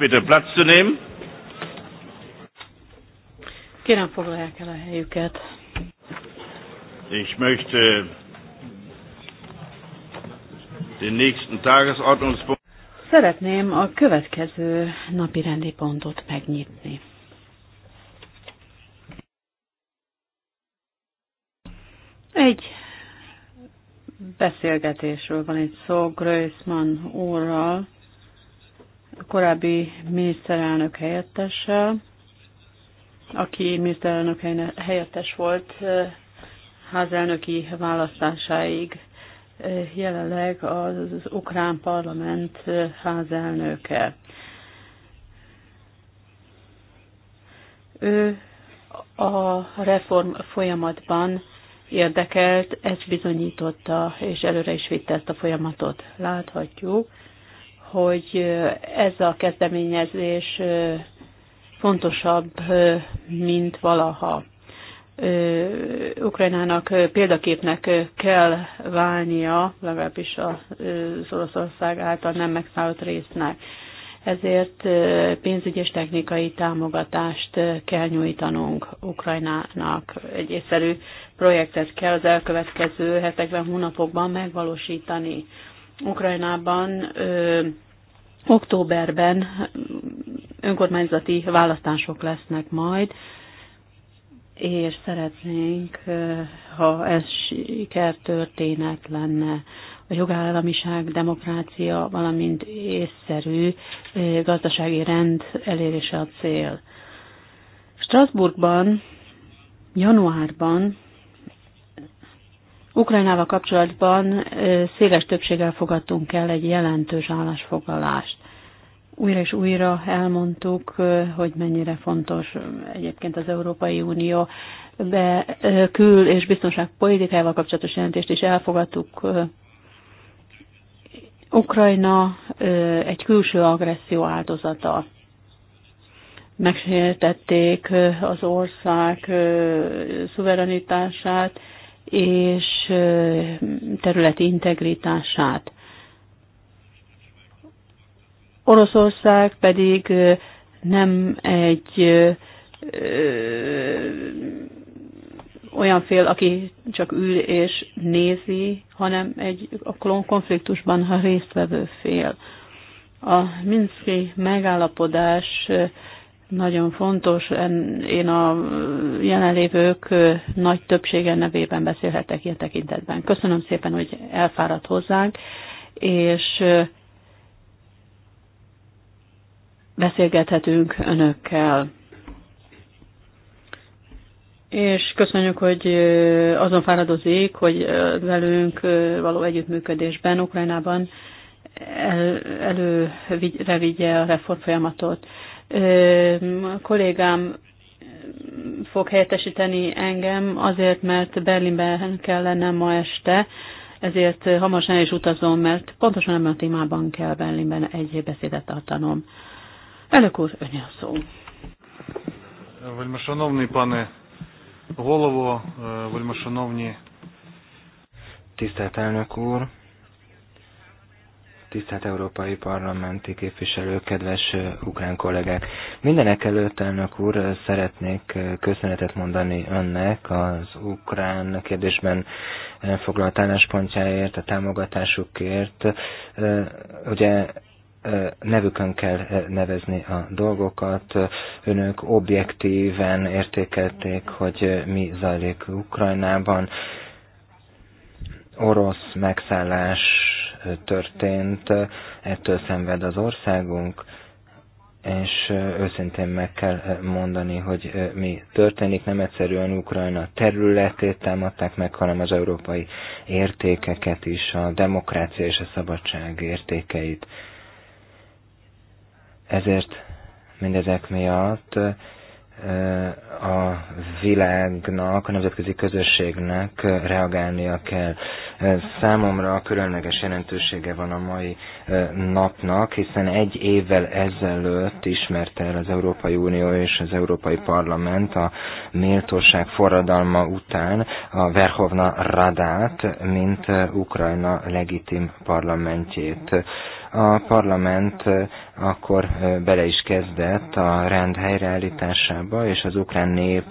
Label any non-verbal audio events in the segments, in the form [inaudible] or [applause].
bitte Platz zu nehmen. Ich möchte den nächsten Tagesordnungspunkt. Szeretném a következő napi rendi pontot megnyitni. Egy beszélgetésről van itt szó Grössman úrral, korábbi miniszterelnök helyettessel, aki miniszterelnök helyettes volt házelnöki választásáig, jelenleg az ukrán parlament házelnöke. Ő a reform folyamatban érdekelt, ezt bizonyította, és előre is vitte ezt a folyamatot. Láthatjuk, hogy ez a kezdeményezés fontosabb, mint valaha. Ukrajnának példaképnek kell válnia, legalábbis az Oroszország által nem megszállott résznek. Ezért pénzügyi és technikai támogatást kell nyújtanunk Ukrajnának. Egy észszerű projektet kell az elkövetkező hetekben, hónapokban megvalósítani. Ukrajnában ö, októberben önkormányzati választások lesznek majd, és szeretnénk, ha ez sikertörténet lenne, a jogállamiság, demokrácia, valamint észszerű gazdasági rend elérése a cél. Strasbourgban januárban Ukrajnával kapcsolatban széles többséggel fogadtunk el egy jelentős állásfoglalást. Újra és újra elmondtuk, hogy mennyire fontos egyébként az Európai Unió be, kül- és biztonságpolitikával kapcsolatos jelentést is elfogadtuk. Ukrajna egy külső agresszió áldozata megsértették az ország szuverenitását, és területi integritását. Oroszország pedig nem egy ö, ö, olyan fél, aki csak ül és nézi, hanem egy a konfliktusban ha résztvevő fél. A Minszki megállapodás nagyon fontos, én a jelenlévők nagy többsége nevében beszélhetek ilyen tekintetben. Köszönöm szépen, hogy elfáradt hozzánk, és beszélgethetünk önökkel. És köszönjük, hogy azon fáradozik, hogy velünk való együttműködésben Ukrajnában el, előre vigye a reformfolyamatot. A kollégám fog helyettesíteni engem azért, mert Berlinben kell lennem ma este, ezért hamarosan el is utazom, mert pontosan ebben a témában kell Berlinben egy beszédet tartanom. Elnök úr, öné a szó. Vagy pane голово, вельмишановні. Tisztelt elnök úr, Tisztelt Európai Parlamenti képviselők, kedves ukrán kollégák! Mindenek előtt, elnök úr, szeretnék köszönetet mondani önnek az ukrán kérdésben foglalt álláspontjáért, a támogatásukért. Ugye nevükön kell nevezni a dolgokat. Önök objektíven értékelték, hogy mi zajlik Ukrajnában. Orosz megszállás történt, ettől szenved az országunk, és őszintén meg kell mondani, hogy mi történik, nem egyszerűen Ukrajna területét támadták meg, hanem az európai értékeket is, a demokrácia és a szabadság értékeit. Ezért mindezek miatt a világnak, a nemzetközi közösségnek reagálnia kell. Számomra különleges jelentősége van a mai e, napnak, hiszen egy évvel ezelőtt ismerte el az Európai Unió és az Európai Parlament a méltóság forradalma után a Verhovna Radát, mint e, Ukrajna legitim parlamentjét a parlament akkor bele is kezdett a rend helyreállításába és az ukrán nép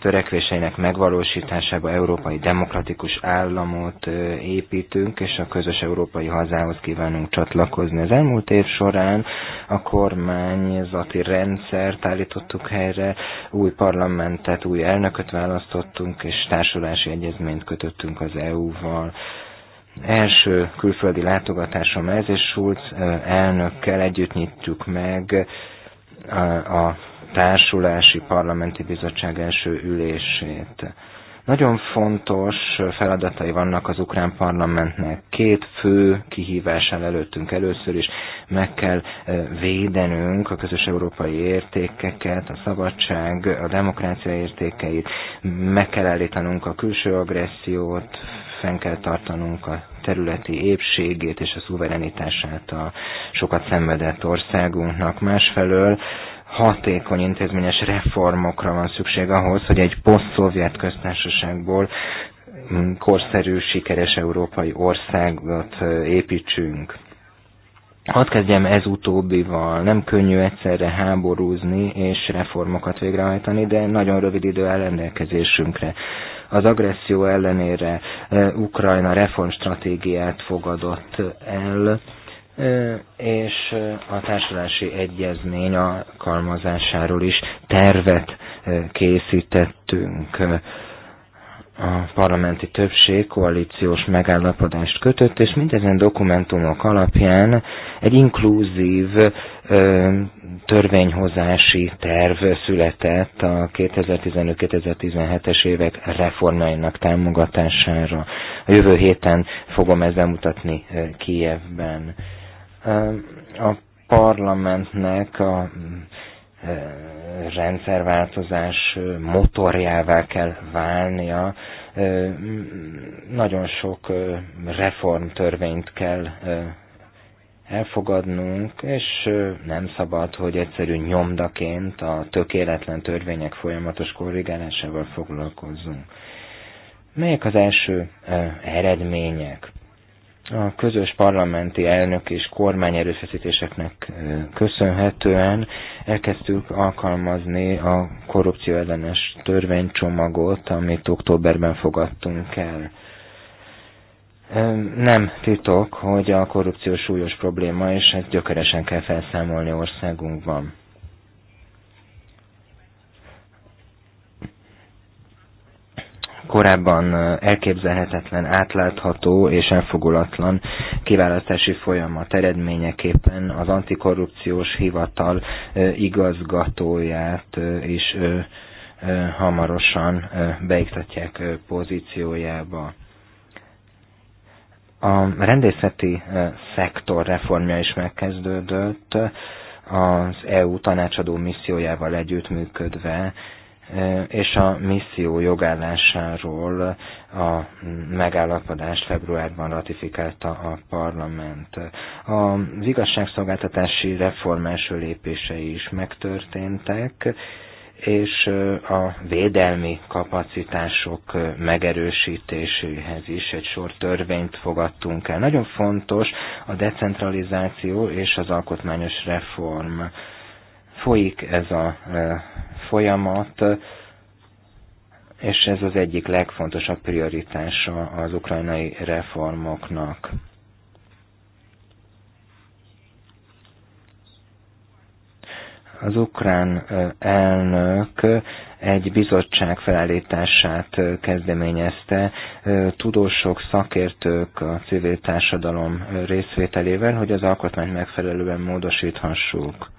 törekvéseinek megvalósításába európai demokratikus államot építünk, és a közös európai hazához kívánunk csatlakozni. Az elmúlt év során a kormányzati rendszert állítottuk helyre, új parlamentet, új elnököt választottunk, és társulási egyezményt kötöttünk az EU-val első külföldi látogatásom ez, és Schulz elnökkel együtt nyitjuk meg a társulási parlamenti bizottság első ülését. Nagyon fontos feladatai vannak az ukrán parlamentnek. Két fő kihívással előttünk először is. Meg kell védenünk a közös európai értékeket, a szabadság, a demokrácia értékeit. Meg kell állítanunk a külső agressziót, fenn kell tartanunk a területi épségét és a szuverenitását a sokat szenvedett országunknak. Másfelől hatékony intézményes reformokra van szükség ahhoz, hogy egy poszt-szovjet köztársaságból korszerű, sikeres európai országot építsünk. Hadd kezdjem ez utóbbival. Nem könnyű egyszerre háborúzni és reformokat végrehajtani, de nagyon rövid idő áll rendelkezésünkre az agresszió ellenére eh, Ukrajna reformstratégiát fogadott el, eh, és eh, a társadalási egyezmény alkalmazásáról is tervet készítettünk a parlamenti többség koalíciós megállapodást kötött, és mindezen dokumentumok alapján egy inkluzív ö, törvényhozási terv született a 2015-2017-es évek reformjainak támogatására. A jövő héten fogom ezt bemutatni Kijevben. A parlamentnek a rendszerváltozás motorjává kell válnia, nagyon sok reformtörvényt kell elfogadnunk, és nem szabad, hogy egyszerű nyomdaként a tökéletlen törvények folyamatos korrigálásával foglalkozzunk. Melyek az első eredmények? a közös parlamenti elnök és kormány erőfeszítéseknek köszönhetően elkezdtük alkalmazni a korrupció ellenes törvénycsomagot, amit októberben fogadtunk el. Nem titok, hogy a korrupció súlyos probléma, és ezt gyökeresen kell felszámolni országunkban. korábban elképzelhetetlen, átlátható és elfogulatlan kiválasztási folyamat eredményeképpen az antikorrupciós hivatal igazgatóját is hamarosan beiktatják pozíciójába. A rendészeti szektor reformja is megkezdődött, az EU tanácsadó missziójával együttműködve és a misszió jogállásáról a megállapodást februárban ratifikálta a parlament. a igazságszolgáltatási reform első lépései is megtörténtek, és a védelmi kapacitások megerősítéséhez is egy sor törvényt fogadtunk el. Nagyon fontos a decentralizáció és az alkotmányos reform. Folyik ez a folyamat, és ez az egyik legfontosabb prioritása az ukrajnai reformoknak. Az ukrán elnök egy bizottság felállítását kezdeményezte tudósok, szakértők, a civil társadalom részvételével, hogy az alkotmányt megfelelően módosíthassuk.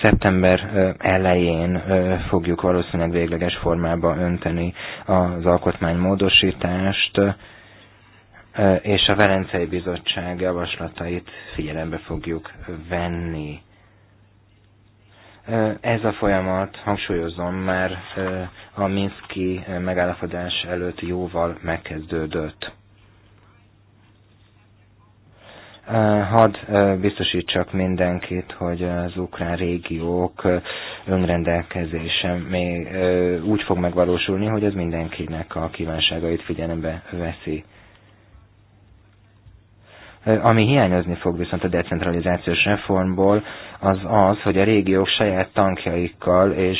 Szeptember elején fogjuk valószínűleg végleges formába önteni az alkotmánymódosítást, és a Velencei Bizottság javaslatait figyelembe fogjuk venni. Ez a folyamat, hangsúlyozom, már a Minszki megállapodás előtt jóval megkezdődött. Hadd biztosítsak mindenkit, hogy az ukrán régiók önrendelkezése még úgy fog megvalósulni, hogy ez mindenkinek a kívánságait figyelembe veszi. Ami hiányozni fog viszont a decentralizációs reformból, az az, hogy a régiók saját tankjaikkal és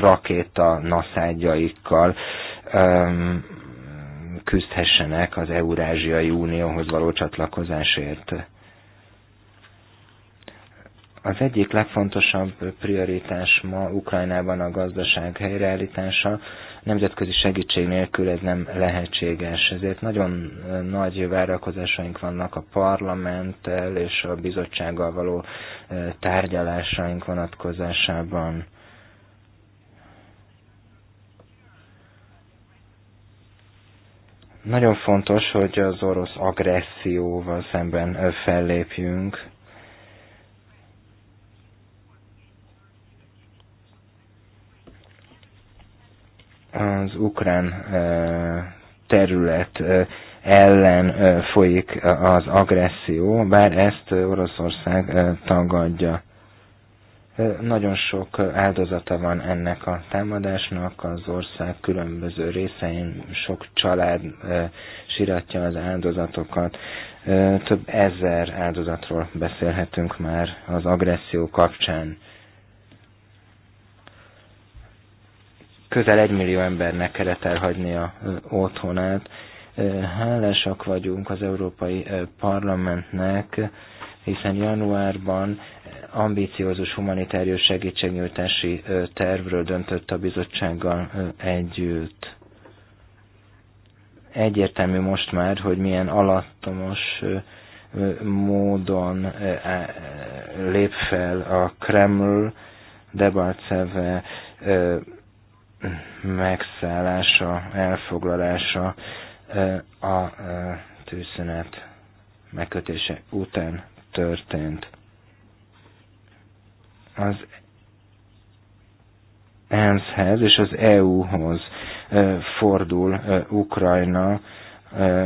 rakéta naszádjaikkal küzdhessenek az Eurázsiai Unióhoz való csatlakozásért. Az egyik legfontosabb prioritás ma Ukrajnában a gazdaság helyreállítása, nemzetközi segítség nélkül ez nem lehetséges. Ezért nagyon nagy várakozásaink vannak a parlamenttel és a bizottsággal való tárgyalásaink vonatkozásában. Nagyon fontos, hogy az orosz agresszióval szemben fellépjünk. Az ukrán terület ellen folyik az agresszió, bár ezt Oroszország tagadja. Nagyon sok áldozata van ennek a támadásnak, az ország különböző részein sok család siratja az áldozatokat. Több ezer áldozatról beszélhetünk már az agresszió kapcsán. Közel egymillió embernek kellett a otthonát. Hálásak vagyunk az Európai Parlamentnek, hiszen januárban ambíciózus humanitárius segítségnyújtási tervről döntött a bizottsággal együtt. Egyértelmű most már, hogy milyen alattomos módon lép fel a Kreml Debalceve megszállása, elfoglalása a tűzszünet megkötése után történt az ENSZ-hez és az EU-hoz fordul Ukrajna,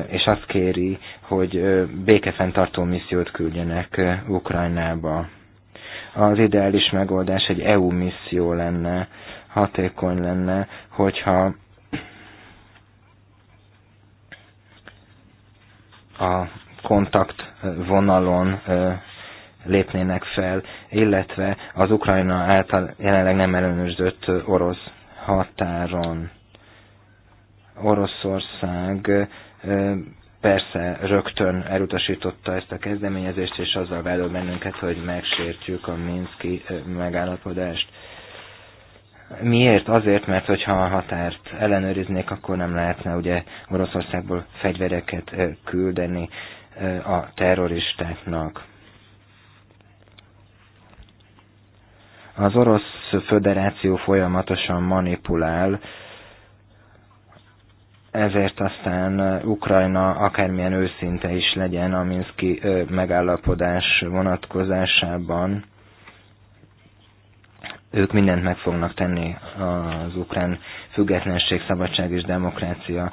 és azt kéri, hogy békefenntartó missziót küldjenek Ukrajnába. Az ideális megoldás egy EU misszió lenne, hatékony lenne, hogyha a kontakt vonalon lépnének fel, illetve az Ukrajna által jelenleg nem ellenőrzött orosz határon. Oroszország persze rögtön elutasította ezt a kezdeményezést, és azzal vádol bennünket, hogy megsértjük a Minszki megállapodást. Miért? Azért, mert hogyha a határt ellenőriznék, akkor nem lehetne ugye Oroszországból fegyvereket küldeni a terroristáknak. Az Orosz Föderáció folyamatosan manipulál, ezért aztán Ukrajna akármilyen őszinte is legyen a Minszki megállapodás vonatkozásában, ők mindent meg fognak tenni az ukrán függetlenség, szabadság és demokrácia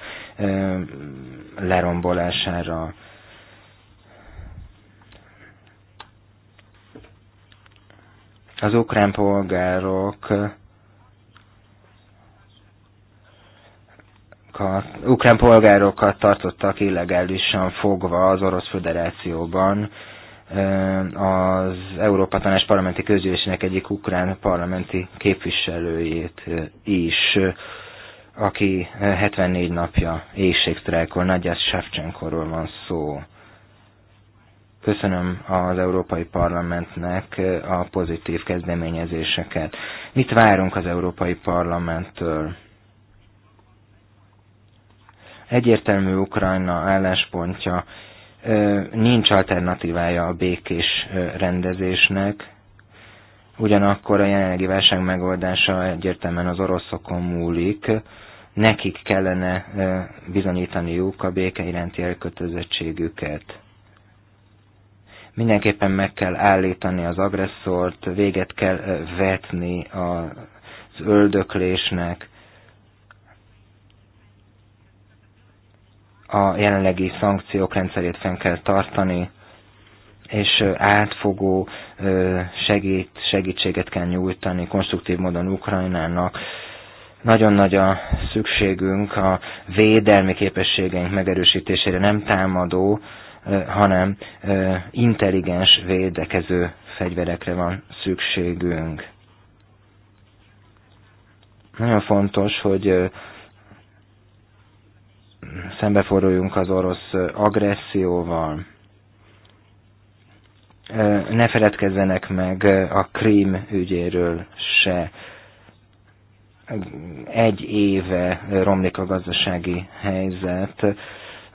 lerombolására. Az ukrán polgárok ukrán polgárokat tartottak illegálisan fogva az Orosz Föderációban az Európa Tanács parlamenti közgyűlésének egyik ukrán parlamenti képviselőjét is, aki 74 napja éjségsztrájkol, Nagyász Sevcsenkorról van szó. Köszönöm az Európai Parlamentnek a pozitív kezdeményezéseket. Mit várunk az Európai Parlamenttől? Egyértelmű Ukrajna álláspontja, nincs alternatívája a békés rendezésnek, ugyanakkor a jelenlegi válság megoldása egyértelműen az oroszokon múlik, nekik kellene bizonyítaniuk a béke iránti elkötelezettségüket Mindenképpen meg kell állítani az agresszort, véget kell vetni az öldöklésnek, a jelenlegi szankciók rendszerét fenn kell tartani, és átfogó segít, segítséget kell nyújtani konstruktív módon Ukrajnának. Nagyon nagy a szükségünk a védelmi képességeink megerősítésére, nem támadó, hanem intelligens védekező fegyverekre van szükségünk. Nagyon fontos, hogy szembeforduljunk az orosz agresszióval. Ne feledkezzenek meg a krím ügyéről se. Egy éve romlik a gazdasági helyzet,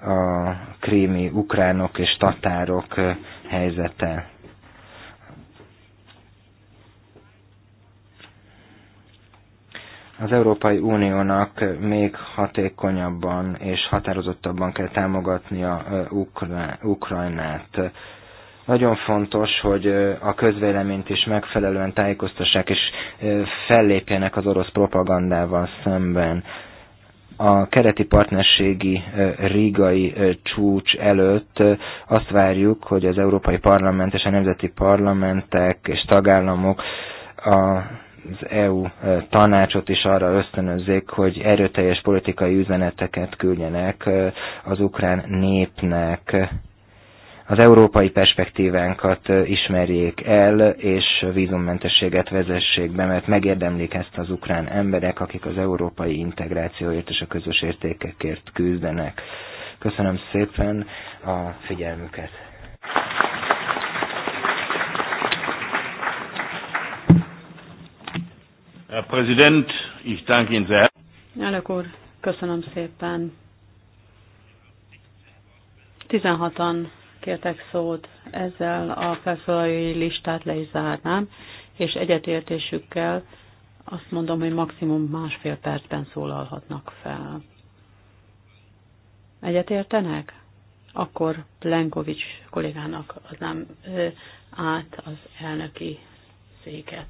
a krími ukránok és tatárok helyzete. Az Európai Uniónak még hatékonyabban és határozottabban kell támogatnia Ukra Ukrajnát. Nagyon fontos, hogy a közvéleményt is megfelelően tájékoztassák és fellépjenek az orosz propagandával szemben a kereti partnerségi rigai csúcs előtt azt várjuk, hogy az Európai Parlament és a nemzeti parlamentek és tagállamok az EU tanácsot is arra ösztönözzék, hogy erőteljes politikai üzeneteket küldjenek az ukrán népnek az európai perspektívánkat ismerjék el, és vízummentességet vezessék be, mert megérdemlik ezt az ukrán emberek, akik az európai integrációért és a közös értékekért küzdenek. Köszönöm szépen a figyelmüket! Herr ich danke Ihnen sehr. Elnök úr, köszönöm szépen. 16-an kértek szót, ezzel a felszólalói listát le is zárnám, és egyetértésükkel azt mondom, hogy maximum másfél percben szólalhatnak fel. Egyetértenek? Akkor Plenkovics kollégának adnám át az elnöki széket.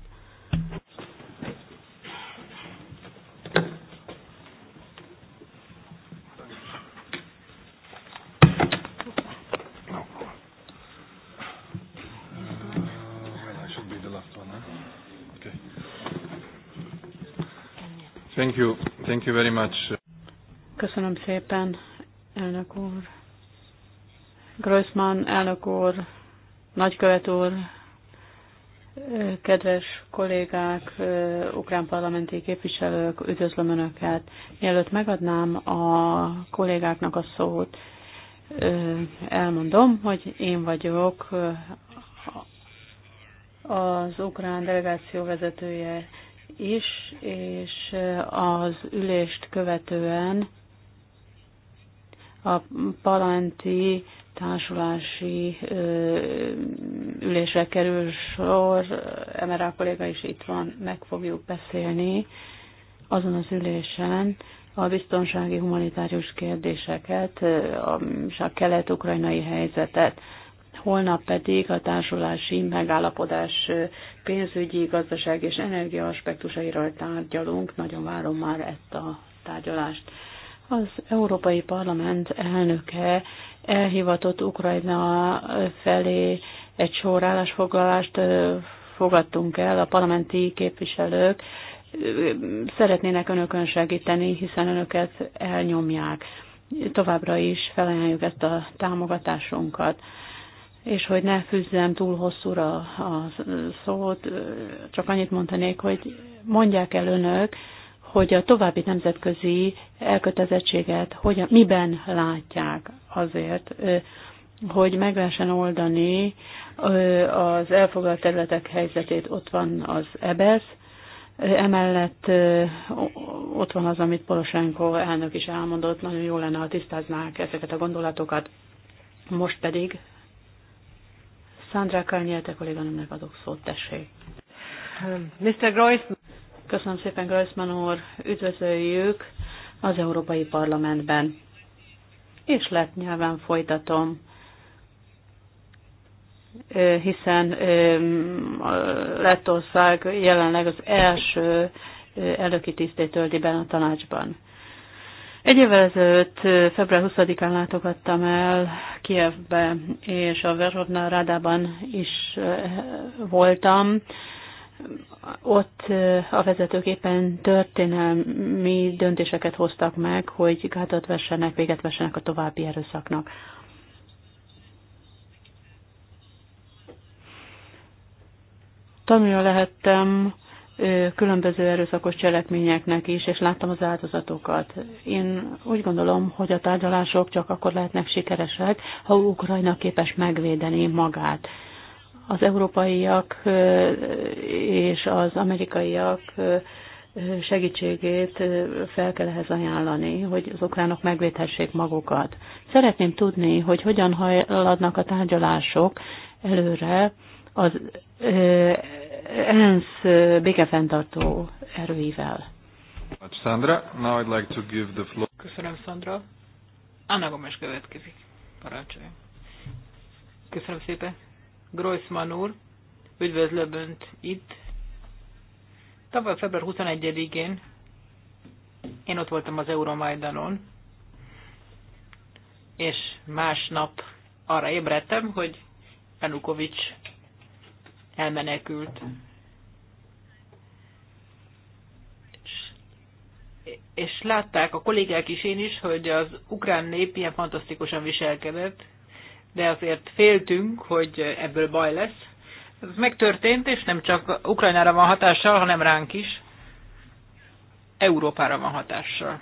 very much. Köszönöm szépen, elnök úr. Grossman, elnök úr, nagykövet úr, kedves kollégák, ukrán parlamenti képviselők, üdvözlöm Önöket. Mielőtt megadnám a kollégáknak a szót, elmondom, hogy én vagyok az ukrán delegáció vezetője is, és az ülést követően a palanti társulási ülésre kerül sor, a kolléga is itt van, meg fogjuk beszélni azon az ülésen a biztonsági humanitárius kérdéseket és a kelet-ukrajnai helyzetet holnap pedig a társulási megállapodás pénzügyi, gazdaság és energia aspektusairól tárgyalunk. Nagyon várom már ezt a tárgyalást. Az Európai Parlament elnöke elhivatott Ukrajna felé egy sor állásfoglalást fogadtunk el, a parlamenti képviselők szeretnének önökön segíteni, hiszen önöket elnyomják. Továbbra is felajánljuk ezt a támogatásunkat és hogy ne fűzzem túl hosszúra a szót, csak annyit mondanék, hogy mondják el önök, hogy a további nemzetközi elkötelezettséget a miben látják azért, hogy meg lehessen oldani az elfoglalt területek helyzetét. Ott van az EBESZ, emellett ott van az, amit Poroshenko elnök is elmondott, nagyon jó lenne, ha tisztáznák ezeket a gondolatokat. Most pedig Sandra Kalnyelte kolléganőmnek adok szót, tessék. Mr. Um, Groisman. Köszönöm szépen, Groisman úr. Üdvözöljük az Európai Parlamentben. És lett nyelven folytatom hiszen Lettország jelenleg az első elnöki tisztét tölti a tanácsban. Egy évvel ezelőtt, február 20-án látogattam el Kievbe, és a Verovna Rádában is voltam. Ott a vezetők éppen történelmi döntéseket hoztak meg, hogy gátat vessenek, véget vessenek a további erőszaknak. Tanulja lehettem különböző erőszakos cselekményeknek is, és láttam az áldozatokat. Én úgy gondolom, hogy a tárgyalások csak akkor lehetnek sikeresek, ha Ukrajna képes megvédeni magát. Az európaiak és az amerikaiak segítségét fel kell ehhez ajánlani, hogy az ukránok megvédhessék magukat. Szeretném tudni, hogy hogyan haladnak a tárgyalások előre az ENSZ békefenntartó erőivel. Sandra, now I'd like to give the floor. Köszönöm, Sandra. Anna Gomes következik. Parancsolja. Köszönöm szépen. Groisman úr, üdvözlöm Önt itt. Tavaly február 21-én én ott voltam az Euromajdanon, és másnap arra ébredtem, hogy Janukovics elmenekült. és látták a kollégák is, én is, hogy az ukrán nép ilyen fantasztikusan viselkedett, de azért féltünk, hogy ebből baj lesz. Ez megtörtént, és nem csak Ukrajnára van hatással, hanem ránk is. Európára van hatással.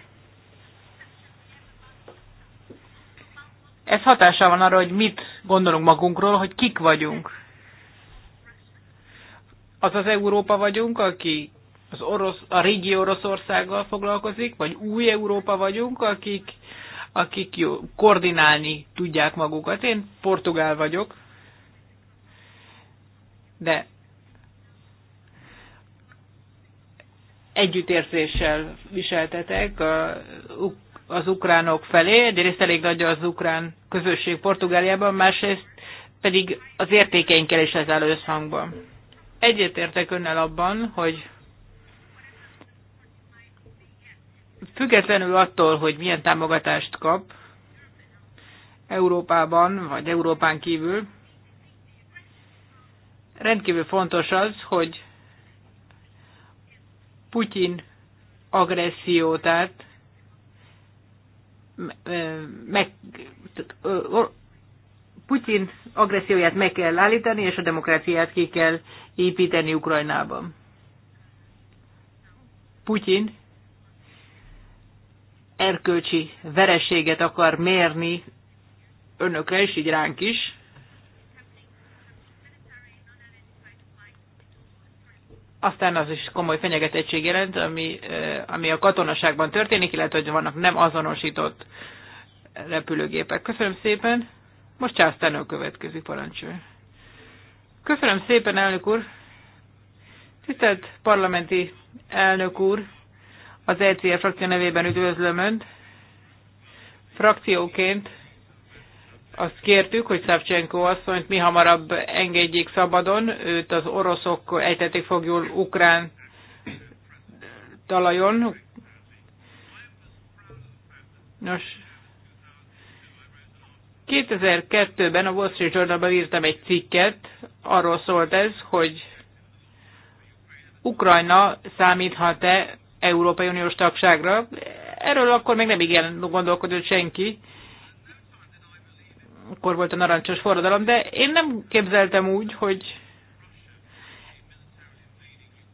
Ez hatással van arra, hogy mit gondolunk magunkról, hogy kik vagyunk az az Európa vagyunk, aki az orosz, a régi Oroszországgal foglalkozik, vagy új Európa vagyunk, akik, akik jó, koordinálni tudják magukat. Én portugál vagyok, de együttérzéssel viseltetek az ukránok felé. Egyrészt elég nagy az ukrán közösség Portugáliában, másrészt pedig az értékeinkkel is ez áll összhangban egyetértek önnel abban, hogy függetlenül attól, hogy milyen támogatást kap Európában vagy Európán kívül, rendkívül fontos az, hogy Putyin agressziótát meg, Putyin agresszióját meg kell állítani, és a demokráciát ki kell építeni Ukrajnában. Putyin erkölcsi vereséget akar mérni önökre, és így ránk is. Aztán az is komoly fenyegetettség jelent, ami, ami a katonaságban történik, illetve hogy vannak nem azonosított repülőgépek. Köszönöm szépen! Most Császtán a következő parancsol. Köszönöm szépen, elnök úr! Tisztelt parlamenti elnök úr! Az ECR frakció nevében üdvözlöm Önt. Frakcióként azt kértük, hogy Szavcsenko asszonyt mi hamarabb engedjék szabadon, őt az oroszok ejtették fogjul ukrán talajon. Nos, 2002-ben a Wall Street Journalban írtam egy cikket, arról szólt ez, hogy Ukrajna számíthat-e Európai Uniós tagságra. Erről akkor még nem igen gondolkodott senki. Akkor volt a narancsos forradalom, de én nem képzeltem úgy, hogy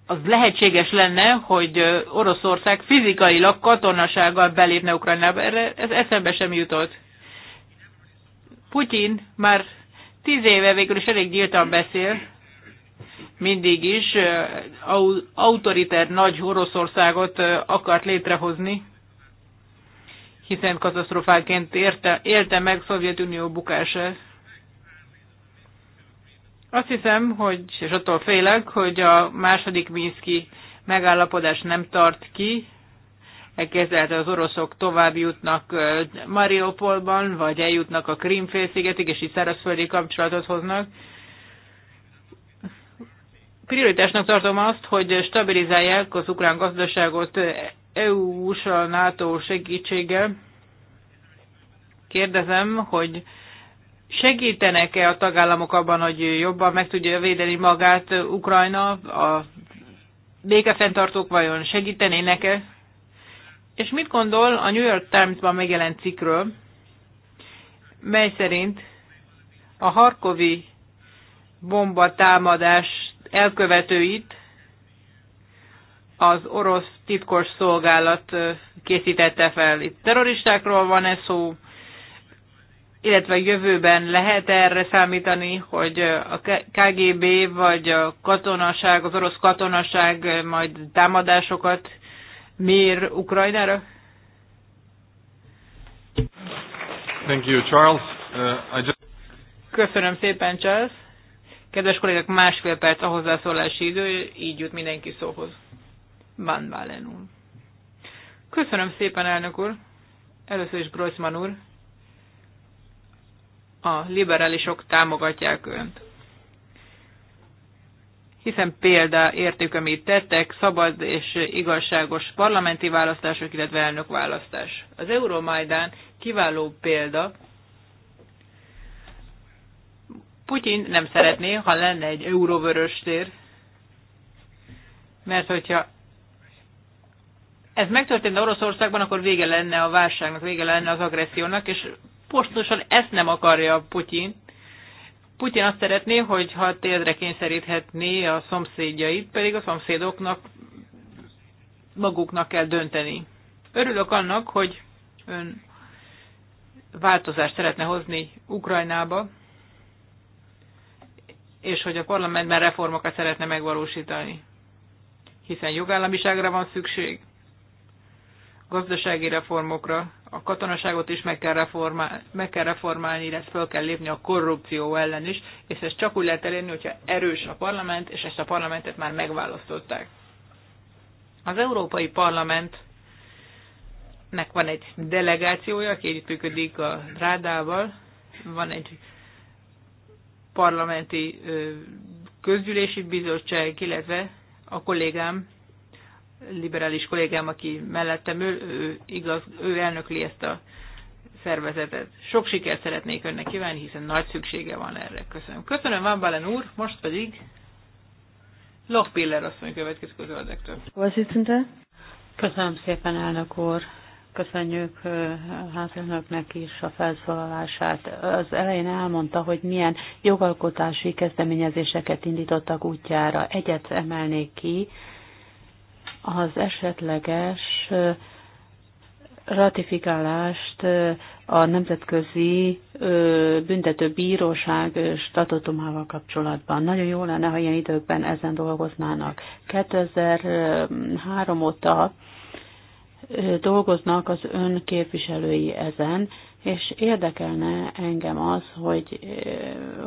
az lehetséges lenne, hogy Oroszország fizikailag katonasággal belépne Ukrajnába. Erre ez eszembe sem jutott. Putyin már tíz éve végül is elég nyíltan beszél, mindig is autoriter nagy Oroszországot akart létrehozni, hiszen katasztrofáként érte, élte meg Szovjetunió bukását. Azt hiszem, hogy, és attól félek, hogy a második Minszki megállapodás nem tart ki, elképzelhető az oroszok tovább jutnak Mariupolban, vagy eljutnak a Krímfélszigetig, és itt szárazföldi kapcsolatot hoznak. Prioritásnak tartom azt, hogy stabilizálják az ukrán gazdaságot EU-s, a NATO segítséggel. Kérdezem, hogy segítenek-e a tagállamok abban, hogy jobban meg tudja védeni magát Ukrajna? A békefenntartók vajon segítenének-e? És mit gondol a New York Times-ban megjelent cikkről, mely szerint a harkovi bombatámadás elkövetőit az orosz titkos szolgálat készítette fel. Itt terroristákról van ez szó, illetve jövőben lehet erre számítani, hogy a KGB vagy a katonaság, az orosz katonaság majd támadásokat miért Ukrajnára? Thank you, Charles. Uh, I just... Köszönöm szépen, Charles. Kedves kollégák, másfél perc a hozzászólási idő, így jut mindenki szóhoz. Van Valen úr. Köszönöm szépen, elnök úr. Először is Grossman úr. A liberálisok támogatják önt hiszen példaérték, amit tettek, szabad és igazságos parlamenti választások, illetve elnökválasztás. Az Euromajdán kiváló példa. Putyin nem szeretné, ha lenne egy euróvörös tér, mert hogyha ez megtörténne Oroszországban, akkor vége lenne a válságnak, vége lenne az agressziónak, és pontosan ezt nem akarja Putyin, Putyin azt szeretné, hogyha térdre kényszeríthetné a szomszédjait, pedig a szomszédoknak maguknak kell dönteni. Örülök annak, hogy ön változást szeretne hozni Ukrajnába, és hogy a parlamentben reformokat szeretne megvalósítani, hiszen jogállamiságra van szükség gazdasági reformokra, a katonaságot is meg kell, reformál, meg kell reformálni, illetve fel kell lépni a korrupció ellen is, és ezt csak úgy lehet elérni, hogyha erős a parlament, és ezt a parlamentet már megválasztották. Az Európai Parlamentnek van egy delegációja, aki együttműködik a Rádával, van egy parlamenti közgyűlési bizottság, illetve a kollégám liberális kollégám, aki mellettem ül, ő, igaz, ő elnökli ezt a szervezetet. Sok sikert szeretnék önnek kívánni, hiszen nagy szüksége van erre. Köszönöm. Köszönöm, Van Balen úr, most pedig Lockpiller mondja, következik az öldektől. Köszönöm szépen, elnök úr. Köszönjük a házelnöknek is a felszólalását. Az elején elmondta, hogy milyen jogalkotási kezdeményezéseket indítottak útjára. Egyet emelnék ki, az esetleges ratifikálást a Nemzetközi Büntető Bíróság statutumával kapcsolatban. Nagyon jó lenne, ha ilyen időkben ezen dolgoznának. 2003 óta dolgoznak az önképviselői ezen, és érdekelne engem az, hogy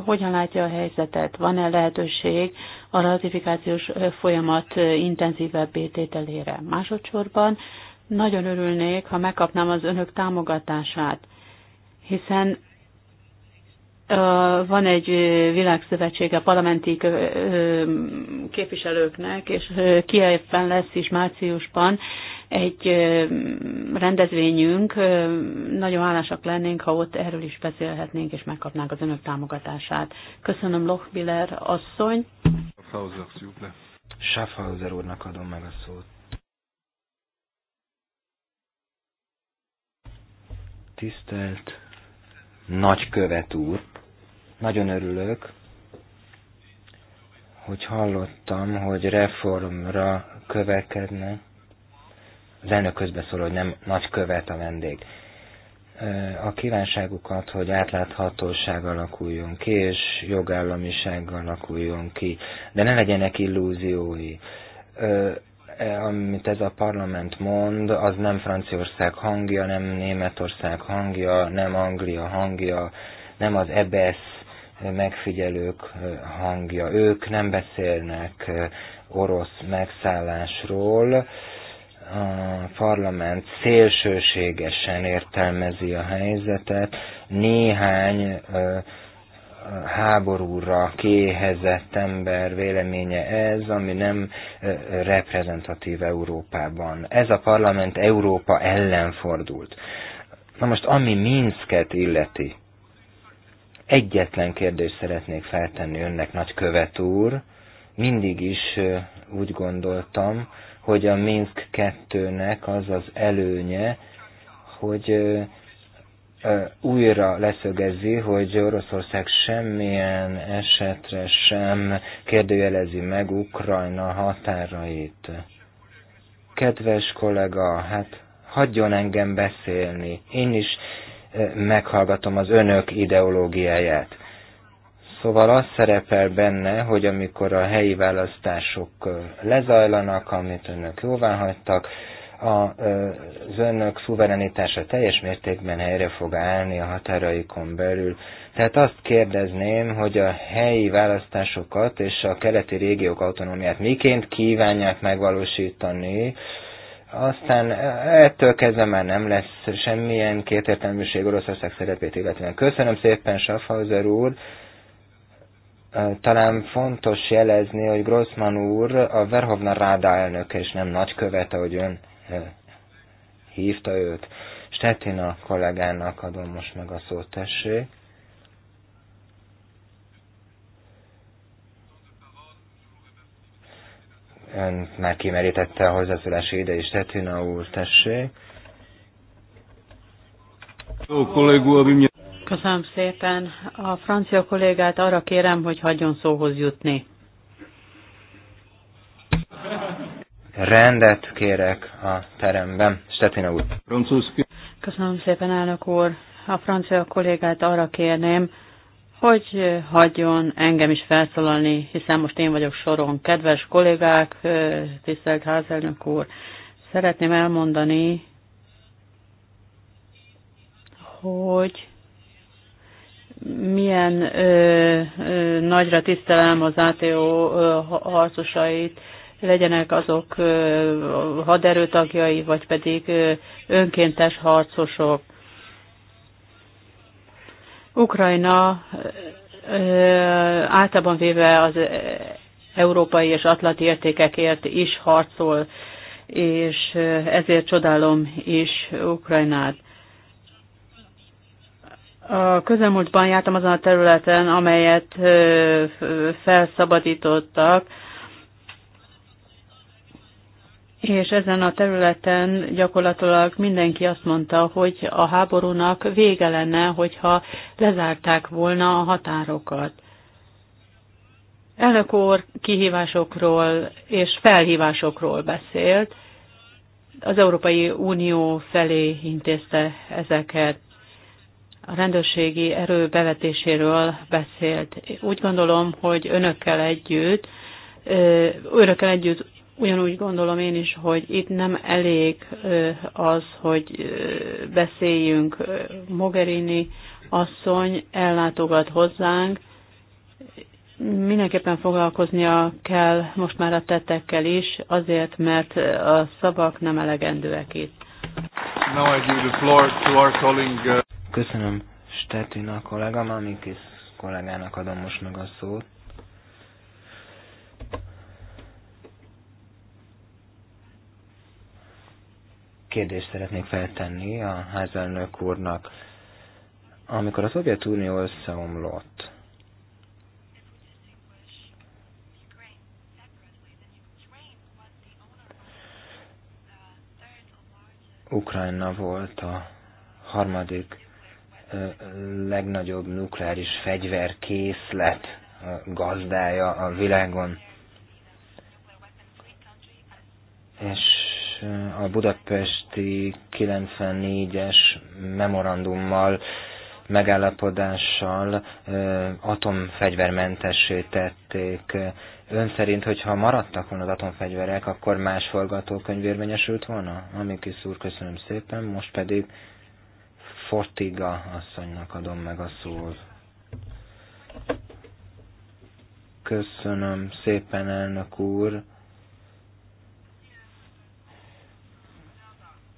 hogyan látja a helyzetet, van-e lehetőség a ratifikációs folyamat intenzívebb tételére. Másodszorban nagyon örülnék, ha megkapnám az önök támogatását, hiszen van egy világszövetsége parlamenti képviselőknek, és Kievben lesz is márciusban egy rendezvényünk, nagyon hálásak lennénk, ha ott erről is beszélhetnénk, és megkapnánk az önök támogatását. Köszönöm Lochbiller asszony. Schaffhauser, Schaffhauser úrnak adom meg a szót. Tisztelt nagykövet úr, nagyon örülök, hogy hallottam, hogy reformra kövekednek az elnök közbeszól, hogy nem nagy követ a vendég. A kívánságukat, hogy átláthatóság alakuljon ki, és jogállamiság alakuljon ki, de ne legyenek illúziói e, amit ez a parlament mond, az nem Franciaország hangja, nem Németország hangja, nem Anglia hangja, nem az EBS e megfigyelők hangja. Ők nem beszélnek orosz megszállásról, a parlament szélsőségesen értelmezi a helyzetet, néhány háborúra kéhezett ember véleménye ez, ami nem reprezentatív Európában. Ez a parlament Európa ellen fordult. Na most, ami Minsket illeti, egyetlen kérdést szeretnék feltenni önnek, nagy úr. Mindig is úgy gondoltam, hogy a Minsk 2-nek az az előnye, hogy újra leszögezi, hogy Oroszország semmilyen esetre sem kérdőjelezi meg Ukrajna határait. Kedves kollega, hát hagyjon engem beszélni. Én is meghallgatom az önök ideológiáját. Szóval az szerepel benne, hogy amikor a helyi választások lezajlanak, amit önök jóvá hagytak, az önök szuverenitása teljes mértékben helyre fog állni a határaikon belül. Tehát azt kérdezném, hogy a helyi választásokat és a keleti régiók autonómiát miként kívánják megvalósítani, aztán e, ettől kezdve már nem lesz semmilyen kétértelműség Oroszország szerepét illetően. Köszönöm szépen, Schaffhauser úr! Talán fontos jelezni, hogy Grossman úr a Verhovna Ráda elnöke, és nem nagykövet, ahogy ön hívta őt. Stetina kollégának adom most meg a szót, tessék. Ön már kimerítette a hozzászólási ide is, Stetina úr, tessék. Jó kollégó, Köszönöm szépen. A francia kollégát arra kérem, hogy hagyjon szóhoz jutni. Rendet kérek a teremben. Stetina úr. Köszönöm szépen, elnök úr. A francia kollégát arra kérném, hogy hagyjon engem is felszólalni, hiszen most én vagyok soron. Kedves kollégák, tisztelt házelnök úr, szeretném elmondani, hogy milyen ö, ö, nagyra tisztelem az ATO harcosait, legyenek azok ö, haderőtagjai, vagy pedig ö, önkéntes harcosok. Ukrajna ö, általában véve az európai és atlanti értékekért is harcol, és ezért csodálom is Ukrajnát. A közelmúltban jártam azon a területen, amelyet felszabadítottak, és ezen a területen gyakorlatilag mindenki azt mondta, hogy a háborúnak vége lenne, hogyha lezárták volna a határokat. Elnök úr kihívásokról és felhívásokról beszélt, az Európai Unió felé intézte ezeket a rendőrségi erő bevetéséről beszélt. Úgy gondolom, hogy önökkel együtt, önökkel együtt ugyanúgy gondolom én is, hogy itt nem elég az, hogy beszéljünk. Mogherini asszony ellátogat hozzánk, mindenképpen foglalkoznia kell most már a tettekkel is, azért, mert a szavak nem elegendőek itt. Now I give the floor to our colleague. Uh, Köszönöm Stetina kollégám, Amikis kollégának adom most meg a szót. Kérdést szeretnék feltenni a házelnök úrnak. Amikor a Szovjetunió összeomlott, Ukrajna volt a harmadik legnagyobb nukleáris fegyverkészlet gazdája a világon. És a budapesti 94-es memorandummal, megállapodással atomfegyvermentessé tették. Ön szerint, hogyha maradtak volna az atomfegyverek, akkor más forgatókönyv érvényesült volna? Amikis úr, köszönöm szépen, most pedig Fotiga asszonynak adom meg a szót. Köszönöm szépen, elnök úr.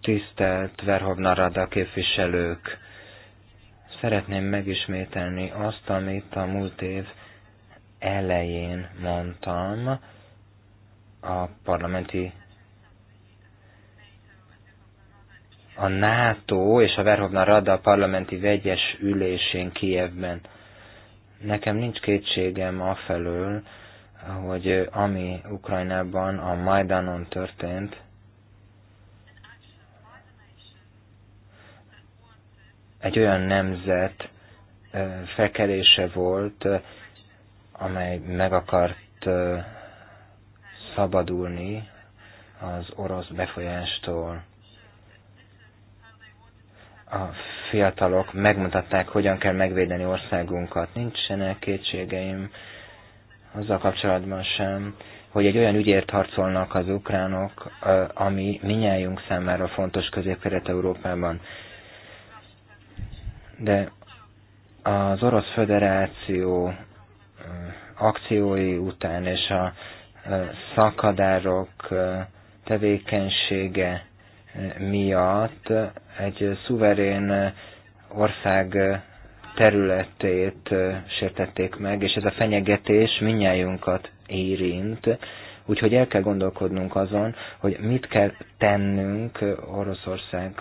Tisztelt Verhovna Rada képviselők! Szeretném megismételni azt, amit a múlt év elején mondtam a parlamenti a NATO és a Verhovna Rada parlamenti vegyes ülésén Kijevben. Nekem nincs kétségem afelől, hogy ami Ukrajnában a Majdanon történt, egy olyan nemzet fekelése volt, amely meg akart szabadulni az orosz befolyástól a fiatalok megmutatták, hogyan kell megvédeni országunkat. Nincsenek kétségeim azzal kapcsolatban sem, hogy egy olyan ügyért harcolnak az ukránok, ami minnyájunk számára fontos közép európában De az Orosz Föderáció akciói után és a szakadárok tevékenysége miatt egy szuverén ország területét sértették meg, és ez a fenyegetés minnyájunkat érint. Úgyhogy el kell gondolkodnunk azon, hogy mit kell tennünk Oroszország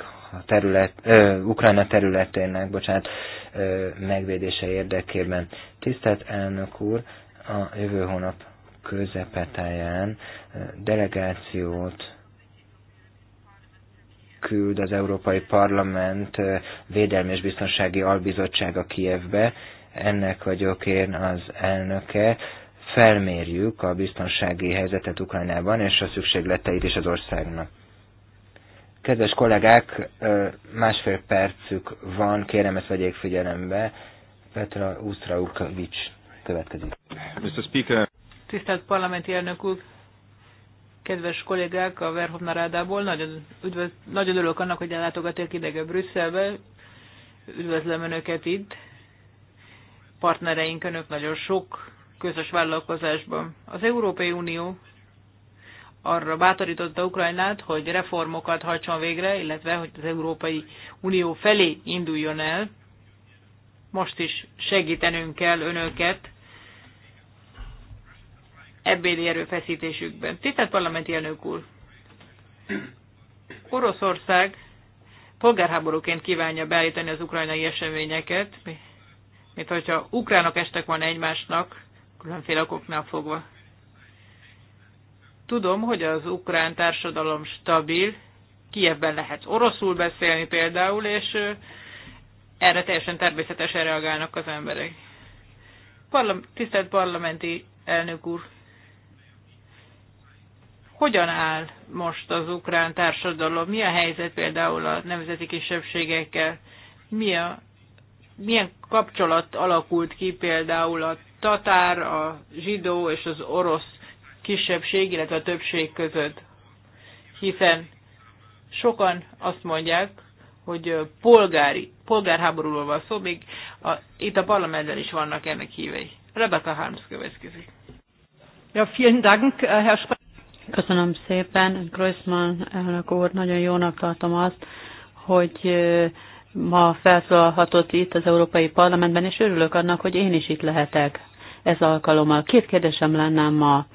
terület, ö, Ukrajna területének bocsánat, ö, megvédése érdekében. Tisztelt elnök úr, a jövő hónap közepetáján delegációt küld az Európai Parlament Védelmi és Biztonsági Albizottsága Kievbe. Ennek vagyok én az elnöke. Felmérjük a biztonsági helyzetet Ukrajnában és a szükségleteit is az országnak. Kedves kollégák, másfél percük van, kérem ezt vegyék figyelembe. Petra Usztraukovics következik. Mr. Speaker. Tisztelt parlamenti elnök úr, kedves kollégák a Verhovna Ádából. Nagyon, üdvöz, nagyon örülök annak, hogy ellátogatok idege Brüsszelbe. Üdvözlöm Önöket itt. Partnereink Önök nagyon sok közös vállalkozásban. Az Európai Unió arra bátorította Ukrajnát, hogy reformokat hajtson végre, illetve hogy az Európai Unió felé induljon el. Most is segítenünk kell önöket ebbéli erőfeszítésükben. Tisztelt parlamenti elnök úr! Oroszország polgárháborúként kívánja beállítani az ukrajnai eseményeket, mint hogyha ukránok estek volna egymásnak, különféle okoknál fogva. Tudom, hogy az ukrán társadalom stabil, Kievben lehet oroszul beszélni például, és erre teljesen természetesen reagálnak az emberek. Parlam- tisztelt parlamenti elnök úr, hogyan áll most az ukrán társadalom, mi a helyzet például a nemzeti kisebbségekkel, mi a, milyen kapcsolat alakult ki például a tatár, a zsidó és az orosz kisebbség, illetve a többség között. Hiszen sokan azt mondják, hogy polgári, polgárháborúról van szó, még a, itt a parlamentben is vannak ennek hívei. Rebecca Harms következik. Ja, vielen Dank, Herr Sprecher. Köszönöm szépen. Groisman elnök úr, nagyon jónak tartom azt, hogy ma felszólalhatott itt az Európai Parlamentben, és örülök annak, hogy én is itt lehetek ez alkalommal. Két kérdésem lenne ma.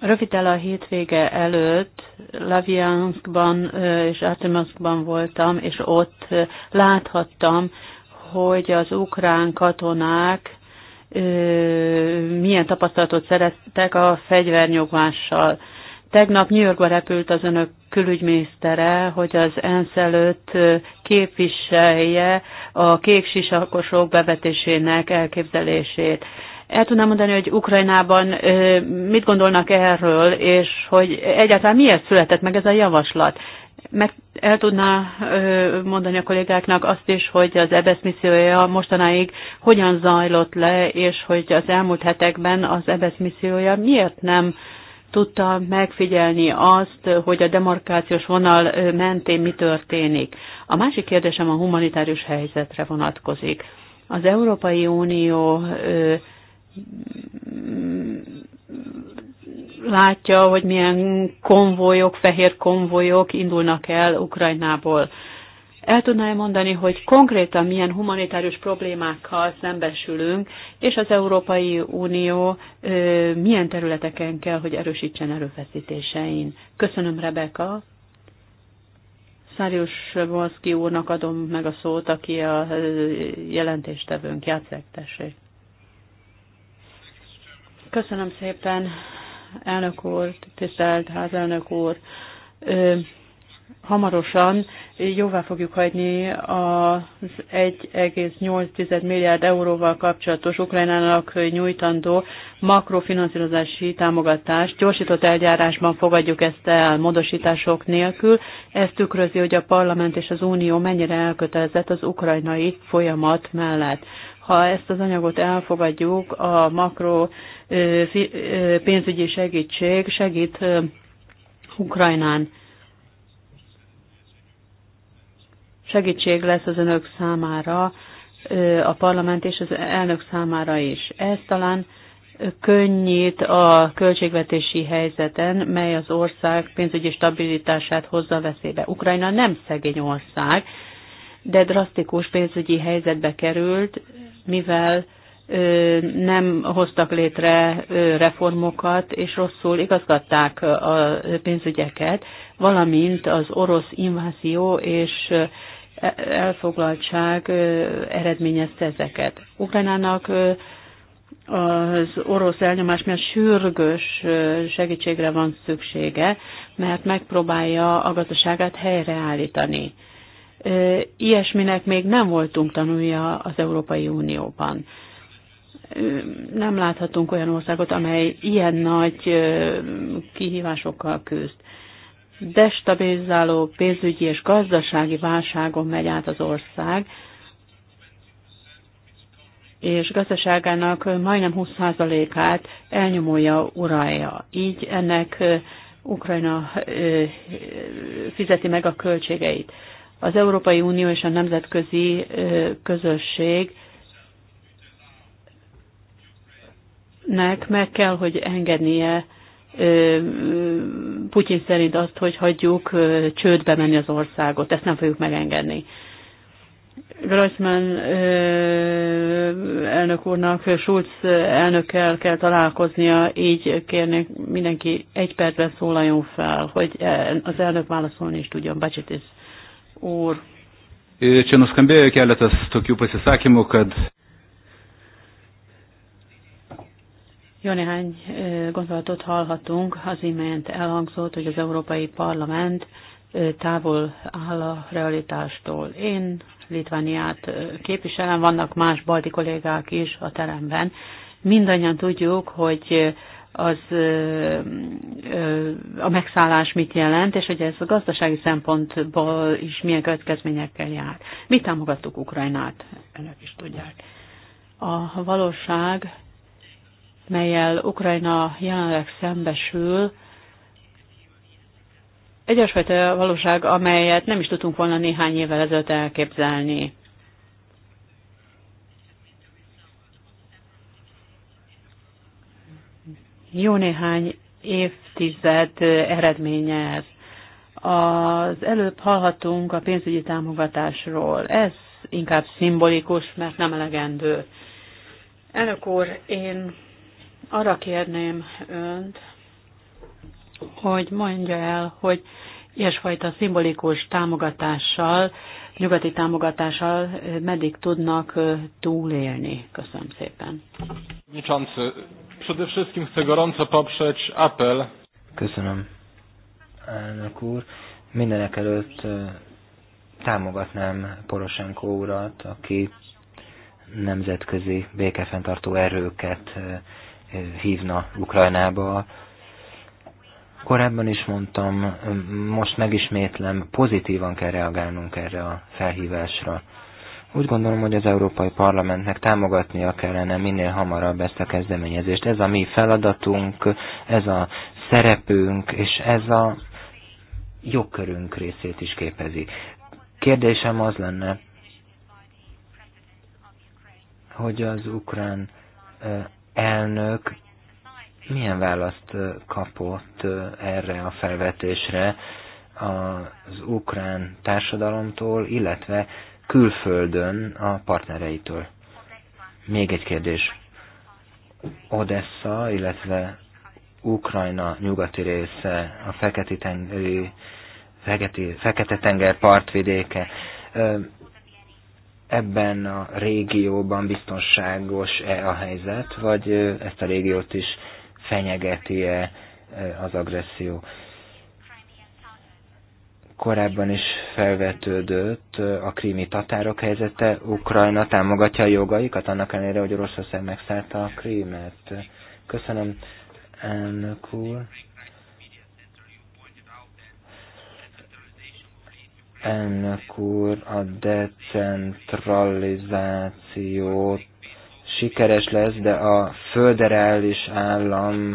Röviddel a hétvége előtt Lavianskban és Artemanskban voltam, és ott láthattam, hogy az ukrán katonák milyen tapasztalatot szereztek a fegyvernyugvással. Tegnap New Yorkba repült az önök külügyminisztere, hogy az ENSZ előtt képviselje a kék sisakosok bevetésének elképzelését. El tudnám mondani, hogy Ukrajnában mit gondolnak erről, és hogy egyáltalán miért született meg ez a javaslat meg el tudná mondani a kollégáknak azt is, hogy az EBESZ missziója mostanáig hogyan zajlott le, és hogy az elmúlt hetekben az EBESZ missziója miért nem tudta megfigyelni azt, hogy a demarkációs vonal mentén mi történik. A másik kérdésem a humanitárius helyzetre vonatkozik. Az Európai Unió látja, hogy milyen konvojok, fehér konvojok indulnak el Ukrajnából. El tudná -e mondani, hogy konkrétan milyen humanitárius problémákkal szembesülünk, és az Európai Unió ö, milyen területeken kell, hogy erősítsen erőfeszítésein? Köszönöm, Rebeka. Szárius Volszki úrnak adom meg a szót, aki a jelentéstevőnk. játszik, tessék. Köszönöm szépen, elnök úr, tisztelt házelnök úr. Hamarosan jóvá fogjuk hagyni az 1,8 milliárd euróval kapcsolatos Ukrajnának nyújtandó makrofinanszírozási támogatást. Gyorsított eljárásban fogadjuk ezt el módosítások nélkül. Ez tükrözi, hogy a parlament és az Unió mennyire elkötelezett az ukrajnai folyamat mellett ha ezt az anyagot elfogadjuk, a makro pénzügyi segítség segít Ukrajnán. Segítség lesz az önök számára, a parlament és az elnök számára is. Ez talán könnyít a költségvetési helyzeten, mely az ország pénzügyi stabilitását hozza veszélybe. Ukrajna nem szegény ország, de drasztikus pénzügyi helyzetbe került, mivel nem hoztak létre reformokat, és rosszul igazgatták a pénzügyeket, valamint az orosz invázió és e, elfoglaltság eredményezte ezeket. Ukrajnának az orosz elnyomás miatt sürgős segítségre van szüksége, mert megpróbálja a gazdaságát helyreállítani ilyesminek még nem voltunk tanulja az Európai Unióban. Nem láthatunk olyan országot, amely ilyen nagy kihívásokkal küzd. Destabilizáló pénzügyi és gazdasági válságon megy át az ország, és gazdaságának majdnem 20%-át elnyomója uralja. Így ennek Ukrajna fizeti meg a költségeit. Az Európai Unió és a nemzetközi közösség nek meg kell, hogy engednie Putyin szerint azt, hogy hagyjuk csődbe menni az országot. Ezt nem fogjuk megengedni. Grossman elnök úrnak, Schulz elnökkel kell találkoznia, így kérnék mindenki egy percben szólaljon fel, hogy e, az elnök válaszolni is tudjon. Bacsitis úr. Čia nuskambėjo keletas tokių pasisakymų, kad Jó néhány e, gondolatot hallhatunk. Az imént elhangzott, hogy az Európai Parlament e, távol áll a realitástól. Én Litvániát e, képviselem, vannak más balti kollégák is a teremben. Mindannyian tudjuk, hogy az a megszállás mit jelent, és hogy ez a gazdasági szempontból is milyen következményekkel jár. Mi támogattuk Ukrajnát, önök is tudják. A valóság, melyel Ukrajna jelenleg szembesül, egy olyasfajta valóság, amelyet nem is tudtunk volna néhány évvel ezelőtt elképzelni. jó néhány évtized eredménye ez. Az előbb hallhatunk a pénzügyi támogatásról. Ez inkább szimbolikus, mert nem elegendő. Elnök úr, én arra kérném önt, hogy mondja el, hogy ilyesfajta szimbolikus támogatással, nyugati támogatással meddig tudnak túlélni. Köszönöm szépen. Przede wszystkim chcę gorąco poprzeć apel. Köszönöm, elnök úr. Mindenek előtt támogatnám Poroshenko urat, aki nemzetközi békefenntartó erőket hívna Ukrajnába Korábban is mondtam, most megismétlem, pozitívan kell reagálnunk erre a felhívásra. Úgy gondolom, hogy az Európai Parlamentnek támogatnia kellene minél hamarabb ezt a kezdeményezést. Ez a mi feladatunk, ez a szerepünk, és ez a jogkörünk részét is képezi. Kérdésem az lenne, hogy az ukrán elnök milyen választ kapott erre a felvetésre az ukrán társadalomtól, illetve külföldön a partnereitől? Még egy kérdés. Odessa, illetve Ukrajna nyugati része, a fekete tenger fekete partvidéke. Ebben a régióban biztonságos-e a helyzet, vagy ezt a régiót is fenyegeti-e az agresszió. Korábban is felvetődött a krími tatárok helyzete, Ukrajna támogatja a jogaikat, annak ellenére, hogy Oroszország megszállta a krímet. Köszönöm, elnök úr. elnök úr, a decentralizációt sikeres lesz, de a föderális állam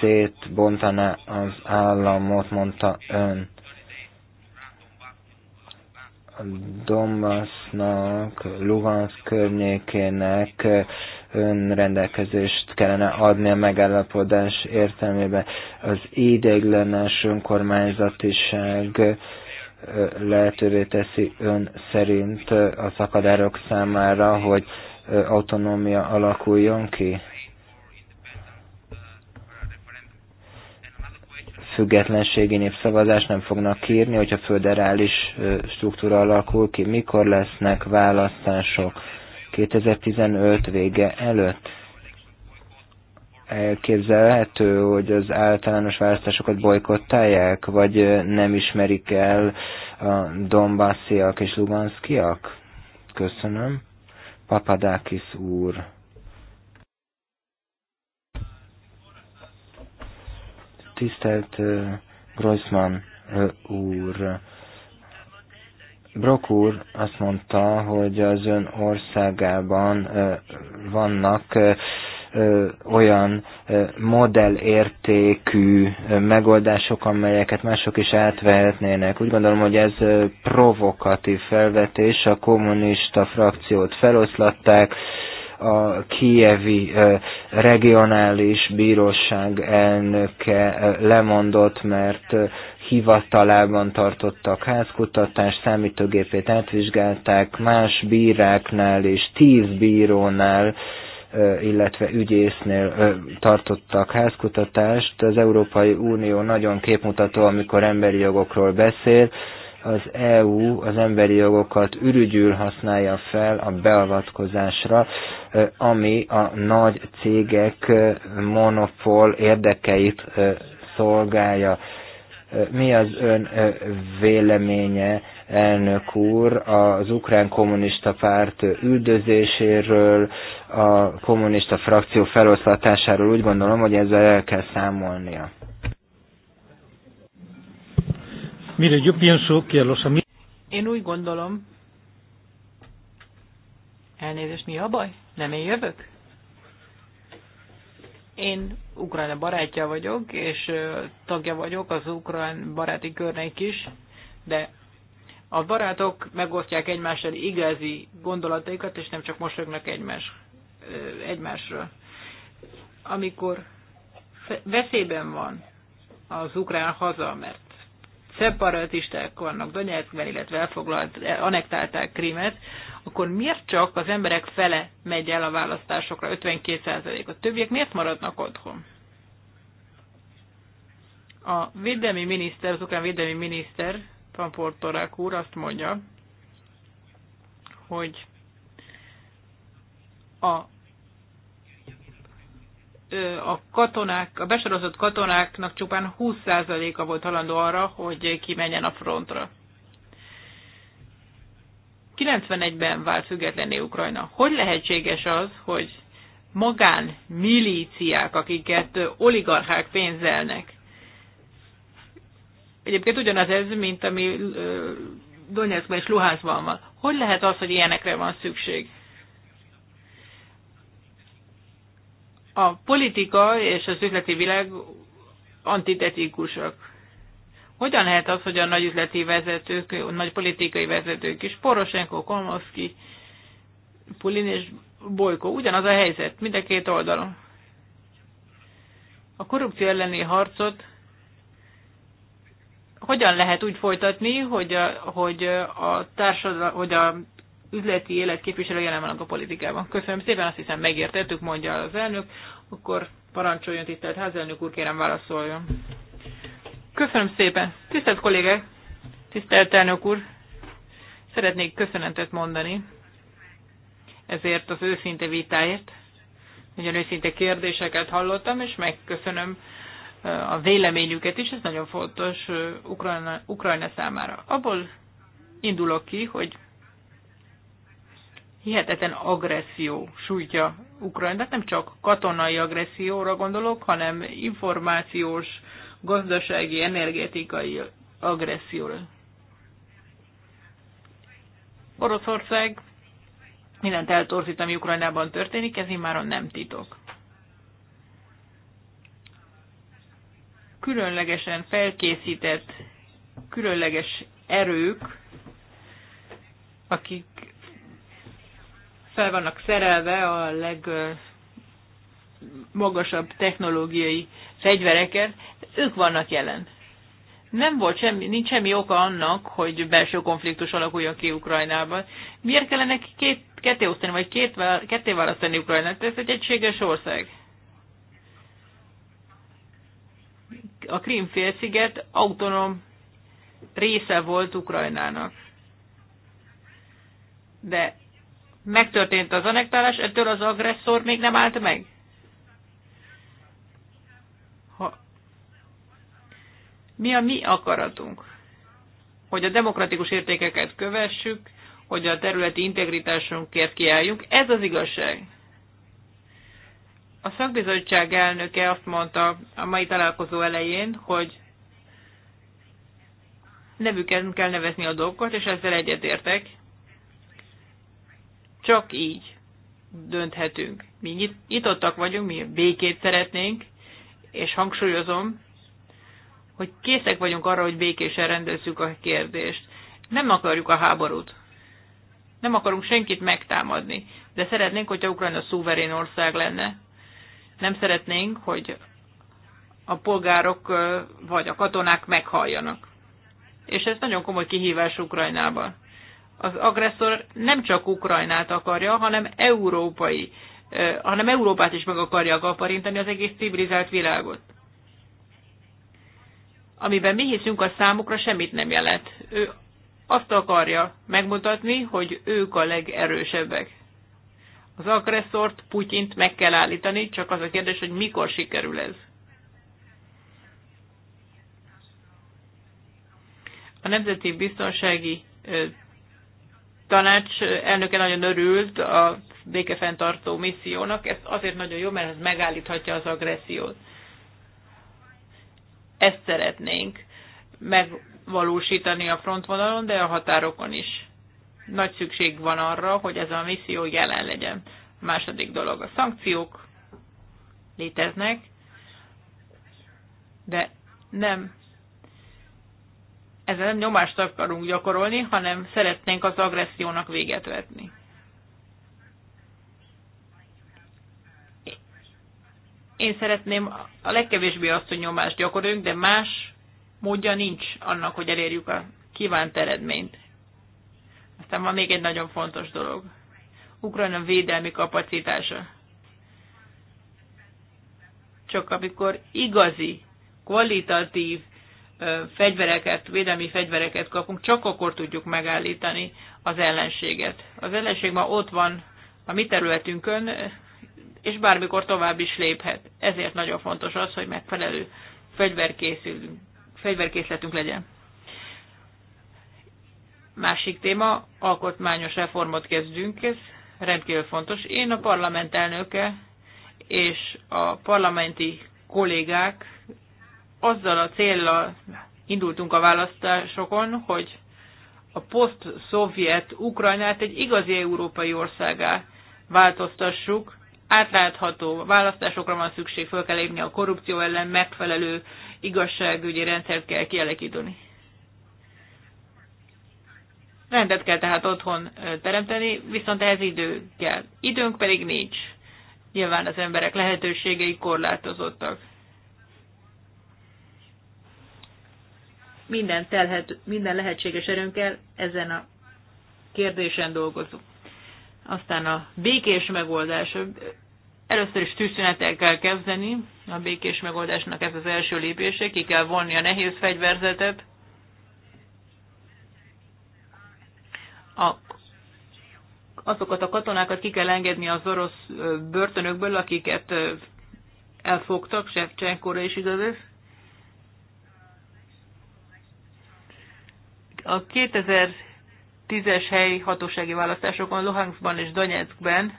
szétbontana az államot, mondta ön. Dombasznak, Lugansk környékének önrendelkezést kellene adni a megállapodás értelmében. Az ideiglenes önkormányzatiság lehetővé teszi ön szerint a szakadárok számára, hogy autonómia alakuljon ki. Függetlenségi népszavazást nem fognak kírni, hogyha föderális struktúra alakul ki. Mikor lesznek választások? 2015 vége előtt? elképzelhető, hogy az általános választásokat bolykottálják, vagy nem ismerik el a dombásziak és luganszkiak? Köszönöm. Papadakis úr. Tisztelt Grossman úr. Brok úr azt mondta, hogy az ön országában vannak olyan modellértékű megoldások, amelyeket mások is átvehetnének. Úgy gondolom, hogy ez provokatív felvetés, a kommunista frakciót feloszlatták, a kievi regionális bíróság elnöke lemondott, mert hivatalában tartottak házkutatást, számítógépét átvizsgálták, más bíráknál és tíz bírónál illetve ügyésznél tartottak házkutatást. Az Európai Unió nagyon képmutató, amikor emberi jogokról beszél. Az EU az emberi jogokat ürügyül használja fel a beavatkozásra, ami a nagy cégek monopól érdekeit szolgálja. Mi az ön véleménye elnök úr az ukrán kommunista párt üldözéséről, a kommunista frakció feloszlatásáról. Úgy gondolom, hogy ezzel el kell számolnia. Mire, yo pienso que los Én úgy gondolom... Elnézést, mi a baj? Nem én jövök? Én ukrán barátja vagyok, és tagja vagyok az ukrán baráti körnek is, de a barátok megosztják egymással igazi gondolataikat, és nem csak mosolyognak egymás, egymásra. Amikor veszélyben van az ukrán haza, mert szeparatisták vannak Donetskben, illetve elfoglalt, anektálták Krímet, akkor miért csak az emberek fele megy el a választásokra, 52%? A többiek miért maradnak otthon? A védelmi miniszter, az ukrán védelmi miniszter Pamportorák úr azt mondja, hogy a a katonák, a besorozott katonáknak csupán 20%-a volt halandó arra, hogy kimenjen a frontra. 91-ben vált függetlenné Ukrajna. Hogy lehetséges az, hogy magán milíciák, akiket oligarchák pénzelnek, Egyébként ugyanaz ez, mint ami Donetskban és Luházban van. Hogy lehet az, hogy ilyenekre van szükség? A politika és az üzleti világ antitetikusak. Hogyan lehet az, hogy a nagy üzleti vezetők, a nagy politikai vezetők is, Poroshenko, Kolmovszki, Pulin és Bolyko, ugyanaz a helyzet mind a két oldalon. A korrupció elleni harcot hogyan lehet úgy folytatni, hogy a, hogy a társadalom, hogy a üzleti élet képviselői jelen vannak a politikában. Köszönöm szépen, azt hiszem megértettük, mondja az elnök. Akkor parancsoljon tisztelt házelnök úr, kérem válaszoljon. Köszönöm szépen. Tisztelt kollégák, tisztelt elnök úr, szeretnék köszönetet mondani ezért az őszinte vitáért. Nagyon őszinte kérdéseket hallottam, és megköszönöm a véleményüket is, ez nagyon fontos Ukrajna, Ukrajna számára. Abból indulok ki, hogy hihetetlen agresszió sújtja Ukrajnát, nem csak katonai agresszióra gondolok, hanem információs, gazdasági, energetikai agresszióra. Oroszország mindent eltorzít, ami Ukrajnában történik, ez immáron nem titok. különlegesen felkészített, különleges erők, akik fel vannak szerelve a legmagasabb technológiai fegyvereket, ők vannak jelen. Nem volt semmi, nincs semmi oka annak, hogy belső konfliktus alakuljon ki Ukrajnában. Miért kellene két, ketté osztani, vagy két, ketté választani Ukrajnát? Ez egy egységes ország. a Krímfélsziget autonóm része volt Ukrajnának. De megtörtént az anektálás, ettől az agresszor még nem állt meg? Ha, mi a mi akaratunk? Hogy a demokratikus értékeket kövessük, hogy a területi integritásunkért kiálljunk, ez az igazság. A szakbizottság elnöke azt mondta a mai találkozó elején, hogy nevüket kell nevezni a dolgokat, és ezzel egyetértek. Csak így dönthetünk. Mi nyitottak vagyunk, mi békét szeretnénk, és hangsúlyozom, hogy készek vagyunk arra, hogy békésen rendezzük a kérdést. Nem akarjuk a háborút. Nem akarunk senkit megtámadni, de szeretnénk, hogyha Ukrajna szuverén ország lenne. Nem szeretnénk, hogy a polgárok vagy a katonák meghalljanak. És ez nagyon komoly kihívás Ukrajnában. Az agresszor nem csak Ukrajnát akarja, hanem európai, hanem Európát is meg akarja kaparintani az egész civilizált világot. Amiben mi hiszünk, a számukra semmit nem jelent. Ő azt akarja megmutatni, hogy ők a legerősebbek az agresszort, Putyint meg kell állítani, csak az a kérdés, hogy mikor sikerül ez. A Nemzeti Biztonsági Tanács elnöke nagyon örült a békefenntartó missziónak, ez azért nagyon jó, mert ez megállíthatja az agressziót. Ezt szeretnénk megvalósítani a frontvonalon, de a határokon is nagy szükség van arra, hogy ez a misszió jelen legyen. A második dolog a szankciók léteznek, de nem ezzel nem nyomást akarunk gyakorolni, hanem szeretnénk az agressziónak véget vetni. Én szeretném a legkevésbé azt, hogy nyomást gyakoroljunk, de más módja nincs annak, hogy elérjük a kívánt eredményt. Aztán van még egy nagyon fontos dolog. Ukrajna védelmi kapacitása. Csak amikor igazi, kvalitatív fegyvereket, védelmi fegyvereket kapunk, csak akkor tudjuk megállítani az ellenséget. Az ellenség ma ott van a mi területünkön, és bármikor tovább is léphet. Ezért nagyon fontos az, hogy megfelelő fegyverkészletünk legyen. Másik téma, alkotmányos reformot kezdünk, ez rendkívül fontos. Én a parlament elnöke és a parlamenti kollégák azzal a céllal indultunk a választásokon, hogy a poszt-szovjet Ukrajnát egy igazi európai országá változtassuk, átlátható választásokra van szükség, föl kell lépni a korrupció ellen, megfelelő igazságügyi rendszert kell kialakítani. Rendet kell tehát otthon teremteni, viszont ez idő kell. Időnk pedig nincs. Nyilván az emberek lehetőségei korlátozottak. Minden, telhet, minden lehetséges erőnkkel ezen a kérdésen dolgozunk. Aztán a békés megoldás. Először is tűzszünetel kell kezdeni. A békés megoldásnak ez az első lépése. Ki kell vonni a nehéz fegyverzetet, a, azokat a katonákat ki kell engedni az orosz börtönökből, akiket elfogtak, Sevcsenkóra is igaz ez. A 2010-es helyi hatósági választásokon Luhanskban és Donetskben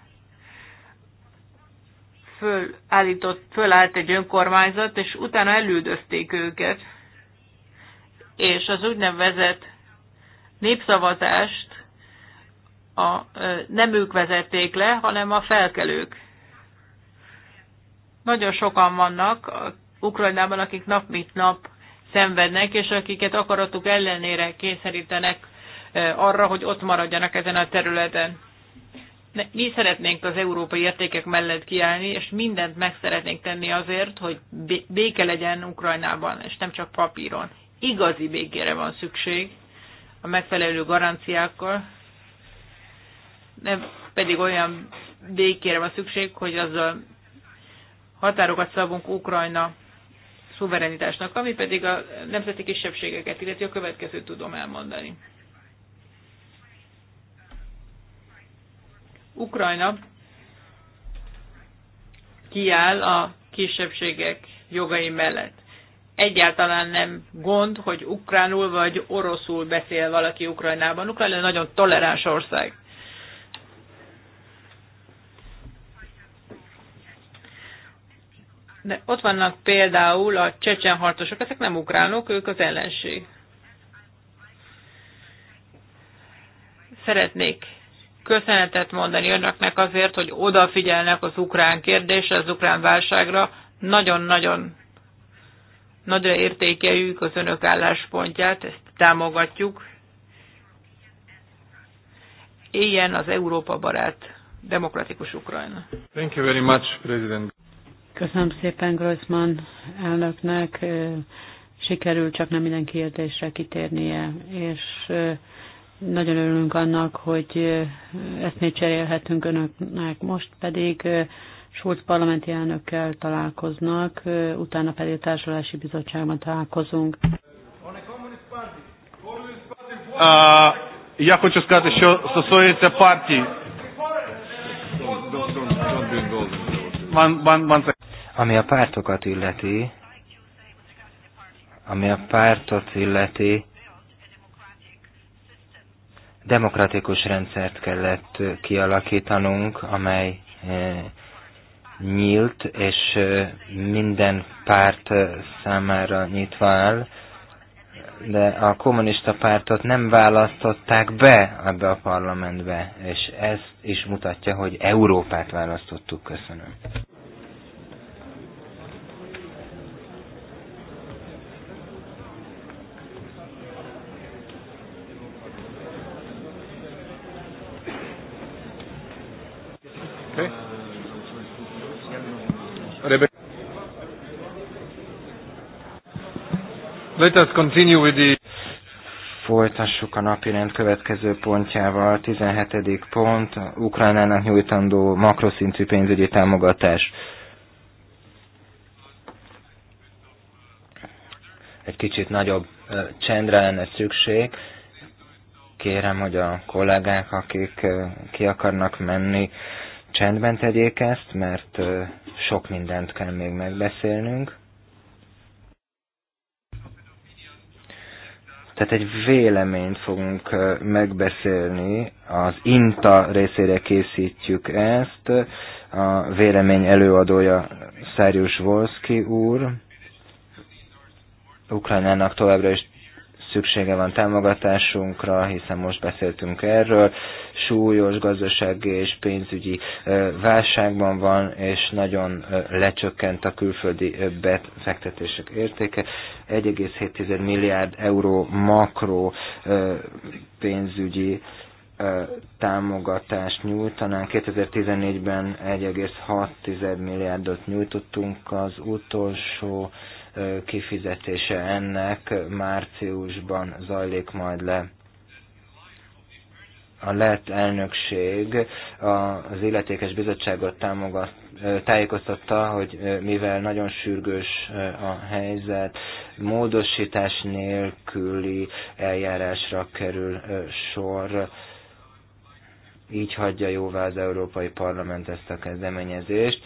fölállított, fölállt egy önkormányzat, és utána elüldözték őket, és az úgynevezett népszavazást a, nem ők vezették le, hanem a felkelők. Nagyon sokan vannak Ukrajnában, akik nap mint nap szenvednek, és akiket akaratuk ellenére kényszerítenek arra, hogy ott maradjanak ezen a területen. Mi szeretnénk az európai értékek mellett kiállni, és mindent meg szeretnénk tenni azért, hogy béke legyen Ukrajnában, és nem csak papíron. Igazi békére van szükség a megfelelő garanciákkal, nem pedig olyan békére van szükség, hogy azzal határokat szabunk Ukrajna szuverenitásnak, ami pedig a nemzeti kisebbségeket illeti, a következőt tudom elmondani. Ukrajna kiáll a kisebbségek jogai mellett. Egyáltalán nem gond, hogy ukránul vagy oroszul beszél valaki Ukrajnában. Ukrajna nagyon toleráns ország. De ott vannak például a csecsen ezek nem ukránok, ők az ellenség. Szeretnék köszönetet mondani önöknek azért, hogy odafigyelnek az ukrán kérdésre, az ukrán válságra. Nagyon-nagyon nagyra értékeljük az önök álláspontját, ezt támogatjuk. Éljen az Európa barát demokratikus Ukrajna. Thank you very much, President. Köszönöm szépen Grossman elnöknek. Sikerült csak nem minden kérdésre kitérnie, és nagyon örülünk annak, hogy ezt még cserélhetünk önöknek. Most pedig Schulz parlamenti elnökkel találkoznak, utána pedig társadalási bizottságban találkozunk. я хочу сказать еще со своей партии ami a pártokat illeti, ami a pártot illeti, demokratikus rendszert kellett kialakítanunk, amely eh, nyílt, és eh, minden párt eh, számára nyitva áll, de a kommunista pártot nem választották be ebbe a parlamentbe, és ez is mutatja, hogy Európát választottuk. Köszönöm. Let us continue with the... Folytassuk a napirend következő pontjával, 17. pont, Ukrajnának nyújtandó makroszintű pénzügyi támogatás. Egy kicsit nagyobb csendre lenne szükség. Kérem, hogy a kollégák, akik ki akarnak menni, csendben tegyék ezt, mert sok mindent kell még megbeszélnünk. Tehát egy véleményt fogunk megbeszélni, az INTA részére készítjük ezt, a vélemény előadója Szárius Volszki úr. Ukrajnának továbbra is szüksége van támogatásunkra, hiszen most beszéltünk erről, súlyos gazdasági és pénzügyi válságban van, és nagyon lecsökkent a külföldi befektetések értéke. 1,7 milliárd euró makro pénzügyi támogatást nyújtanánk. 2014-ben 1,6 milliárdot nyújtottunk, az utolsó kifizetése ennek márciusban zajlik majd le a lett elnökség az illetékes bizottságot támogat, tájékoztatta, hogy mivel nagyon sürgős a helyzet, módosítás nélküli eljárásra kerül sor, így hagyja jóvá az Európai Parlament ezt a kezdeményezést.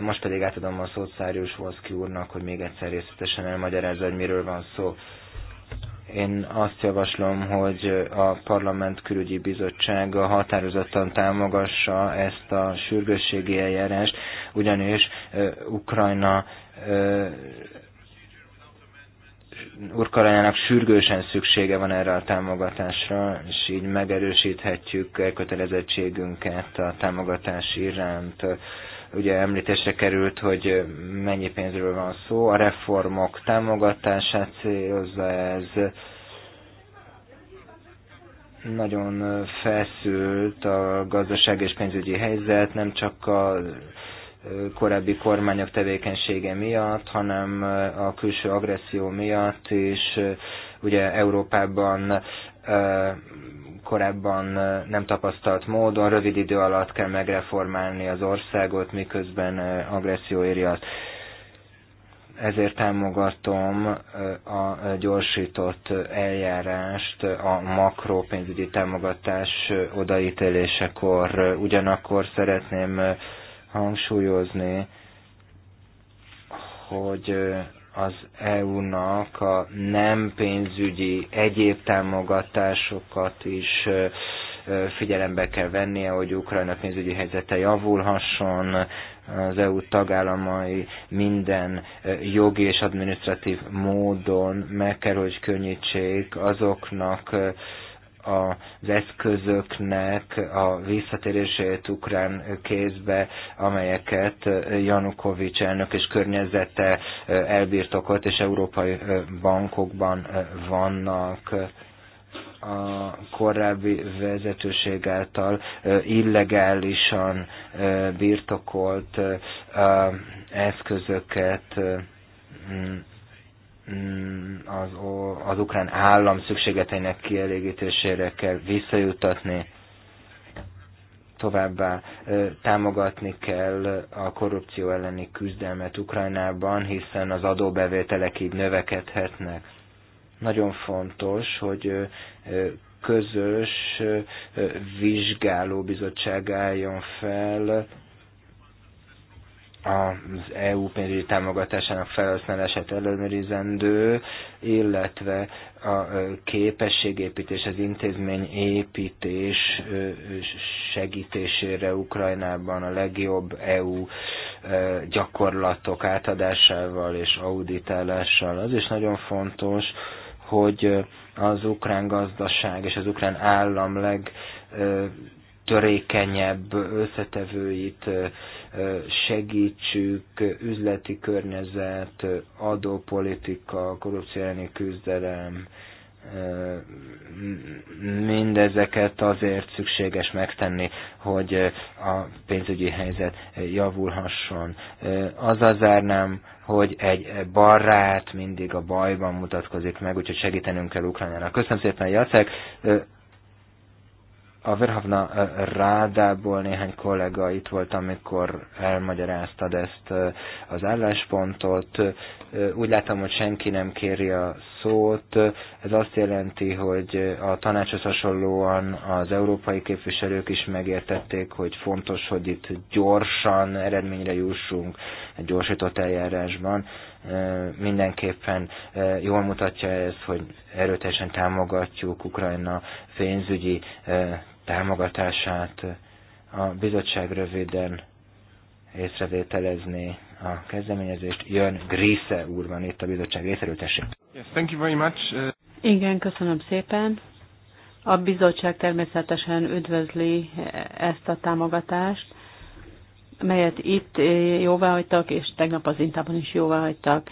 Most pedig átadom a szót Szárius Volszki úrnak, hogy még egyszer részletesen elmagyarázza, hogy miről van szó. Én azt javaslom, hogy a Parlament Külügyi Bizottsága határozottan támogassa ezt a sürgősségi eljárást, ugyanis Ukrajna Urkarajának sürgősen szüksége van erre a támogatásra, és így megerősíthetjük elkötelezettségünket a támogatás iránt. Ugye említésre került, hogy mennyi pénzről van szó, a reformok támogatását célozza ez, nagyon feszült a gazdaság és pénzügyi helyzet, nem csak a korábbi kormányok tevékenysége miatt, hanem a külső agresszió miatt és Ugye Európában korábban nem tapasztalt módon rövid idő alatt kell megreformálni az országot, miközben agresszió éri azt. Ezért támogatom a gyorsított eljárást a makro pénzügyi támogatás odaítélésekor. Ugyanakkor szeretném hangsúlyozni, hogy az EU-nak a nem pénzügyi egyéb támogatásokat is figyelembe kell vennie, hogy Ukrajna pénzügyi helyzete javulhasson, az EU tagállamai minden jogi és administratív módon meg kell, hogy könnyítsék azoknak az eszközöknek a visszatérését ukrán kézbe, amelyeket Janukovics elnök és környezete elbirtokolt, és európai bankokban vannak a korábbi vezetőség által illegálisan birtokolt eszközöket Mm, az, az ukrán állam szükségleteinek kielégítésére kell visszajutatni, továbbá támogatni kell a korrupció elleni küzdelmet Ukrajnában, hiszen az adóbevételek így növekedhetnek. Nagyon fontos, hogy közös vizsgálóbizottság álljon fel az EU pénzügyi támogatásának felhasználását ellenőrizendő, illetve a képességépítés, az intézményépítés segítésére Ukrajnában a legjobb EU gyakorlatok átadásával és auditálással. Az is nagyon fontos, hogy az ukrán gazdaság és az ukrán állam leg törékenyebb összetevőit segítsük, üzleti környezet, adópolitika, korrupció küzdelem, mindezeket azért szükséges megtenni, hogy a pénzügyi helyzet javulhasson. Azzal zárnám, hogy egy barát mindig a bajban mutatkozik meg, úgyhogy segítenünk kell Ukrajnának. Köszönöm szépen, Jacek! A Verhavna eh, Rádából néhány kollega itt volt, amikor elmagyaráztad ezt eh, az álláspontot. Eh, úgy látom, hogy senki nem kéri a szót. Ez azt jelenti, hogy a tanácshoz hasonlóan az európai képviselők is megértették, hogy fontos, hogy itt gyorsan eredményre jussunk egy gyorsított eljárásban mindenképpen jól mutatja ez, hogy erőteljesen támogatjuk Ukrajna pénzügyi támogatását. A bizottság röviden észrevételezni a kezdeményezést. Jön Grise úr van itt a bizottság részéről, Yes, thank you very much. Uh, Igen, köszönöm szépen. A bizottság természetesen üdvözli e, ezt a támogatást, melyet itt jóváhagytak, és tegnap az Intában is jóváhagytak. hagytak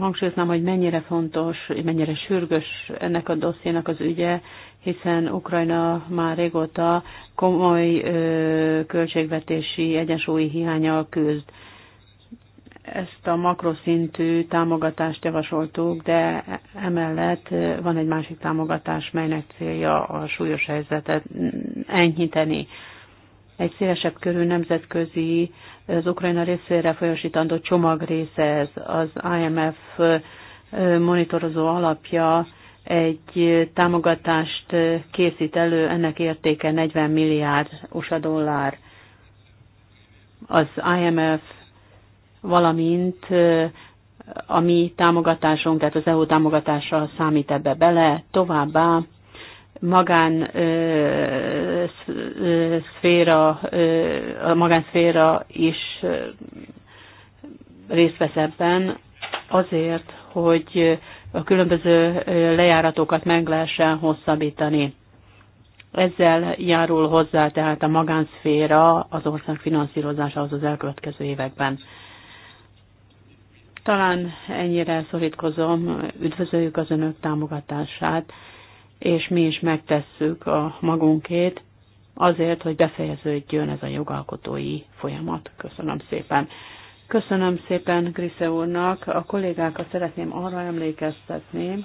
hangsúlyoznám, hogy mennyire fontos, mennyire sürgős ennek a dossziénak az ügye, hiszen Ukrajna már régóta komoly költségvetési egyensúlyi hiányal küzd. Ezt a makroszintű támogatást javasoltuk, de emellett van egy másik támogatás, melynek célja a súlyos helyzetet enyhíteni egy szélesebb körű nemzetközi, az Ukrajna részére folyosítandó csomag része ez. Az IMF monitorozó alapja egy támogatást készít elő, ennek értéke 40 milliárd USA dollár. Az IMF valamint a mi támogatásunk, tehát az EU támogatása számít ebbe bele, továbbá magán szféra, a magánszféra is részt vesz ebben azért, hogy a különböző lejáratokat meg lehessen hosszabbítani. Ezzel járul hozzá tehát a magánszféra az ország finanszírozásához az elkövetkező években. Talán ennyire szorítkozom, üdvözöljük az önök támogatását és mi is megtesszük a magunkét azért, hogy befejeződjön ez a jogalkotói folyamat. Köszönöm szépen. Köszönöm szépen Grisze úrnak. A kollégákat szeretném arra emlékeztetni,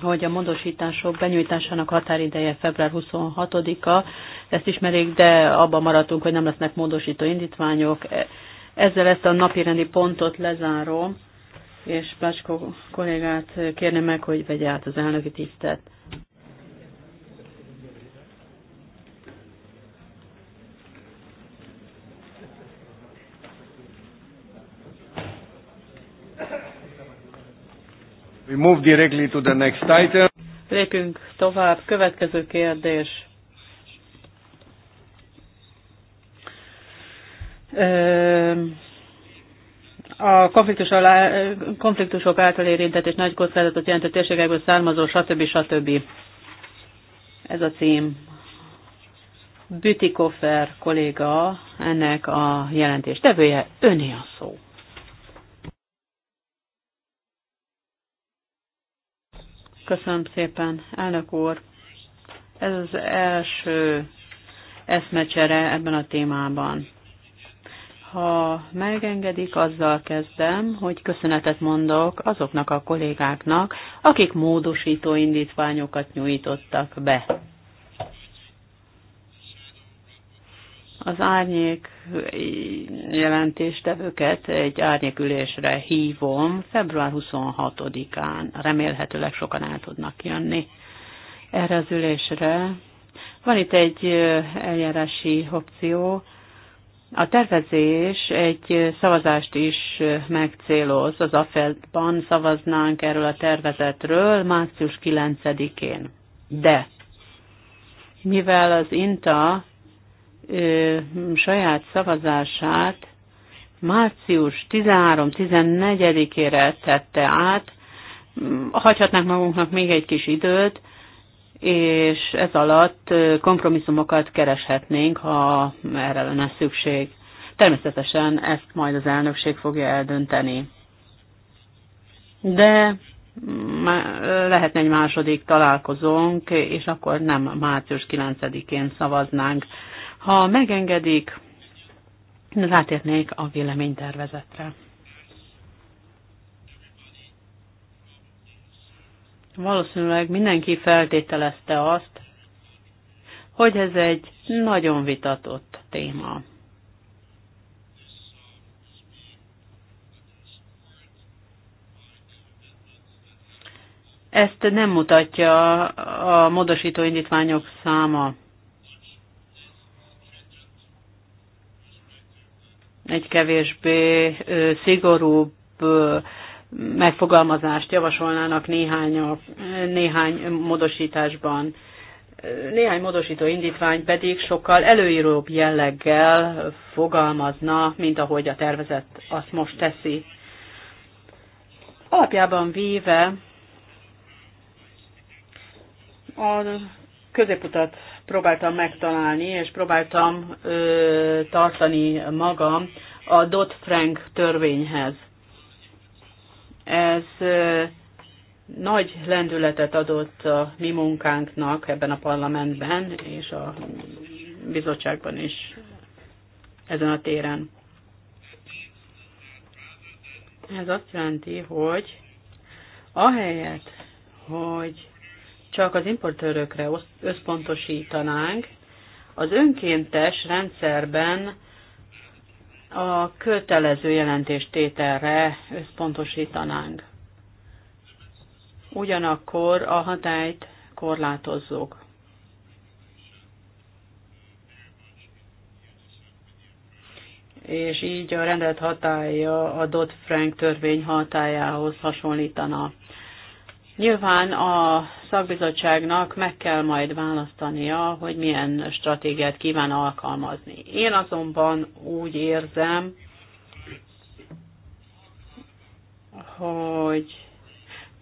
hogy a módosítások benyújtásának határideje február 26-a, ezt ismerik, de abban maradtunk, hogy nem lesznek módosító indítványok. Ezzel ezt a napirendi pontot lezárom és Placskó kollégát kérném meg, hogy vegye át az elnöki tisztet. We move directly to the next item. Lépünk tovább. Következő kérdés. Uh, a konfliktus alá, konfliktusok által érintett és nagy kockázatot jelentő térségekből származó, stb. stb. Ez a cím. Bütikofer kolléga ennek a jelentés tevője, öné a szó. Köszönöm szépen, elnök úr. Ez az első eszmecsere ebben a témában. Ha megengedik, azzal kezdem, hogy köszönetet mondok azoknak a kollégáknak, akik módosító indítványokat nyújtottak be. Az árnyék jelentéstevőket egy árnyékülésre hívom február 26-án. Remélhetőleg sokan el tudnak jönni erre az ülésre. Van itt egy eljárási opció, a tervezés egy szavazást is megcéloz. Az AFED-ban szavaznánk erről a tervezetről március 9-én. De mivel az INTA ö, saját szavazását március 13-14-ére tette át, hagyhatnánk magunknak még egy kis időt, és ez alatt kompromisszumokat kereshetnénk, ha erre lenne szükség. Természetesen ezt majd az elnökség fogja eldönteni. De mm, lehetne egy második találkozónk, és akkor nem március 9-én szavaznánk. Ha megengedik, rátérnék a véleménytervezetre. Valószínűleg mindenki feltételezte azt, hogy ez egy nagyon vitatott téma. Ezt nem mutatja a módosító indítványok száma. Egy kevésbé szigorúbb megfogalmazást javasolnának néhány, néhány módosításban. Néhány módosító indítvány pedig sokkal előíróbb jelleggel fogalmazna, mint ahogy a tervezet azt most teszi. Alapjában véve a középutat próbáltam megtalálni, és próbáltam ö, tartani magam a Dodd-Frank törvényhez ez nagy lendületet adott a mi munkánknak ebben a parlamentben és a bizottságban is ezen a téren. Ez azt jelenti, hogy ahelyett, hogy csak az importőrökre összpontosítanánk, az önkéntes rendszerben a kötelező jelentéstételre összpontosítanánk. Ugyanakkor a hatályt korlátozzuk. És így a rendelt hatája a Dodd-Frank törvény hatájához hasonlítana. Nyilván a szakbizottságnak meg kell majd választania, hogy milyen stratégiát kíván alkalmazni. Én azonban úgy érzem, hogy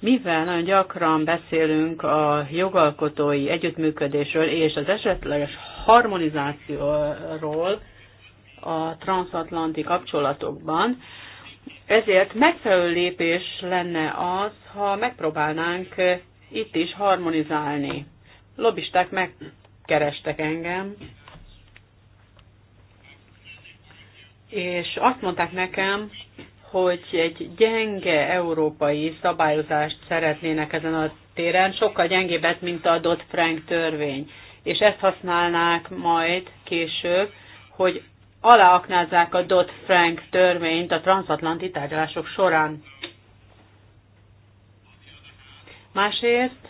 mivel nagyon gyakran beszélünk a jogalkotói együttműködésről és az esetleges harmonizációról a transatlanti kapcsolatokban, ezért megfelelő lépés lenne az, ha megpróbálnánk eh, itt is harmonizálni. Lobisták megkerestek engem, és azt mondták nekem, hogy egy gyenge európai szabályozást szeretnének ezen a téren, sokkal gyengébbet, mint a Dodd-Frank törvény. És ezt használnák majd később, hogy aláaknázzák a Dodd-Frank törvényt a transatlanti tárgyalások során. Másrészt,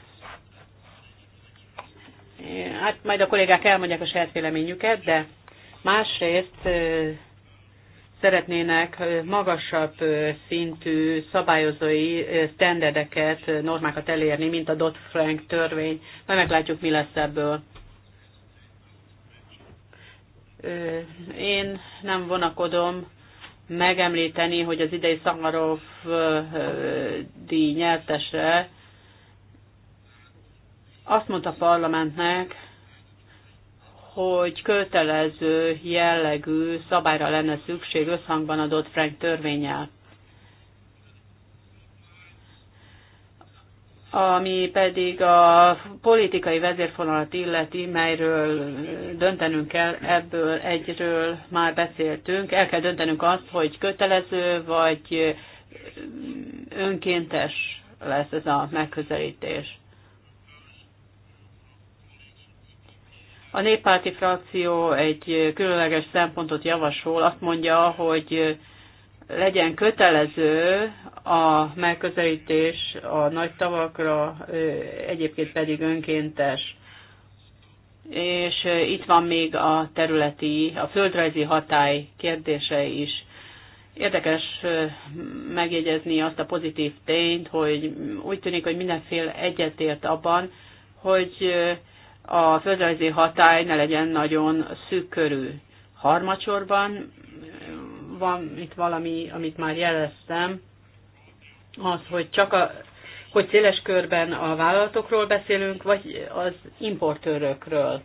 hát majd a kollégák elmondják a saját véleményüket, de másrészt szeretnének magasabb szintű szabályozói standardeket, normákat elérni, mint a Dodd-Frank törvény. Majd meglátjuk, mi lesz ebből. Én nem vonakodom megemlíteni, hogy az idei Szamarov díj nyertese azt mondta a parlamentnek, hogy kötelező jellegű szabályra lenne szükség összhangban adott Frank törvényel. ami pedig a politikai vezérfonalat illeti, melyről döntenünk kell, ebből egyről már beszéltünk. El kell döntenünk azt, hogy kötelező vagy önkéntes lesz ez a megközelítés. A néppárti frakció egy különleges szempontot javasol, azt mondja, hogy legyen kötelező a megközelítés a nagy tavakra, egyébként pedig önkéntes. És itt van még a területi, a földrajzi hatály kérdése is. Érdekes megjegyezni azt a pozitív tényt, hogy úgy tűnik, hogy mindenféle egyetért abban, hogy a földrajzi hatály ne legyen nagyon szűk körű. Harmadsorban van itt valami, amit már jeleztem, az, hogy csak a, hogy széles körben a vállalatokról beszélünk, vagy az importőrökről.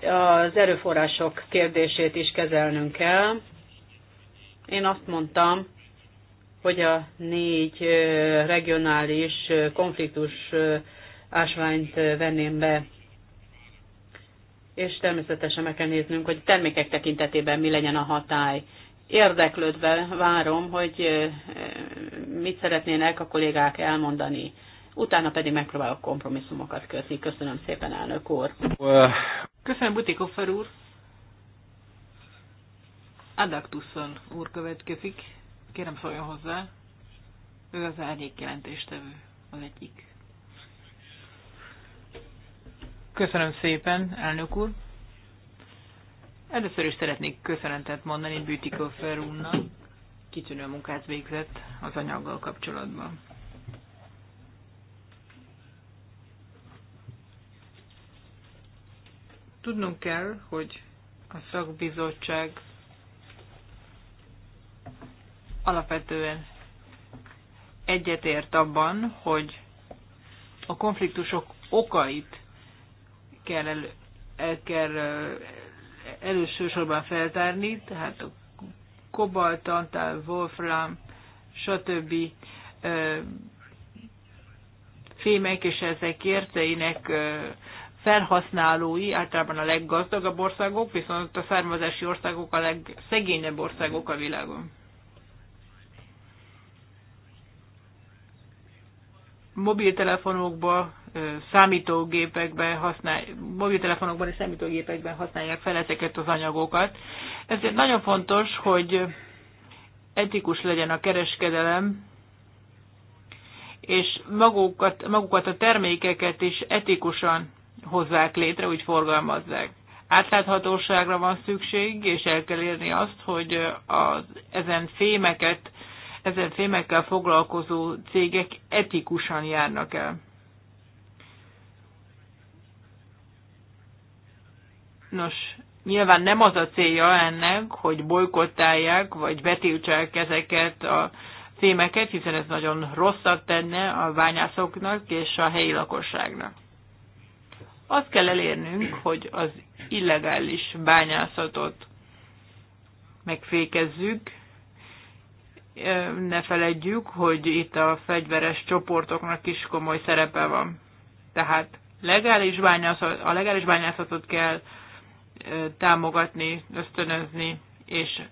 Az erőforrások kérdését is kezelnünk kell. Én azt mondtam, hogy a négy regionális konfliktus ásványt venném be és természetesen meg kell néznünk, hogy termékek tekintetében mi legyen a hatály. Érdeklődve várom, hogy mit szeretnének a kollégák elmondani. Utána pedig megpróbálok kompromisszumokat kötni. Köszönöm szépen, elnök úr. Köszönöm, Butikoffer úr. Adaktuszon úr következik. Kérem szóljon hozzá. Ő az árnyék jelentéstevő, az egyik Köszönöm szépen, elnök úr. Először is szeretnék köszönetet mondani Bütikofer úrnak. Kitűnő munkát végzett az anyaggal kapcsolatban. Tudnunk kell, hogy a szakbizottság alapvetően egyetért abban, hogy a konfliktusok okait kell, elő, el kell elősősorban feltárni, tehát a kobalt, antál, wolfram, stb. fémek és ezek érteinek felhasználói általában a leggazdagabb országok, viszont a származási országok a legszegényebb országok a világon. Mobiltelefonokba számítógépekben használ, mobiltelefonokban és számítógépekben használják fel ezeket az anyagokat. Ezért nagyon fontos, hogy etikus legyen a kereskedelem, és magukat, magukat a termékeket is etikusan hozzák létre, úgy forgalmazzák. Átláthatóságra van szükség, és el kell érni azt, hogy az, ezen fémeket, ezen fémekkel foglalkozó cégek etikusan járnak el. Nos, nyilván nem az a célja ennek, hogy bolykottálják, vagy betiltsák ezeket a fémeket, hiszen ez nagyon rosszat tenne a bányászoknak és a helyi lakosságnak. Azt kell elérnünk, hogy az illegális bányászatot megfékezzük. Ne feledjük, hogy itt a fegyveres csoportoknak is komoly szerepe van. Tehát legális bányászat, a legális bányászatot kell támogatni, ösztönözni, és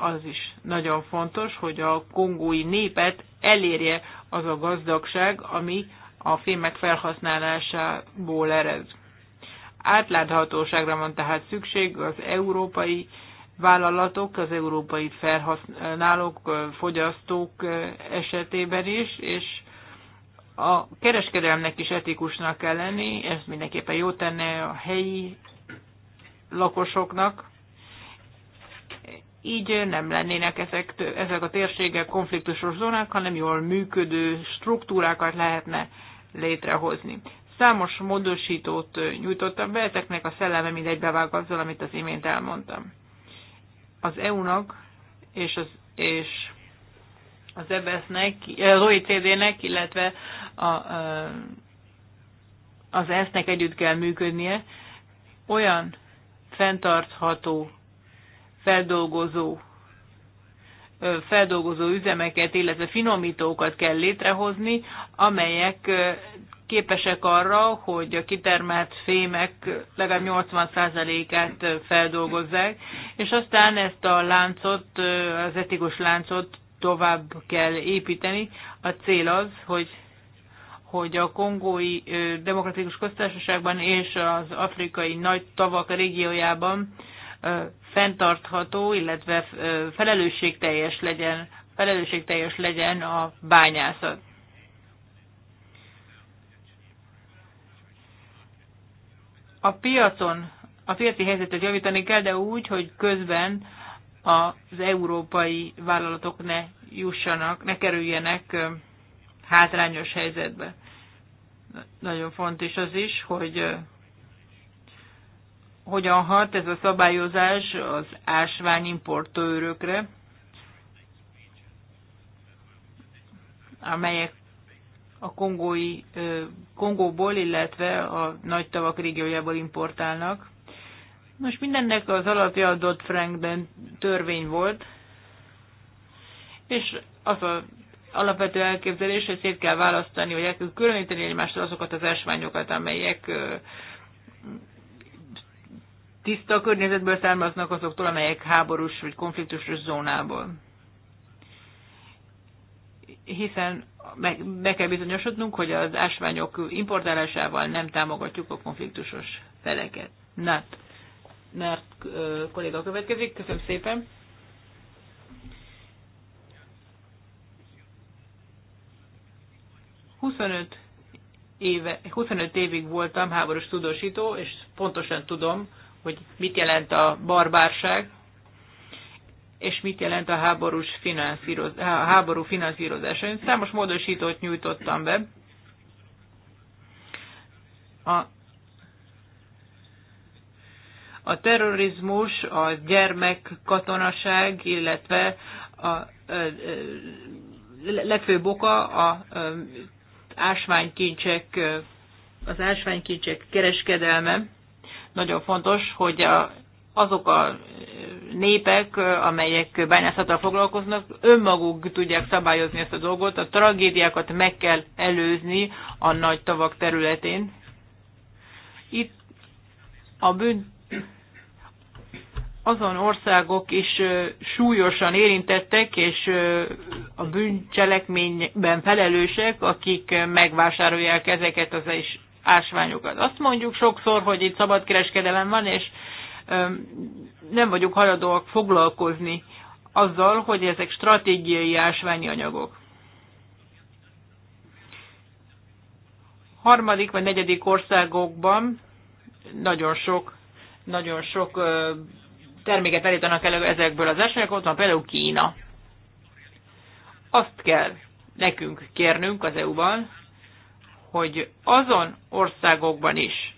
az is nagyon fontos, hogy a kongói népet elérje az a gazdagság, ami a fémek felhasználásából ered. Átláthatóságra van tehát szükség az európai vállalatok, az európai felhasználók, fogyasztók esetében is, és a kereskedelmnek is etikusnak kell lenni, ez mindenképpen jó tenne a helyi lakosoknak, így nem lennének ezek, ezek a térségek konfliktusos zónák, hanem jól működő struktúrákat lehetne létrehozni. Számos módosítót nyújtottam be, ezeknek a szelleme mindegy bevág azzal, amit az imént elmondtam. Az EU-nak és az, és az EBS-nek, e az OECD-nek, illetve a, az esz nek együtt kell működnie olyan fenntartható feldolgozó feldolgozó üzemeket, illetve finomítókat kell létrehozni, amelyek képesek arra, hogy a kitermelt fémek legalább 80%-át feldolgozzák, és aztán ezt a láncot, az etikus láncot tovább kell építeni. A cél az, hogy hogy a kongói demokratikus köztársaságban és az afrikai nagy tavak régiójában fenntartható, illetve felelősségteljes legyen, felelősségteljes legyen a bányászat. A piacon, a piaci helyzetet javítani kell, de úgy, hogy közben az európai vállalatok ne jussanak, ne kerüljenek hátrányos helyzetbe nagyon fontos az is, hogy hogyan hat ez a szabályozás az importőrökre, amelyek a kongói, Kongóból, illetve a nagy tavak régiójából importálnak. Most mindennek az alapja a Dodd-Frankben törvény volt, és az a alapvető elképzelés, hogy szét kell választani, vagy el kell különíteni egymástól azokat az esványokat, amelyek tiszta környezetből származnak azoktól, amelyek háborús vagy konfliktusos zónából. Hiszen be kell bizonyosodnunk, hogy az ásványok importálásával nem támogatjuk a konfliktusos feleket. Nát, mert kolléga következik. Köszönöm szépen. 25 éve, 25 évig voltam háborús tudósító, és pontosan tudom, hogy mit jelent a barbárság, és mit jelent a, háborús finanszíroz, a háború finanszírozása. Én számos módosítót nyújtottam be. A, a terrorizmus, a gyermekkatonaság, illetve a, a, a legfőbb oka a ásványkincsek, az ásványkincsek kereskedelme. Nagyon fontos, hogy a, azok a népek, amelyek bányászattal foglalkoznak, önmaguk tudják szabályozni ezt a dolgot. A tragédiákat meg kell előzni a nagy tavak területén. Itt a bűn azon országok is súlyosan érintettek, és a bűncselekményben felelősek, akik megvásárolják ezeket az ásványokat. Azt mondjuk sokszor, hogy itt szabadkereskedelem van, és nem vagyunk haladóak foglalkozni azzal, hogy ezek stratégiai ásványi anyagok. Harmadik vagy negyedik országokban nagyon sok, nagyon sok terméket állítanak elő ezekből az esetekből, ott van például Kína. Azt kell nekünk kérnünk az EU-ban, hogy azon országokban is,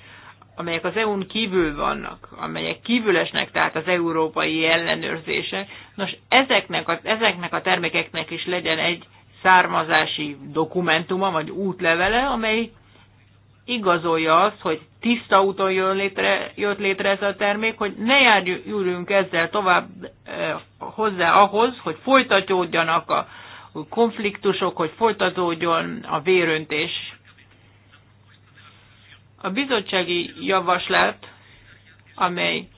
amelyek az EU-n kívül vannak, amelyek kívülesnek, tehát az európai ellenőrzése, nos, ezeknek a, ezeknek a termékeknek is legyen egy származási dokumentuma, vagy útlevele, amely igazolja azt, hogy tiszta úton jön létre, jött létre ez a termék, hogy ne járjunk ezzel tovább eh, hozzá ahhoz, hogy folytatódjanak a konfliktusok, hogy folytatódjon a véröntés. A bizottsági javaslat, amely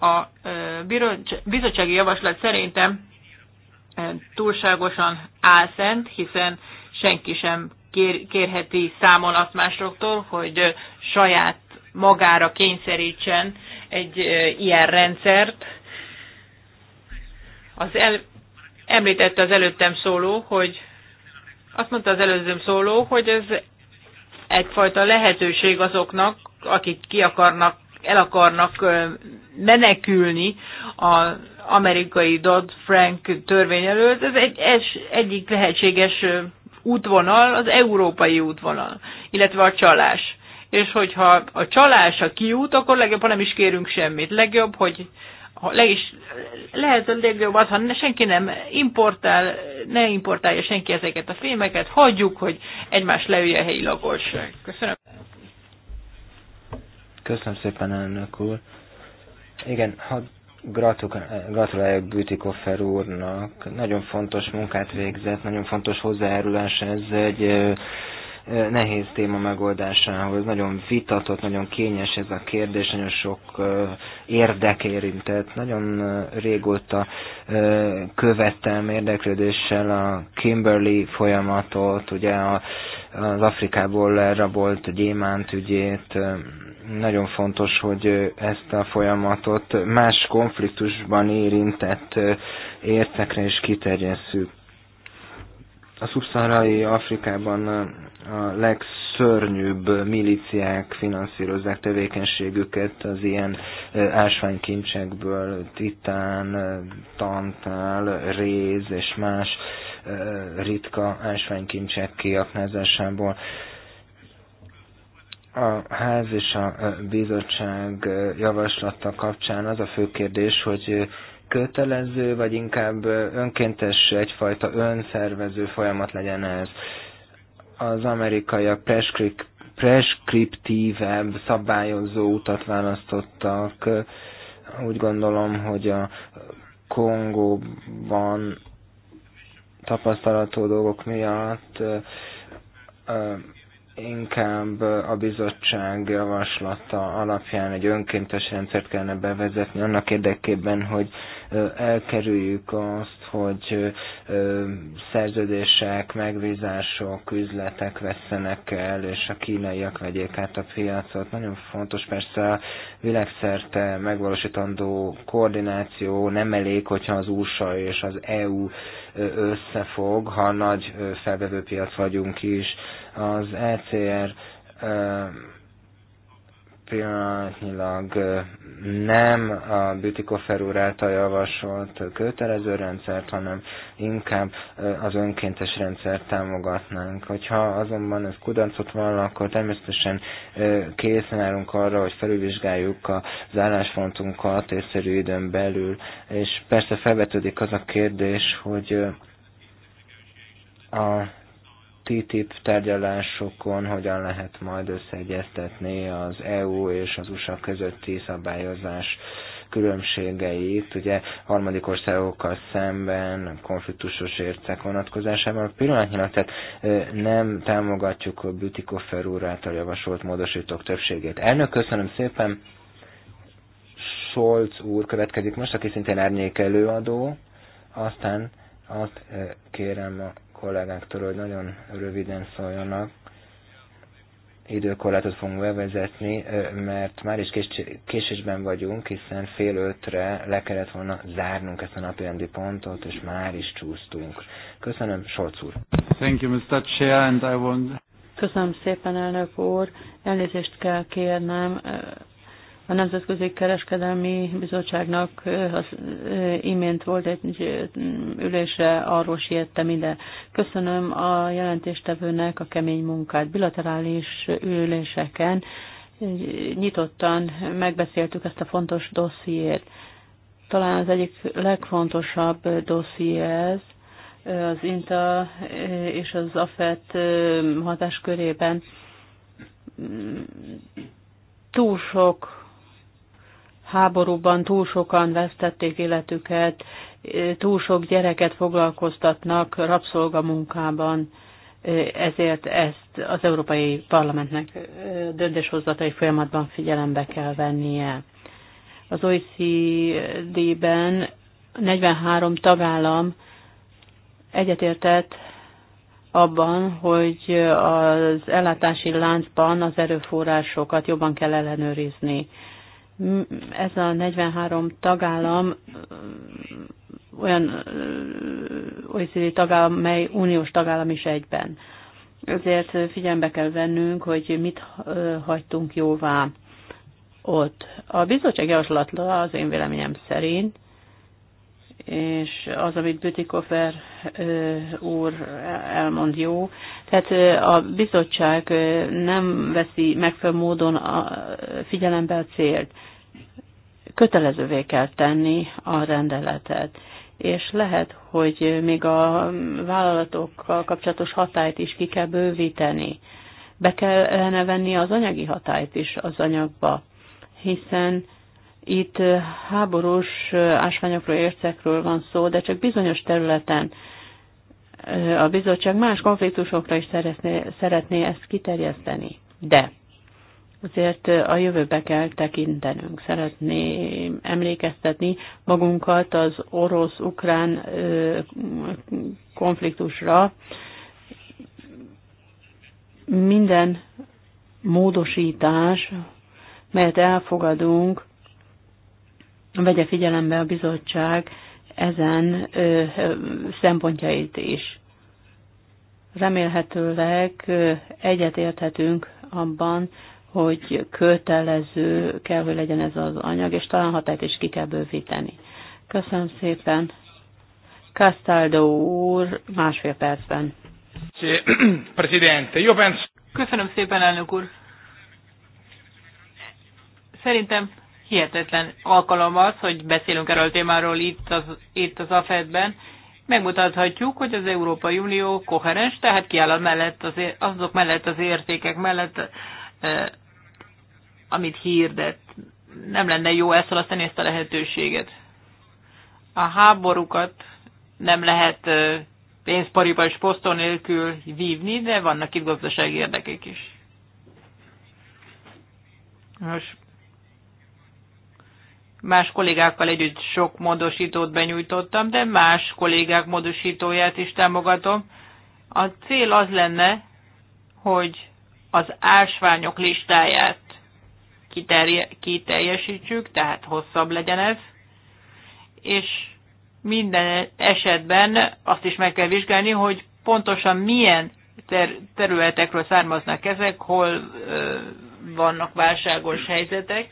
a eh, bizottsági javaslat szerintem eh, túlságosan álszent, hiszen senki sem kér, kérheti számon azt másoktól, hogy saját magára kényszerítsen egy ilyen rendszert. Az el, említette az előttem szóló, hogy azt mondta az előzőm szóló, hogy ez egyfajta lehetőség azoknak, akik ki akarnak, el akarnak menekülni az amerikai Dodd-Frank törvény előtt. Ez egy, ez egyik lehetséges útvonal az európai útvonal, illetve a csalás. És hogyha a csalás a kiút, akkor legjobb, ha nem is kérünk semmit. Legjobb, hogy ha le is, lehet a legjobb az, ha senki nem importál, ne importálja senki ezeket a fémeket, hagyjuk, hogy egymás leülje a helyi lakosság. Köszönöm. Köszönöm szépen, elnök úr. Igen, ha. Gratulálok Bütikofer úrnak. Nagyon fontos munkát végzett, nagyon fontos hozzájárulás ez egy nehéz téma megoldásához. Nagyon vitatott, nagyon kényes ez a kérdés, nagyon sok érdek érintett. Nagyon régóta követtem érdeklődéssel a Kimberley folyamatot, ugye a, az Afrikából elrabolt gyémánt ügyét. Nagyon fontos, hogy ezt a folyamatot más konfliktusban érintett értekre is kiterjesszük a szubszaharai Afrikában a legszörnyűbb miliciák finanszírozzák tevékenységüket az ilyen ásványkincsekből, titán, tantál, réz és más ritka ásványkincsek kiaknázásából. A ház és a bizottság javaslata kapcsán az a fő kérdés, hogy kötelező, vagy inkább önkéntes egyfajta önszervező folyamat legyen ez az amerikaiak a preskriptívebb szabályozó utat választottak. Úgy gondolom, hogy a Kongóban tapasztalató dolgok miatt inkább a bizottság javaslata alapján egy önkéntes rendszert kellene bevezetni annak érdekében, hogy elkerüljük azt, hogy szerződések, megbízások, üzletek vesztenek el, és a kínaiak vegyék át a piacot. Nagyon fontos persze a világszerte megvalósítandó koordináció nem elég, hogyha az USA és az EU összefog, ha nagy felvevőpiac vagyunk is. Az ECR pillanatnyilag nem a Bütikofer úr által javasolt kötelező rendszert, hanem inkább az önkéntes rendszert támogatnánk. Hogyha azonban ez kudarcot vallal, akkor természetesen készen állunk arra, hogy felülvizsgáljuk az álláspontunkat észszerű időn belül, és persze felvetődik az a kérdés, hogy a TTIP tárgyalásokon hogyan lehet majd összeegyeztetni az EU és az USA közötti szabályozás különbségeit, ugye harmadik országokkal szemben, konfliktusos ércek vonatkozásában. Pillanatnyilag tehát nem támogatjuk a Bütikofer úr által javasolt módosítók többségét. Elnök, köszönöm szépen! Scholz úr következik most, aki szintén árnyékelőadó, előadó, aztán azt eh, kérem a kollégáktól, hogy nagyon röviden szóljanak. Időkorlátot fogunk bevezetni, eh, mert már is késésben vagyunk, hiszen fél ötre le kellett volna zárnunk ezt a rendi pontot, és már is csúsztunk. Köszönöm, Solc úr. Thank you, Mr. Chair, and I want... Köszönöm szépen, elnök úr. Elnézést kell kérnem eh, a Nemzetközi Kereskedelmi Bizottságnak az imént volt egy ülése, arról siettem ide. Köszönöm a jelentéstevőnek a kemény munkát. Bilaterális üléseken nyitottan megbeszéltük ezt a fontos dossziét. Talán az egyik legfontosabb dosszié ez, az INTA és az AFET hatáskörében túl sok háborúban túl sokan vesztették életüket, túl sok gyereket foglalkoztatnak rabszolgamunkában, ezért ezt az Európai Parlamentnek döntéshozatai folyamatban figyelembe kell vennie. Az OECD-ben 43 tagállam egyetértett abban, hogy az ellátási láncban az erőforrásokat jobban kell ellenőrizni ez a 43 tagállam olyan OECD tagállam, mely uniós tagállam is egyben. Ezért figyelembe kell vennünk, hogy mit hagytunk jóvá ott. A bizottság javaslata az én véleményem szerint és az, amit Bütikofer úr elmond jó. Tehát a bizottság nem veszi megfelelő módon a, figyelembe a célt. Kötelezővé kell tenni a rendeletet és lehet, hogy még a vállalatokkal kapcsolatos hatályt is ki kell bővíteni. Be kellene venni az anyagi hatályt is az anyagba, hiszen itt háborús ásványokról, ércekről van szó, de csak bizonyos területen a bizottság más konfliktusokra is szeretné, szeretné ezt kiterjeszteni. De azért a jövőbe kell tekintenünk. Szeretném emlékeztetni magunkat az orosz-ukrán konfliktusra. Minden módosítás, melyet elfogadunk, vegye figyelembe a bizottság ezen ö, ö, szempontjait is. Remélhetőleg egyetérthetünk abban, hogy kötelező kell, hogy legyen ez az anyag, és talán hatát is ki kell bővíteni. Köszönöm szépen. Castaldo úr, másfél percben. [clears throat] Köszönöm szépen, elnök úr. Szerintem hihetetlen alkalom az, hogy beszélünk erről a témáról itt az, itt az AFED-ben, megmutathatjuk, hogy az Európai Unió koherens, tehát kiáll mellett az, azok mellett az értékek mellett, eh, amit hirdet. Nem lenne jó elszalasztani ezt a lehetőséget. A háborúkat nem lehet eh, pénzpariba és poszton nélkül vívni, de vannak itt gazdasági érdekek is. Most Más kollégákkal együtt sok módosítót benyújtottam, de más kollégák módosítóját is támogatom. A cél az lenne, hogy az ásványok listáját kiteljesítsük, tehát hosszabb legyen ez, és minden esetben azt is meg kell vizsgálni, hogy pontosan milyen ter területekről származnak ezek, hol ö, vannak válságos helyzetek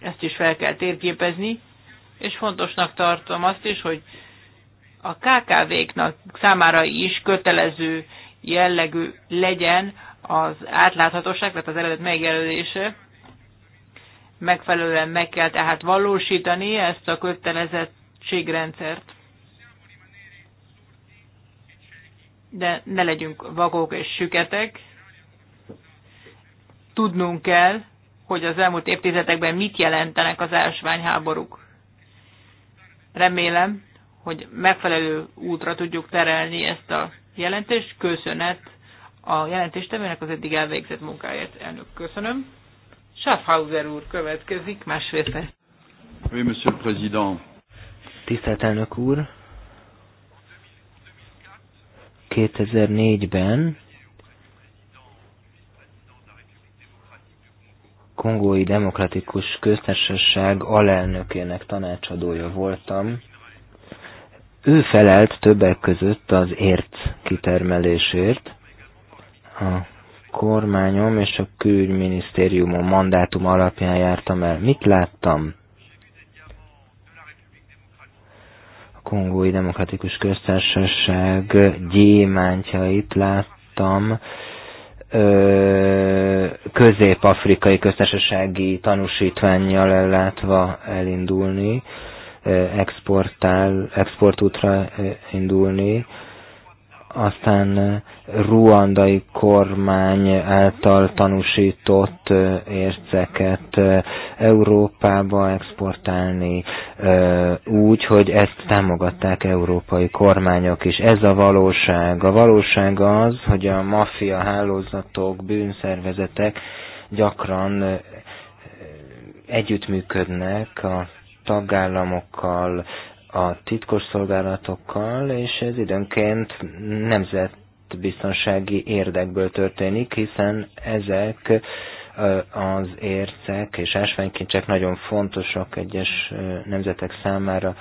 ezt is fel kell térképezni, és fontosnak tartom azt is, hogy a KKV-knak számára is kötelező jellegű legyen az átláthatóság, tehát az eredet megjelölése. Megfelelően meg kell tehát valósítani ezt a kötelezettségrendszert. De ne legyünk vakok és süketek. Tudnunk kell, hogy az elmúlt évtizedekben mit jelentenek az ásványháborúk. Remélem, hogy megfelelő útra tudjuk terelni ezt a jelentést. Köszönet a jelentéstevőnek az eddig elvégzett munkáját Elnök, köszönöm. Schaffhauser úr következik, másfél perc. Oui, monsieur le président. Tisztelt elnök úr, 2004-ben Kongói Demokratikus Köztársaság alelnökének tanácsadója voltam. Ő felelt többek között az ért kitermelésért, a kormányom és a külügyminisztériumom mandátum alapján jártam el. Mit láttam? A Kongói Demokratikus Köztársaság gyémántjait láttam, közép-afrikai köztársasági tanúsítványjal ellátva elindulni, exportál, exportútra indulni, aztán ruandai kormány által tanúsított érceket Európába exportálni úgy, hogy ezt támogatták európai kormányok is. Ez a valóság. A valóság az, hogy a maffia hálózatok, bűnszervezetek gyakran együttműködnek a tagállamokkal, a titkos szolgálatokkal, és ez időnként nemzetbiztonsági érdekből történik, hiszen ezek az ércek és ásványkincsek nagyon fontosak egyes nemzetek számára.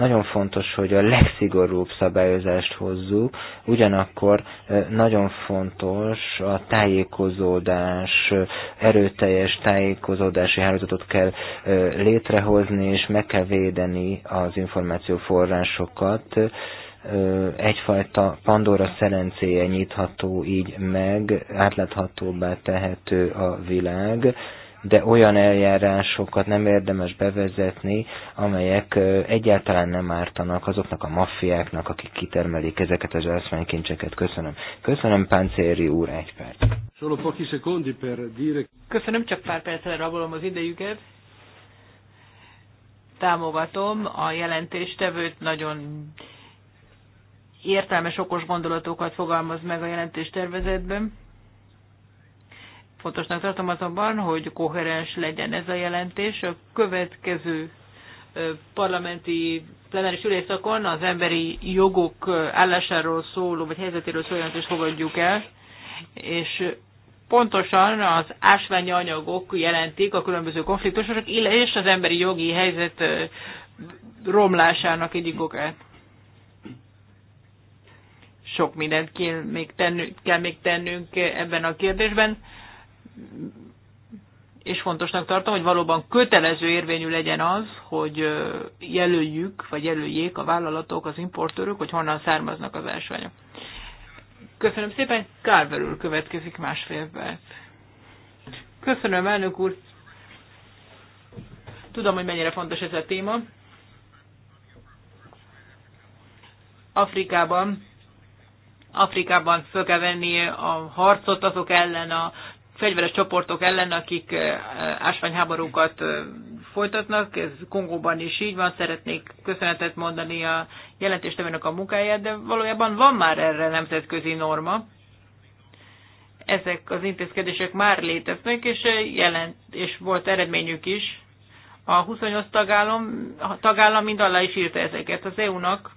Nagyon fontos, hogy a legszigorúbb szabályozást hozzuk, ugyanakkor nagyon fontos a tájékozódás, erőteljes tájékozódási hálózatot kell létrehozni, és meg kell védeni az információforrásokat, egyfajta Pandora szerencéje nyitható így meg, átláthatóbbá tehető a világ, de olyan eljárásokat nem érdemes bevezetni, amelyek egyáltalán nem ártanak azoknak a maffiáknak, akik kitermelik ezeket az ásványkincseket. Köszönöm. Köszönöm, Páncéri úr, egy perc. Köszönöm, csak pár percre rabolom az idejüket. Támogatom a jelentéstevőt, nagyon értelmes, okos gondolatokat fogalmaz meg a jelentéstervezetben. Fontosnak tartom azonban, hogy koherens legyen ez a jelentés. A következő parlamenti plenáris ülésszakon az emberi jogok állásáról szóló, vagy helyzetéről szóló jelentést fogadjuk el, és pontosan az ásványi anyagok jelentik a különböző konfliktusok, és az emberi jogi helyzet romlásának egyik okát. Sok mindent kell még tennünk, kell még tennünk ebben a kérdésben és fontosnak tartom, hogy valóban kötelező érvényű legyen az, hogy jelöljük, vagy jelöljék a vállalatok, az importőrök, hogy honnan származnak az ásványok. Köszönöm szépen, Carver úr következik másfél perc. Köszönöm, elnök úr. Tudom, hogy mennyire fontos ez a téma. Afrikában Afrikában föl kell venni a harcot azok ellen a fegyveres csoportok ellen, akik ásványháborúkat folytatnak. Ez Kongóban is így van. Szeretnék köszönetet mondani a jelentéstevőnek a munkáját, de valójában van már erre nemzetközi norma. Ezek az intézkedések már léteznek, és, jelent, és volt eredményük is. A 28 tagállam, a tagállam mind alá is írta ezeket. Az EU-nak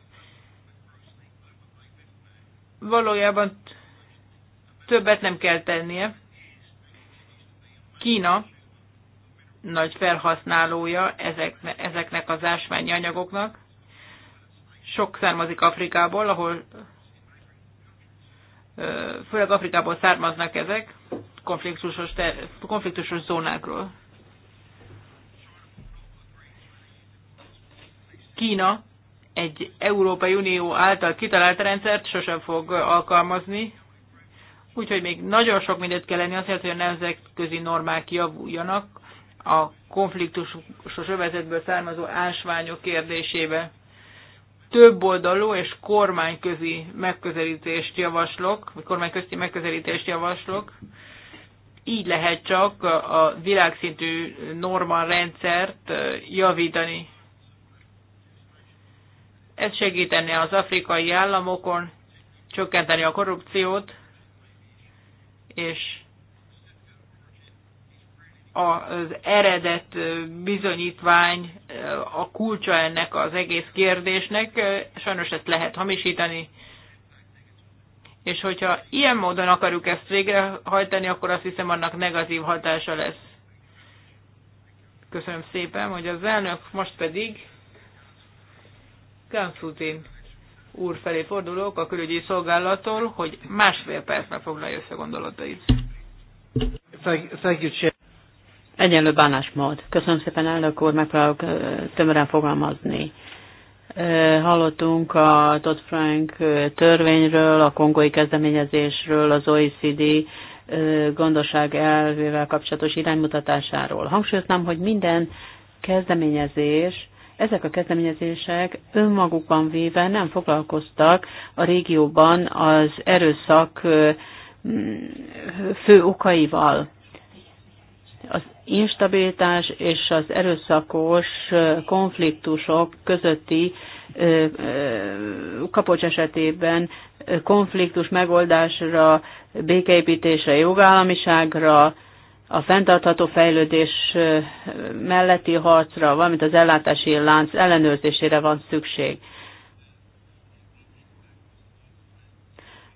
valójában többet nem kell tennie. Kína nagy felhasználója ezek, ezeknek az ásványi anyagoknak. Sok származik Afrikából, ahol főleg Afrikából származnak ezek, konfliktusos, ter, konfliktusos zónákról. Kína egy Európai Unió által kitalált rendszert sosem fog alkalmazni, Úgyhogy még nagyon sok mindent kell lenni azért, hogy a nemzetközi normák javuljanak a konfliktusos övezetből származó ásványok kérdésébe. Több oldalú és kormányközi megközelítést javaslok, vagy kormányközi megközelítést javaslok. Így lehet csak a világszintű normal rendszert javítani. Ez segítene az afrikai államokon, csökkenteni a korrupciót, és az eredet bizonyítvány a kulcsa ennek az egész kérdésnek. Sajnos ezt lehet hamisítani, és hogyha ilyen módon akarjuk ezt végrehajtani, akkor azt hiszem annak negatív hatása lesz. Köszönöm szépen, hogy az elnök, most pedig Gansutin úr felé fordulok a külügyi szolgálattól, hogy másfél percben foglalja össze gondolatait. Egyenlő bánásmód. Köszönöm szépen, elnök úr, megpróbálok tömören fogalmazni. Hallottunk a Dodd-Frank törvényről, a kongói kezdeményezésről, az OECD gondosság elvével kapcsolatos iránymutatásáról. Hangsúlyoznám, hogy minden kezdeményezés ezek a kezdeményezések önmagukban véve nem foglalkoztak a régióban az erőszak fő okaival. Az instabilitás és az erőszakos konfliktusok közötti kapocs esetében konfliktus megoldásra, békeépítésre, jogállamiságra, a fenntartható fejlődés melletti harcra, valamint az ellátási lánc ellenőrzésére van szükség.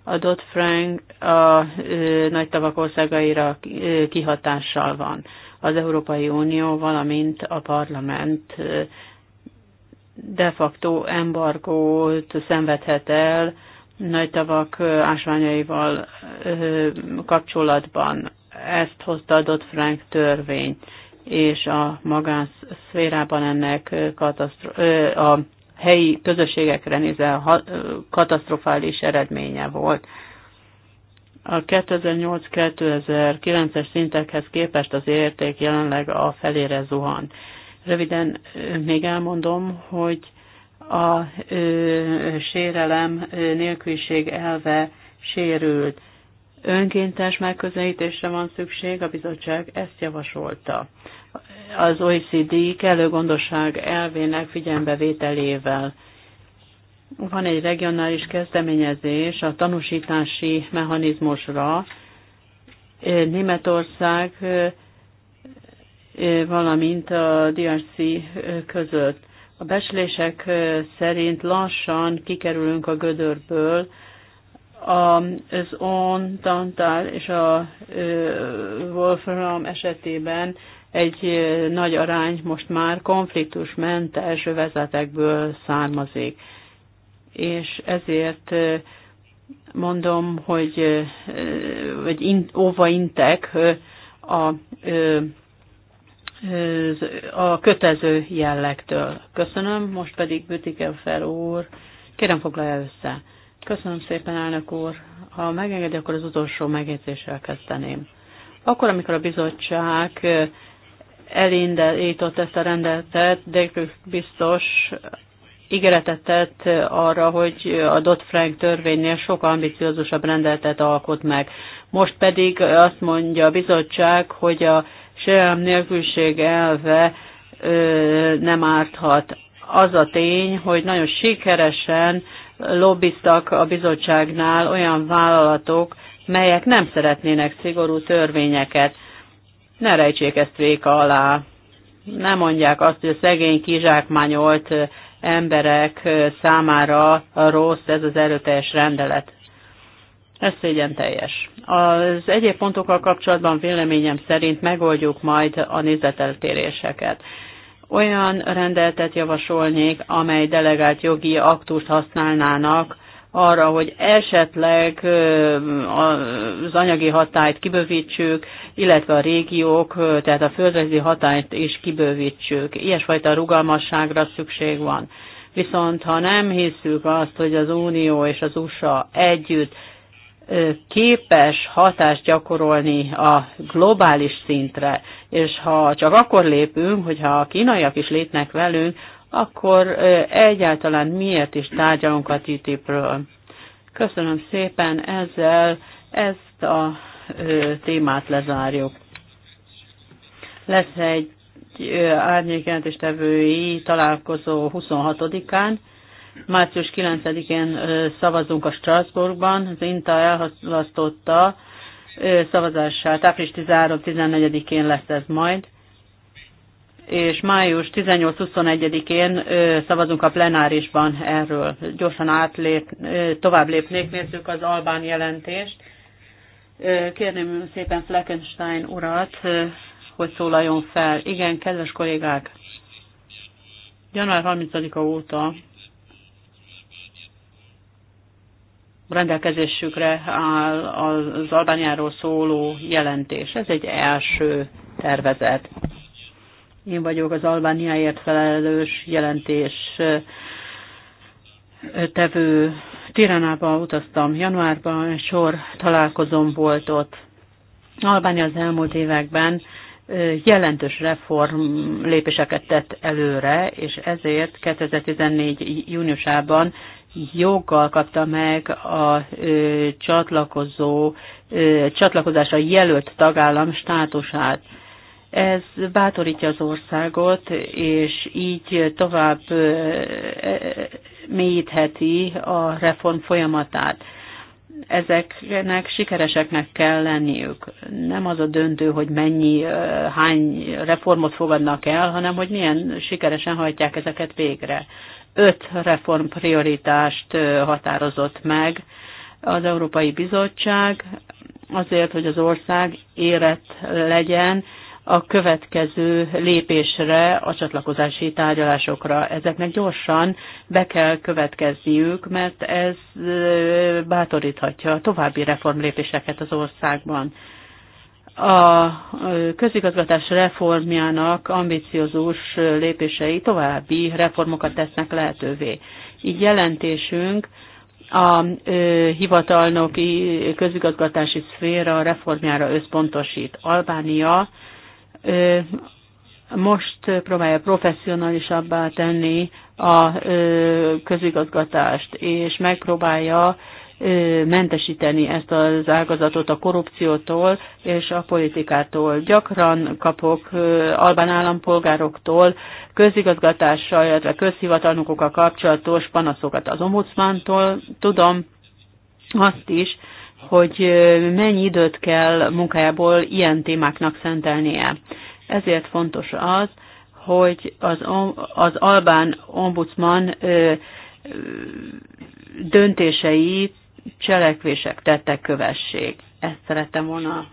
A Dodd-Frank a nagy tavak országaira kihatással van. Az Európai Unió, valamint a parlament de facto embargót szenvedhet el nagy tavak ásványaival kapcsolatban ezt hozta a Dodd-Frank törvény, és a magánszférában ennek a helyi közösségekre nézve katasztrofális eredménye volt. A 2008-2009-es szintekhez képest az érték jelenleg a felére zuhan. Röviden még elmondom, hogy a ö, sérelem nélküliség elve sérült önkéntes megközelítésre van szükség, a bizottság ezt javasolta. Az OECD kellő gondosság elvének figyelembevételével van egy regionális kezdeményezés a tanúsítási mechanizmusra. Németország, valamint a DRC között. A beszélések szerint lassan kikerülünk a gödörből, az on, tantál és a wolfram esetében egy nagy arány most már konfliktusmentes övezetekből származik. És ezért mondom, hogy vagy in, óva intek a, a kötező jellegtől. Köszönöm, most pedig Bütike fel úr, kérem foglalja össze. Köszönöm szépen, elnök úr. Ha megengedi, akkor az utolsó megjegyzéssel kezdeném. Akkor, amikor a bizottság elindított ezt a rendeletet, de biztos ígéretet tett arra, hogy a Dodd-Frank törvénynél sokkal ambiciózusabb rendeletet alkot meg. Most pedig azt mondja a bizottság, hogy a sérelem nélküliség elve ö, nem árthat. Az a tény, hogy nagyon sikeresen lobbiztak a bizottságnál olyan vállalatok, melyek nem szeretnének szigorú törvényeket. Ne rejtsék ezt véka alá. Ne mondják azt, hogy a szegény kizsákmányolt emberek számára rossz ez az erőteljes rendelet. Ez szégyen teljes. Az egyéb pontokkal kapcsolatban véleményem szerint megoldjuk majd a nézeteltéréseket olyan rendeltet javasolnék, amely delegált jogi aktust használnának arra, hogy esetleg az anyagi hatályt kibővítsük, illetve a régiók, tehát a földrajzi hatályt is kibővítsük. Ilyesfajta rugalmasságra szükség van. Viszont ha nem hiszük azt, hogy az Unió és az USA együtt képes hatást gyakorolni a globális szintre, és ha csak akkor lépünk, hogyha a kínaiak is lépnek velünk, akkor egyáltalán miért is tárgyalunk a TTIP-ről. Köszönöm szépen, ezzel ezt a témát lezárjuk. Lesz egy árnyékjelentéstevői találkozó 26-án, Március 9-én szavazunk a Strasbourgban, az INTA elhasztotta szavazását, április 13-14-én lesz ez majd, és május 18-21-én szavazunk a plenárisban erről. Gyorsan átlép, tovább lépnék, nézzük az Albán jelentést. Kérném szépen Fleckenstein urat, hogy szólaljon fel. Igen, kedves kollégák, január 30-a óta rendelkezésükre áll az Albániáról szóló jelentés. Ez egy első tervezet. Én vagyok az Albániáért felelős jelentés tevő. Tiranába utaztam januárban, sor találkozom volt ott. Albánia az elmúlt években jelentős reform lépéseket tett előre, és ezért 2014. júniusában joggal kapta meg a ö, csatlakozó, ö, csatlakozása jelölt tagállam státusát. Ez bátorítja az országot, és így tovább ö, mélyítheti a reform folyamatát. Ezeknek sikereseknek kell lenniük. Nem az a döntő, hogy mennyi, hány reformot fogadnak el, hanem hogy milyen sikeresen hajtják ezeket végre öt reformprioritást határozott meg az Európai Bizottság azért, hogy az ország érett legyen a következő lépésre, a csatlakozási tárgyalásokra. Ezeknek gyorsan be kell következniük, mert ez bátoríthatja a további reformlépéseket az országban a közigazgatás reformjának ambiciózus lépései további reformokat tesznek lehetővé. Így jelentésünk a hivatalnoki közigazgatási szféra reformjára összpontosít. Albánia most próbálja professzionálisabbá tenni a közigazgatást, és megpróbálja mentesíteni ezt az ágazatot a korrupciótól és a politikától. Gyakran kapok albán állampolgároktól közigazgatással, illetve közhivatalnokokkal kapcsolatos panaszokat az ombudsmantól. Tudom azt is, hogy mennyi időt kell munkájából ilyen témáknak szentelnie. Ezért fontos az, hogy az, az albán ombudsman döntéseit cselekvések, tettek kövessék. Ezt szeretem volna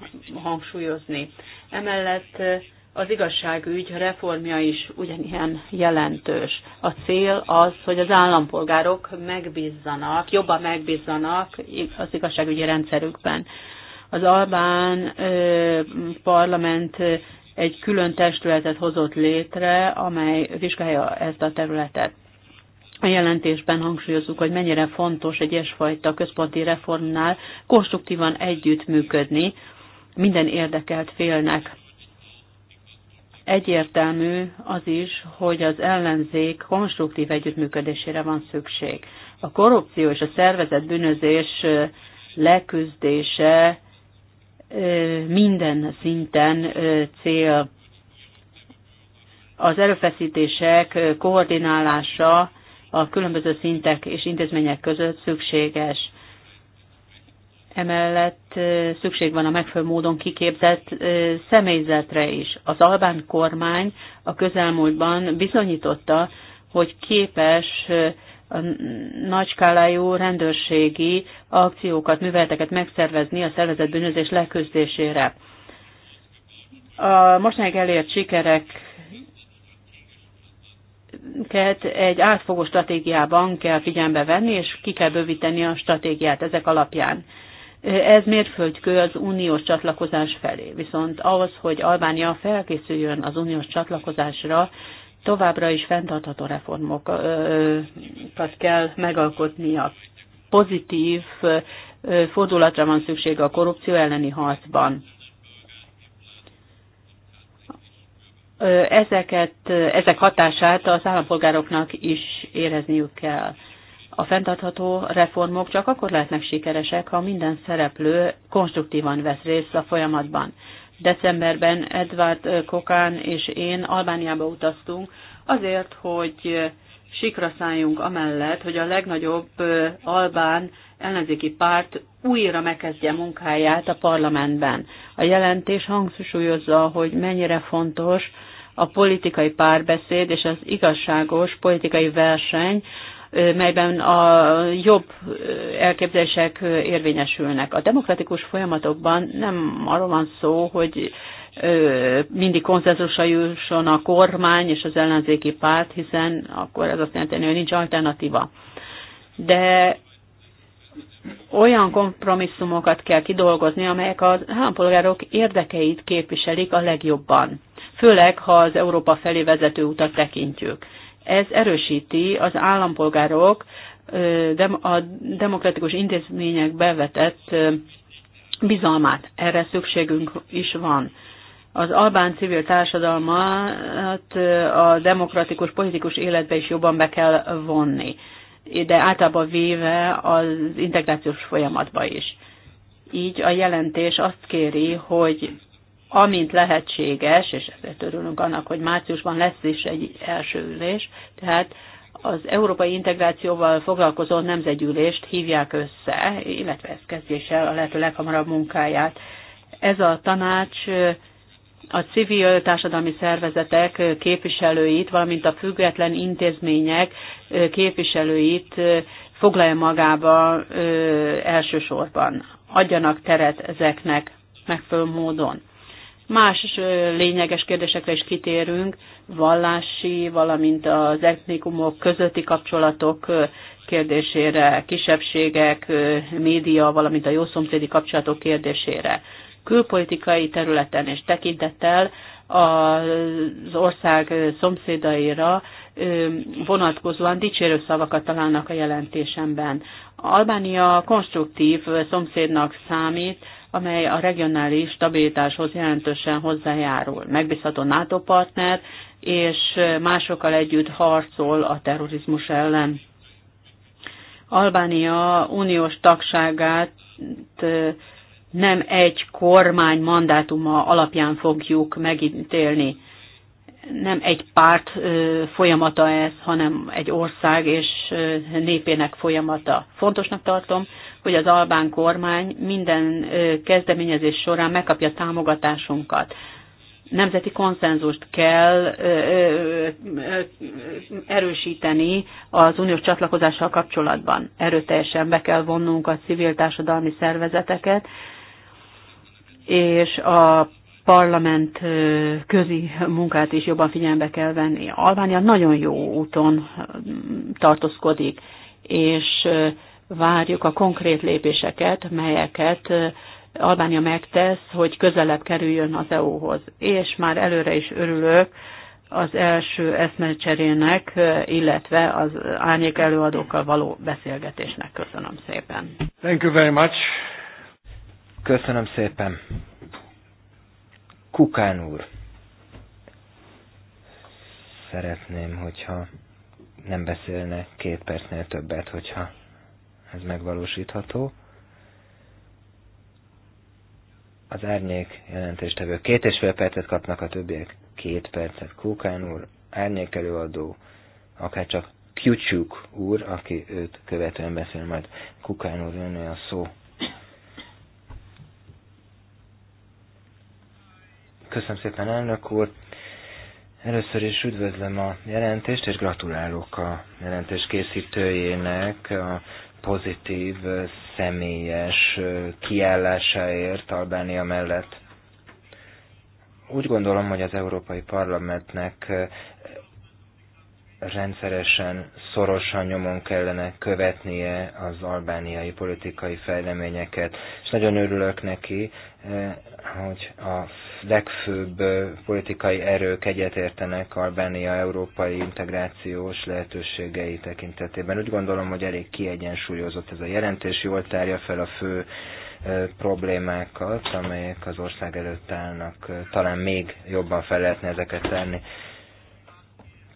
hangsúlyozni. Emellett eh, az igazságügy reformja is ugyanilyen jelentős. A cél az, hogy az állampolgárok megbízzanak, jobban megbízzanak az igazságügyi rendszerükben. Az Albán eh, parlament eh, egy külön testületet hozott létre, amely vizsgálja ezt a területet. A jelentésben hangsúlyozzuk, hogy mennyire fontos egy ilyesfajta központi reformnál konstruktívan együttműködni minden érdekelt félnek. Egyértelmű az is, hogy az ellenzék konstruktív együttműködésére van szükség. A korrupció és a szervezett bűnözés leküzdése minden szinten cél. Az erőfeszítések koordinálása a különböző szintek és intézmények között szükséges. Emellett szükség van a megfelelő módon kiképzett személyzetre is. Az albán kormány a közelmúltban bizonyította, hogy képes a nagyskálájú rendőrségi akciókat, műveleteket megszervezni a szervezett bűnözés leküzdésére. A mostanáig elért sikerek ezeket egy átfogó stratégiában kell figyelembe venni, és ki kell bővíteni a stratégiát ezek alapján. Ez mérföldkő az uniós csatlakozás felé. Viszont ahhoz, hogy Albánia felkészüljön az uniós csatlakozásra, továbbra is fenntartható reformokat kell megalkotnia. Pozitív fordulatra van szükség a korrupció elleni harcban. ezeket, ezek hatását az állampolgároknak is érezniük kell. A fenntartható reformok csak akkor lehetnek sikeresek, ha minden szereplő konstruktívan vesz részt a folyamatban. Decemberben Edward Kokán és én Albániába utaztunk azért, hogy sikra szálljunk amellett, hogy a legnagyobb albán ellenzéki párt újra megkezdje munkáját a parlamentben. A jelentés hangsúlyozza, hogy mennyire fontos a politikai párbeszéd és az igazságos politikai verseny, melyben a jobb elképzelések érvényesülnek. A demokratikus folyamatokban nem arról van szó, hogy mindig konszenzusra jusson a kormány és az ellenzéki párt, hiszen akkor ez azt jelenti, hogy nincs alternatíva. De olyan kompromisszumokat kell kidolgozni, amelyek a állampolgárok érdekeit képviselik a legjobban főleg ha az Európa felé vezető utat tekintjük. Ez erősíti az állampolgárok a demokratikus intézmények bevetett bizalmát. Erre szükségünk is van. Az albán civil társadalmat a demokratikus politikus életbe is jobban be kell vonni, de általában véve az integrációs folyamatba is. Így a jelentés azt kéri, hogy amint lehetséges, és ezért örülünk annak, hogy márciusban lesz is egy első ülés, tehát az európai integrációval foglalkozó nemzetgyűlést hívják össze, illetve ez kezdéssel a lehető leghamarabb munkáját. Ez a tanács a civil társadalmi szervezetek képviselőit, valamint a független intézmények képviselőit foglalja magába elsősorban. Adjanak teret ezeknek megfelelő módon. Más lényeges kérdésekre is kitérünk, vallási, valamint az etnikumok közötti kapcsolatok kérdésére, kisebbségek, média, valamint a jószomszédi kapcsolatok kérdésére. Külpolitikai területen és tekintettel az ország szomszédaira vonatkozóan dicsérő szavakat találnak a jelentésemben. Albánia konstruktív szomszédnak számít, amely a regionális stabilitáshoz jelentősen hozzájárul. Megbízható NATO partner, és másokkal együtt harcol a terrorizmus ellen. Albánia uniós tagságát nem egy kormány mandátuma alapján fogjuk megítélni. Nem egy párt folyamata ez, hanem egy ország és népének folyamata. Fontosnak tartom, hogy az albán kormány minden kezdeményezés során megkapja támogatásunkat. Nemzeti konszenzust kell erősíteni az uniós csatlakozással kapcsolatban. Erőteljesen be kell vonnunk a civil társadalmi szervezeteket, és a parlament közi munkát is jobban figyelembe kell venni. Albánia nagyon jó úton tartózkodik, és várjuk a konkrét lépéseket, melyeket Albánia megtesz, hogy közelebb kerüljön az EU-hoz. És már előre is örülök az első eszmecserének, illetve az árnyék előadókkal való beszélgetésnek. Köszönöm szépen. Thank you very much. Köszönöm szépen. Kukán úr. Szeretném, hogyha nem beszélne két percnél többet, hogyha ez megvalósítható. Az árnyék jelentéstevő két és fél percet kapnak, a többiek két percet. Kókán úr, árnyék előadó, akár csak Kyucsuk úr, aki őt követően beszél majd. Kukán úr, jönne a szó. Köszönöm szépen, elnök úr. Először is üdvözlöm a jelentést, és gratulálok a jelentés készítőjének a pozitív személyes kiállásáért Albánia mellett. Úgy gondolom, hogy az Európai Parlamentnek rendszeresen, szorosan nyomon kellene követnie az albániai politikai fejleményeket. És nagyon örülök neki, eh, hogy a legfőbb eh, politikai erők egyetértenek Albánia európai integrációs lehetőségei tekintetében. Úgy gondolom, hogy elég kiegyensúlyozott ez a jelentés, jól tárja fel a fő eh, problémákat, amelyek az ország előtt állnak. Talán még jobban fel lehetne ezeket tenni.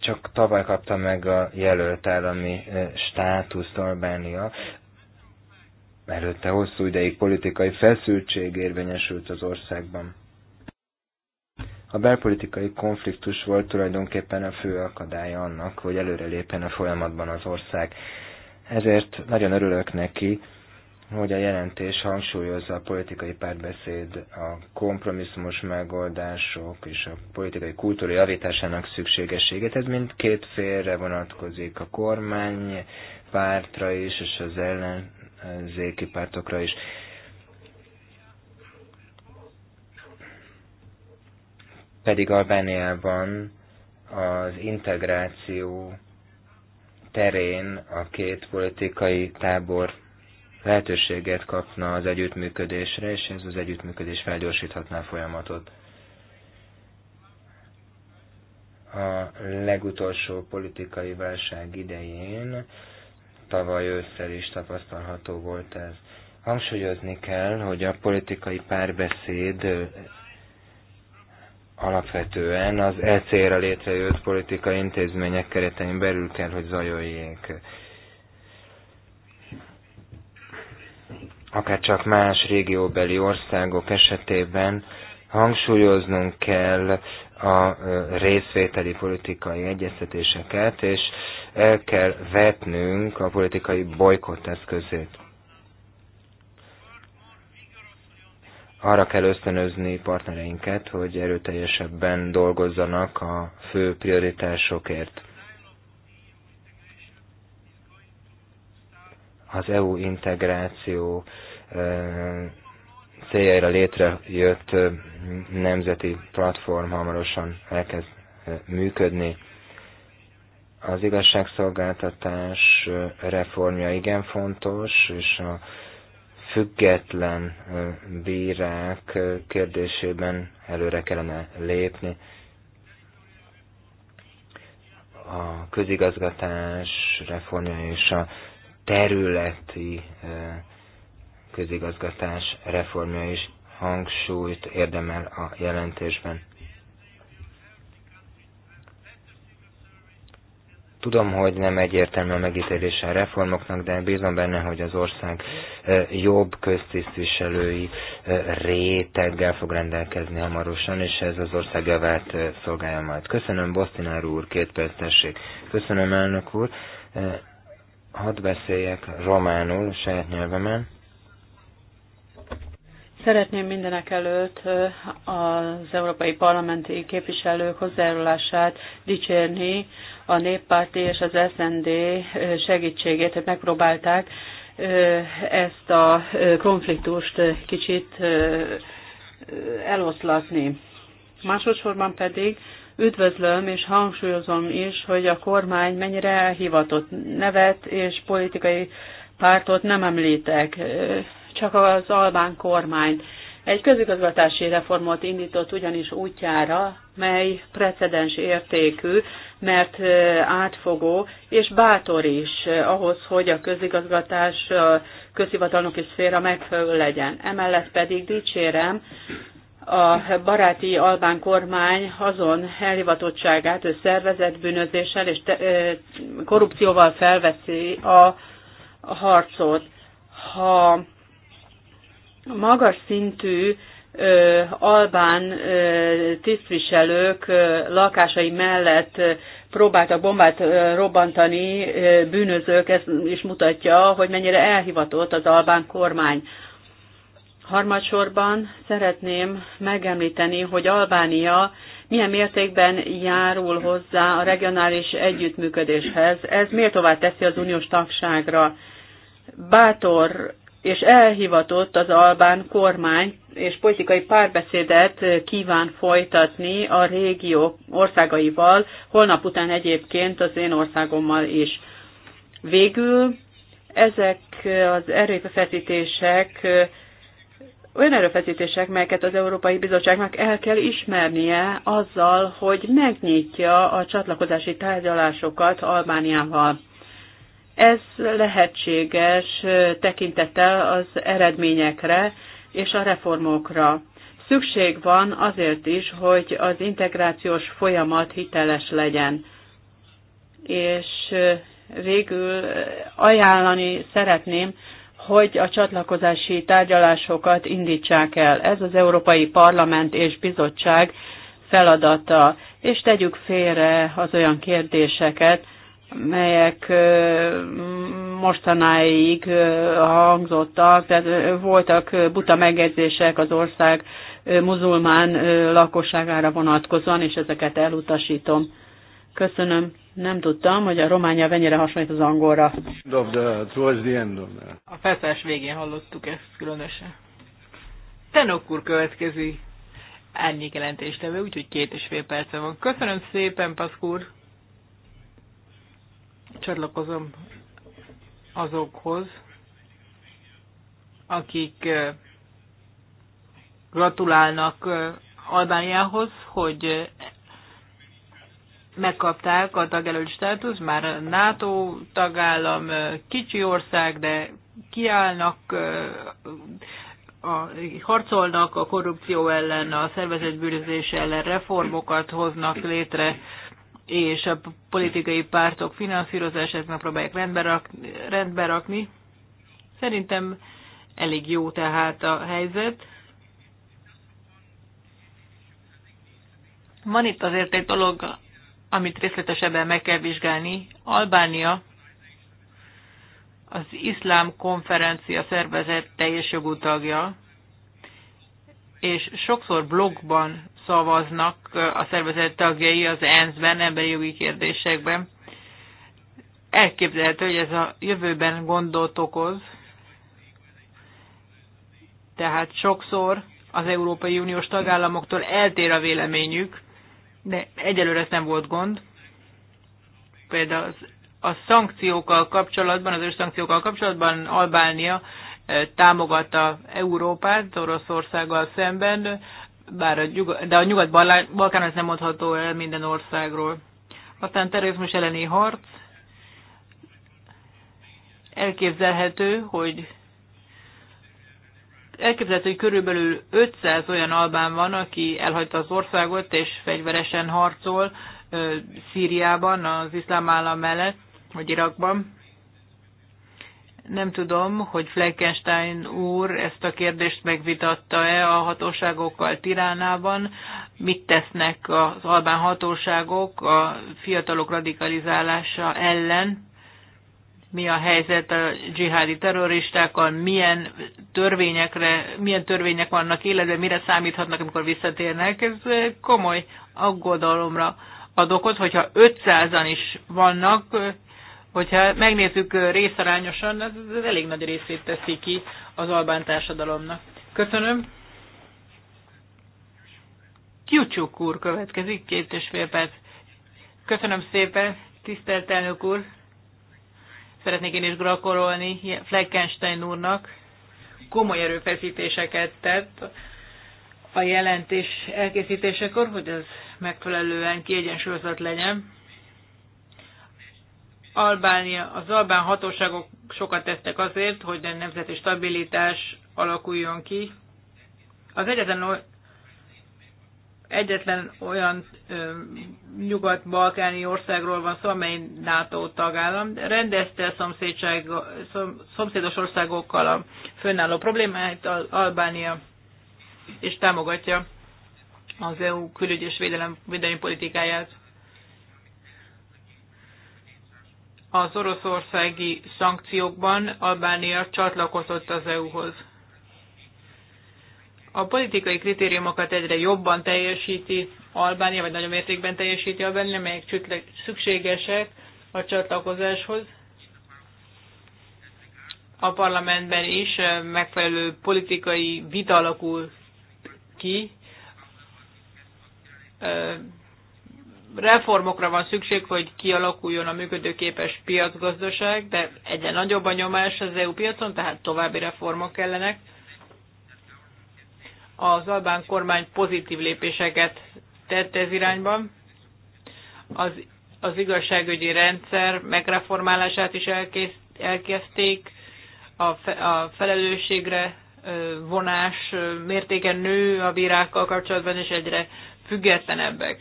Csak tavaly kapta meg a jelölt állami eh, státuszt Albánia. Előtte hosszú ideig politikai feszültség érvényesült az országban. A belpolitikai konfliktus volt tulajdonképpen a fő akadálya annak, hogy előrelépjen a folyamatban az ország. Ezért nagyon örülök neki, hogy a jelentés hangsúlyozza a politikai párbeszéd, a kompromisszumos megoldások és a politikai kultúra javításának szükségességét. Ez mind két félre vonatkozik, a kormány pártra is, és az ellenzéki pártokra is. Pedig Albániában az integráció terén a két politikai tábor lehetőséget kapna az együttműködésre, és ez az együttműködés felgyorsíthatná a folyamatot. A legutolsó politikai válság idején tavaly ősszel is tapasztalható volt ez. Hangsúlyozni kell, hogy a politikai párbeszéd alapvetően az ECR-re létrejött politikai intézmények keretein belül kell, hogy zajoljék. akár csak más régióbeli országok esetében hangsúlyoznunk kell a részvételi politikai egyeztetéseket, és el kell vetnünk a politikai bolykott eszközét. Arra kell ösztönözni partnereinket, hogy erőteljesebben dolgozzanak a fő prioritásokért. az EU integráció céljaira létrejött nemzeti platform hamarosan elkezd működni. Az igazságszolgáltatás reformja igen fontos, és a független bírák kérdésében előre kellene lépni. A közigazgatás reformja és a területi közigazgatás reformja is hangsúlyt érdemel a jelentésben. Tudom, hogy nem egyértelmű a megítélése a reformoknak, de bízom benne, hogy az ország jobb köztisztviselői réteggel fog rendelkezni hamarosan, és ez az ország javát szolgálja majd. Köszönöm, Bosztinár úr, két perc tessék. Köszönöm, elnök úr hadd beszéljek románul, saját nyelvemen. Szeretném mindenek előtt az európai parlamenti képviselők hozzájárulását dicsérni, a néppárti és az SND segítségét, hogy megpróbálták ezt a konfliktust kicsit eloszlatni. Másodszorban pedig Üdvözlöm és hangsúlyozom is, hogy a kormány mennyire elhivatott nevet és politikai pártot nem említek, csak az albán kormányt. Egy közigazgatási reformot indított ugyanis útjára, mely precedens értékű, mert átfogó és bátor is ahhoz, hogy a közigazgatás közhivatalnoki szféra megfelelő legyen. Emellett pedig dicsérem a baráti albán kormány azon elhivatottságát, ő szervezett bűnözéssel és te, korrupcióval felveszi a, a harcot. Ha magas szintű ö, albán ö, tisztviselők ö, lakásai mellett ö, próbáltak bombát ö, robbantani ö, bűnözők, ez is mutatja, hogy mennyire elhivatott az albán kormány. Ö, Harmadsorban szeretném megemlíteni, hogy Albánia milyen mértékben járul hozzá a regionális együttműködéshez. Ez méltóvá teszi az uniós tagságra. Bátor és elhivatott az albán kormány, és politikai párbeszédet kíván folytatni a régió országaival, holnap után egyébként az én országommal is. Végül ezek az erőfeszítések olyan erőfeszítések, melyeket az Európai Bizottságnak el kell ismernie azzal, hogy megnyitja a csatlakozási tárgyalásokat Albániával. Ez lehetséges tekintettel az eredményekre és a reformokra. Szükség van azért is, hogy az integrációs folyamat hiteles legyen. És végül ajánlani szeretném, hogy a csatlakozási tárgyalásokat indítsák el. Ez az Európai Parlament és Bizottság feladata, és tegyük félre az olyan kérdéseket, melyek mostanáig hangzottak, tehát voltak buta megjegyzések az ország muzulmán lakosságára vonatkozóan, és ezeket elutasítom. Köszönöm. Nem tudtam, hogy a románia nyelv hasonlít az angolra. A feszes végén hallottuk ezt különösen. Tenok úr következik. Árnyék jelentéstevő, úgyhogy két és fél perce van. Köszönöm szépen, Paszkúr. Csatlakozom azokhoz, akik gratulálnak Albániához, hogy megkapták a tagjelölt státusz, már NATO tagállam kicsi ország, de kiállnak, a, harcolnak a korrupció ellen, a szervezetbűnözés ellen, reformokat hoznak létre, és a politikai pártok finanszírozását megpróbálják rendbe, rak, rendbe rakni. Szerintem elég jó tehát a helyzet. Van itt azért egy dolog, amit részletesebben meg kell vizsgálni. Albánia az iszlám konferencia szervezet teljes jogú tagja, és sokszor blogban szavaznak a szervezet tagjai az ENSZ-ben, emberi jogi kérdésekben. Elképzelhető, hogy ez a jövőben gondot okoz, tehát sokszor az Európai Uniós tagállamoktól eltér a véleményük, de egyelőre ez nem volt gond. Például az, a szankciókkal kapcsolatban, az szankciókkal kapcsolatban Albánia e, támogatta Európát Oroszországgal szemben, bár a de a nyugat-balkán ez nem mondható el minden országról. Aztán terrorizmus elleni harc. Elképzelhető, hogy elképzelhető, hogy körülbelül 500 olyan albán van, aki elhagyta az országot és fegyveresen harcol Szíriában, az iszlám állam mellett, vagy Irakban. Nem tudom, hogy Fleckenstein úr ezt a kérdést megvitatta-e a hatóságokkal Tiránában, mit tesznek az albán hatóságok a fiatalok radikalizálása ellen, mi a helyzet a dzsihádi terroristákkal, milyen törvényekre, milyen törvények vannak illetve mire számíthatnak, amikor visszatérnek. Ez komoly aggodalomra ad okot, hogyha 500-an is vannak, hogyha megnézzük részarányosan, ez elég nagy részét teszi ki az albán társadalomnak. Köszönöm. Kyucsuk úr következik, két és fél perc. Köszönöm szépen, tisztelt elnök úr szeretnék én is gratulolni Fleckenstein úrnak. Komoly erőfeszítéseket tett a jelentés elkészítésekor, hogy ez megfelelően kiegyensúlyozott legyen. Albánia, az albán hatóságok sokat tettek azért, hogy a nemzeti stabilitás alakuljon ki. Az egyetlen egyetlen olyan nyugat-balkáni országról van szó, amely NATO tagállam, rendezte szom, szomszédos országokkal a fönnálló problémáit, az Albánia, és támogatja az EU külügy és védelem, védelmi politikáját. Az oroszországi szankciókban Albánia csatlakozott az EU-hoz a politikai kritériumokat egyre jobban teljesíti Albánia, vagy nagyon mértékben teljesíti Albánia, melyek szükségesek a csatlakozáshoz. A parlamentben is eh, megfelelő politikai vita alakul ki. Eh, reformokra van szükség, hogy kialakuljon a működőképes piacgazdaság, de egyre nagyobb a nyomás az EU piacon, tehát további reformok kellenek az albán kormány pozitív lépéseket tett ez irányban. Az, az igazságügyi rendszer megreformálását is elkezdték, a, fe, a felelősségre vonás mértéken nő a bírákkal kapcsolatban, és egyre függetlenebbek.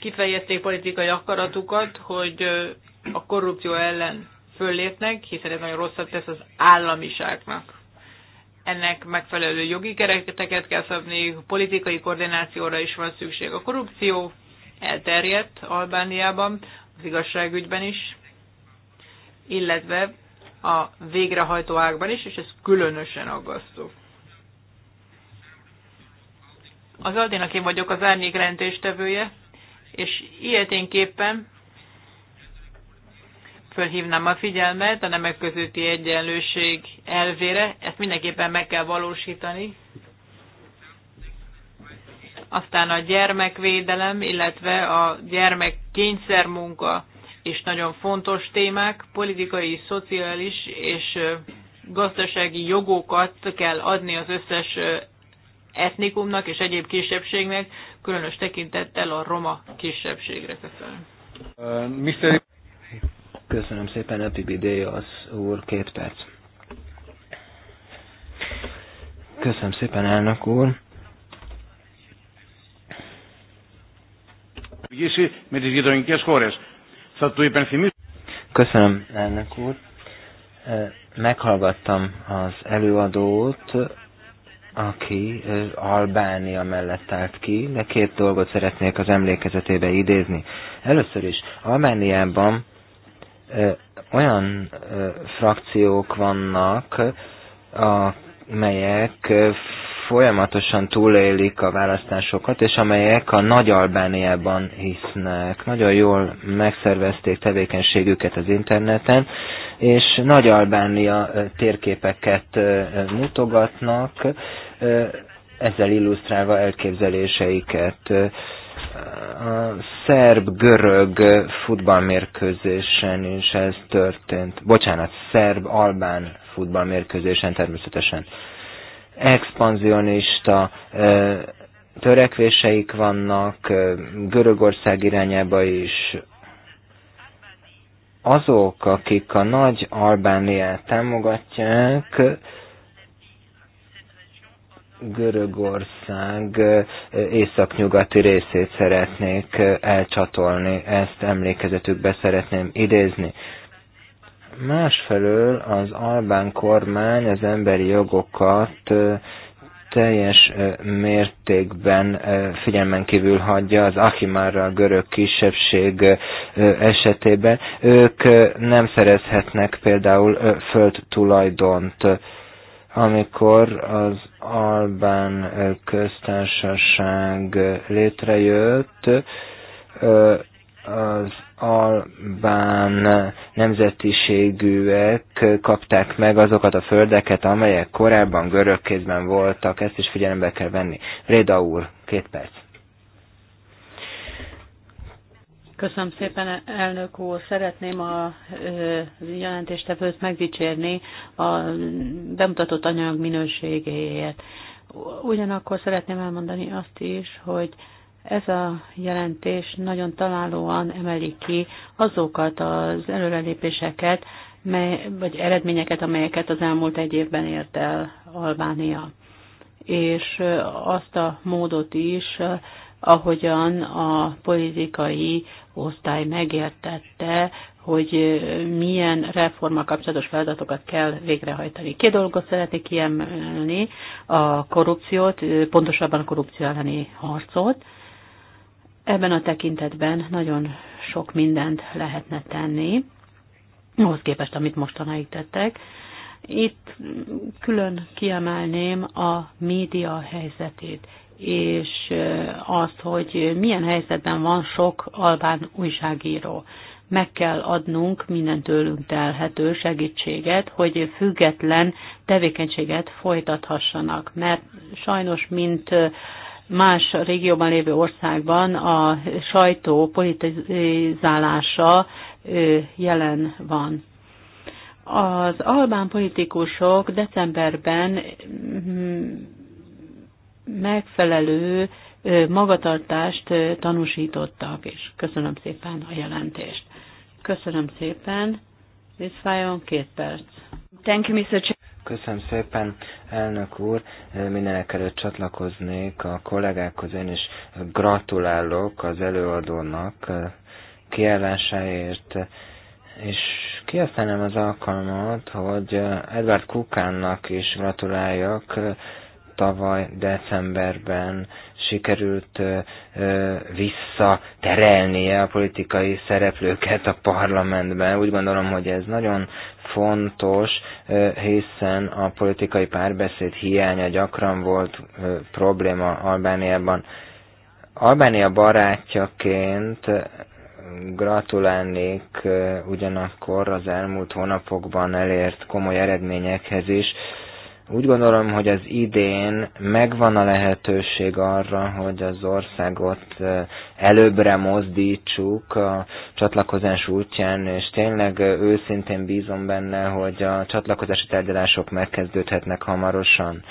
Kifejezték politikai akaratukat, hogy a korrupció ellen föllépnek, hiszen ez nagyon rosszat tesz az államiságnak ennek megfelelő jogi kereteket kell szabni, politikai koordinációra is van szükség. A korrupció elterjedt Albániában, az igazságügyben is, illetve a végrehajtó ágban is, és ez különösen aggasztó. Az Aldinak én vagyok az árnyék jelentéstevője, és ilyeténképpen fölhívnám a figyelmet a nemek közötti egyenlőség elvére, ezt mindenképpen meg kell valósítani. Aztán a gyermekvédelem, illetve a gyermek kényszermunka és nagyon fontos témák, politikai, szociális és gazdasági jogokat kell adni az összes etnikumnak és egyéb kisebbségnek, különös tekintettel a roma kisebbségre. Köszönöm. Mr. Köszönöm szépen, Epibidé az úr, két perc. Köszönöm szépen, elnök úr. Szóval Köszönöm, elnök úr. Meghallgattam az előadót, aki Albánia mellett állt ki, de két dolgot szeretnék az emlékezetébe idézni. Először is, Albániában olyan frakciók vannak, amelyek folyamatosan túlélik a választásokat, és amelyek a Nagy-Albániában hisznek. Nagyon jól megszervezték tevékenységüket az interneten, és Nagy-Albánia térképeket mutogatnak, ezzel illusztrálva elképzeléseiket a szerb-görög futballmérkőzésen is ez történt. Bocsánat, szerb-albán futballmérkőzésen természetesen. Expanzionista törekvéseik vannak Görögország irányába is. Azok, akik a nagy Albániát támogatják, Görögország északnyugati részét szeretnék elcsatolni, ezt emlékezetükbe szeretném idézni. Másfelől az albán kormány az emberi jogokat teljes mértékben figyelmen kívül hagyja az a görög kisebbség esetében. Ők nem szerezhetnek például földtulajdont amikor az Albán köztársaság létrejött, az albán nemzetiségűek kapták meg azokat a földeket, amelyek korábban görög kézben voltak, ezt is figyelembe kell venni. Réda úr, két perc. Köszönöm szépen, elnök úr. Szeretném a jelentéstevőt megdicsérni a bemutatott anyag minőségéért. Ugyanakkor szeretném elmondani azt is, hogy ez a jelentés nagyon találóan emeli ki azokat az előrelépéseket, mely, vagy eredményeket, amelyeket az elmúlt egy évben ért el Albánia. És azt a módot is, ahogyan a politikai osztály megértette, hogy milyen reforma kapcsolatos feladatokat kell végrehajtani. Két dolgot szeretnék kiemelni, a korrupciót, pontosabban a korrupció elleni harcot. Ebben a tekintetben nagyon sok mindent lehetne tenni, ahhoz képest, amit mostanáig tettek. Itt külön kiemelném a média helyzetét és azt, hogy milyen helyzetben van sok albán újságíró. Meg kell adnunk minden tőlünk telhető segítséget, hogy független tevékenységet folytathassanak, mert sajnos, mint más régióban lévő országban a sajtó politizálása jelen van. Az albán politikusok decemberben megfelelő magatartást tanúsítottak, és köszönöm szépen a jelentést. Köszönöm szépen. Viszfájon két perc. Thank you, Mr. Köszönöm szépen, elnök úr. Mindenek előtt csatlakoznék a kollégákhoz. Én is gratulálok az előadónak kiállásáért, és kihasználom az alkalmat, hogy Edward Kukánnak is gratuláljak tavaly decemberben sikerült visszaterelnie a politikai szereplőket a parlamentben. Úgy gondolom, hogy ez nagyon fontos, hiszen a politikai párbeszéd hiánya gyakran volt probléma Albániában. Albánia barátjaként gratulálnék ugyanakkor az elmúlt hónapokban elért komoly eredményekhez is, úgy gondolom, hogy az idén megvan a lehetőség arra, hogy az országot előbbre mozdítsuk a csatlakozás útján, és tényleg őszintén bízom benne, hogy a csatlakozási tárgyalások megkezdődhetnek hamarosan.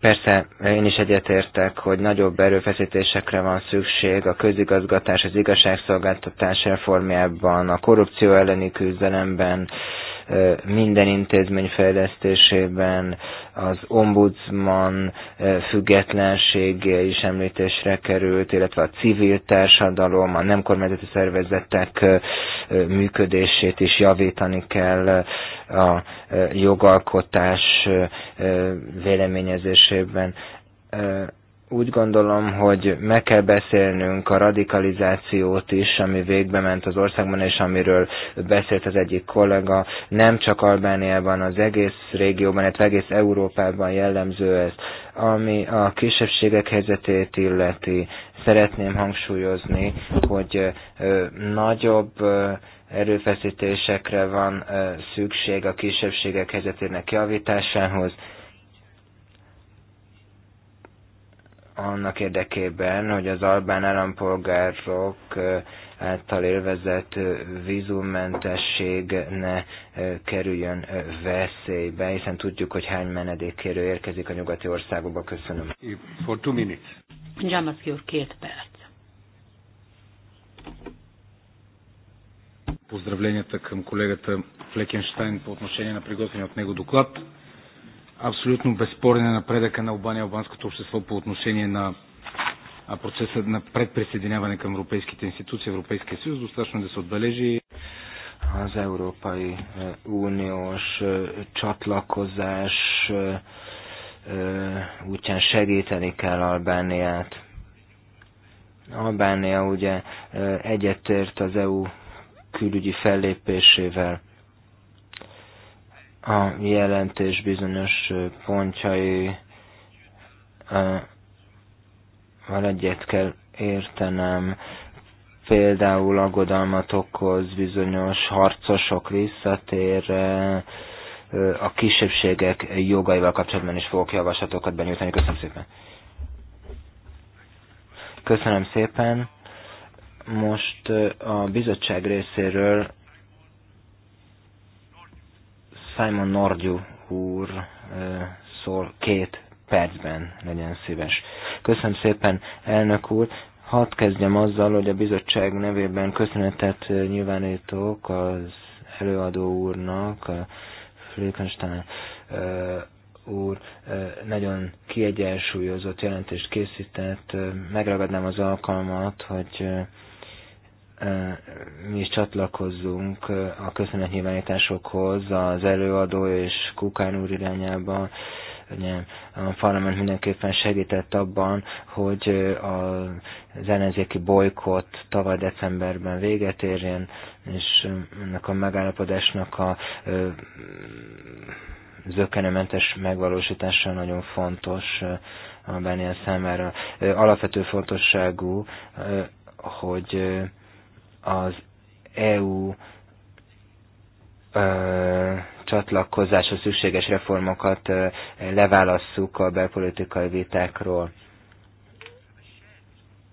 Persze, én is egyetértek, hogy nagyobb erőfeszítésekre van szükség a közigazgatás, az igazságszolgáltatás reformjában, a korrupció elleni küzdelemben, minden intézmény fejlesztésében, az ombudsman függetlensége is említésre került, illetve a civil társadalom, a nem kormányzati szervezetek működését is javítani kell a jogalkotás véleményezésében úgy gondolom, hogy meg kell beszélnünk a radikalizációt is, ami végbe ment az országban, és amiről beszélt az egyik kollega. Nem csak Albániában, az egész régióban, illetve egész Európában jellemző ez. Ami a kisebbségek helyzetét illeti, szeretném hangsúlyozni, hogy nagyobb erőfeszítésekre van szükség a kisebbségek helyzetének javításához, annak érdekében, hogy az albán állampolgárok által élvezett vízummentesség ne kerüljön veszélybe, hiszen tudjuk, hogy hány menedékkérő érkezik a nyugati országokba. Köszönöm. For two minutes. Jamaszki úr, két perc. Поздравленията към колегата Флекенштайн по отношение на приготвения от него доклад. Абсолютно безспорен е напредъка на Албания и албанското общество по отношение на процеса на предприсъединяване към европейските институции, Европейския съюз. Достатъчно да се отбележи az Európai Uniós csatlakozás útján segíteni kell Albániát. Albánia ugye egyetért az EU külügyi fellépésével a jelentés bizonyos pontjai egyet kell értenem, például aggodalmat okoz bizonyos harcosok visszatérre, a kisebbségek jogaival kapcsolatban is fogok javaslatokat benyújtani. Köszönöm szépen. Köszönöm szépen. Most a bizottság részéről Simon Nordjú úr szól két percben, legyen szíves. Köszönöm szépen, elnök úr. Hadd kezdjem azzal, hogy a bizottság nevében köszönetet nyilvánítok az előadó úrnak, a Flickenstein úr nagyon kiegyensúlyozott jelentést készített. Megragadnám az alkalmat, hogy mi is csatlakozzunk a köszönetnyilvánításokhoz az előadó és Kukán úr irányába. Ugye, a parlament mindenképpen segített abban, hogy az ellenzéki bolykott tavaly decemberben véget érjen, és ennek a megállapodásnak a zökkenementes megvalósítása nagyon fontos Albánia számára. Alapvető fontosságú, hogy az EU ö, csatlakozáshoz szükséges reformokat ö, leválasszuk a belpolitikai vitákról.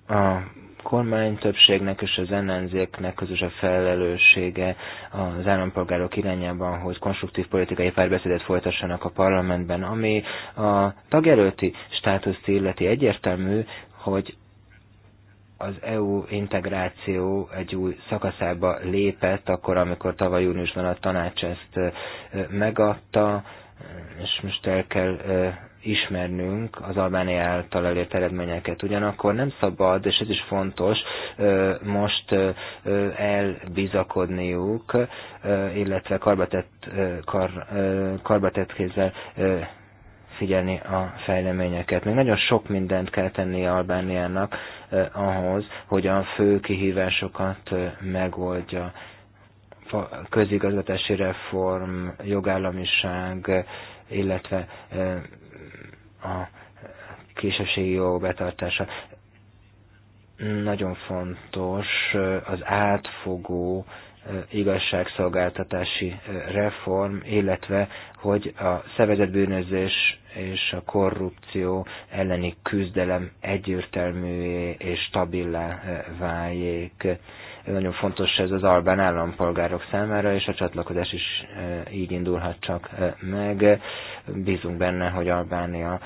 A kormány többségnek és az ellenzéknek közös a felelőssége az állampolgárok irányában, hogy konstruktív politikai párbeszédet folytassanak a parlamentben, ami a tagjelölti státuszt illeti egyértelmű, hogy az EU integráció egy új szakaszába lépett, akkor, amikor tavaly júniusban a tanács ezt megadta, és most el kell ismernünk az Albánia által elért eredményeket. Ugyanakkor nem szabad, és ez is fontos, most elbizakodniuk, illetve karbatett, kar, karbatett kézzel figyelni a fejleményeket. Még nagyon sok mindent kell tenni Albániának ahhoz, hogy a fő kihívásokat megoldja. Közigazgatási reform, jogállamiság, illetve a kisebbségi jó betartása. Nagyon fontos az átfogó igazságszolgáltatási reform, illetve hogy a szervezetbűnözés és a korrupció elleni küzdelem egyértelmű és stabilá eh, váljék. Nagyon fontos ez az albán állampolgárok számára, és a csatlakozás is eh, így indulhat csak eh, meg. Bízunk benne, hogy Albánia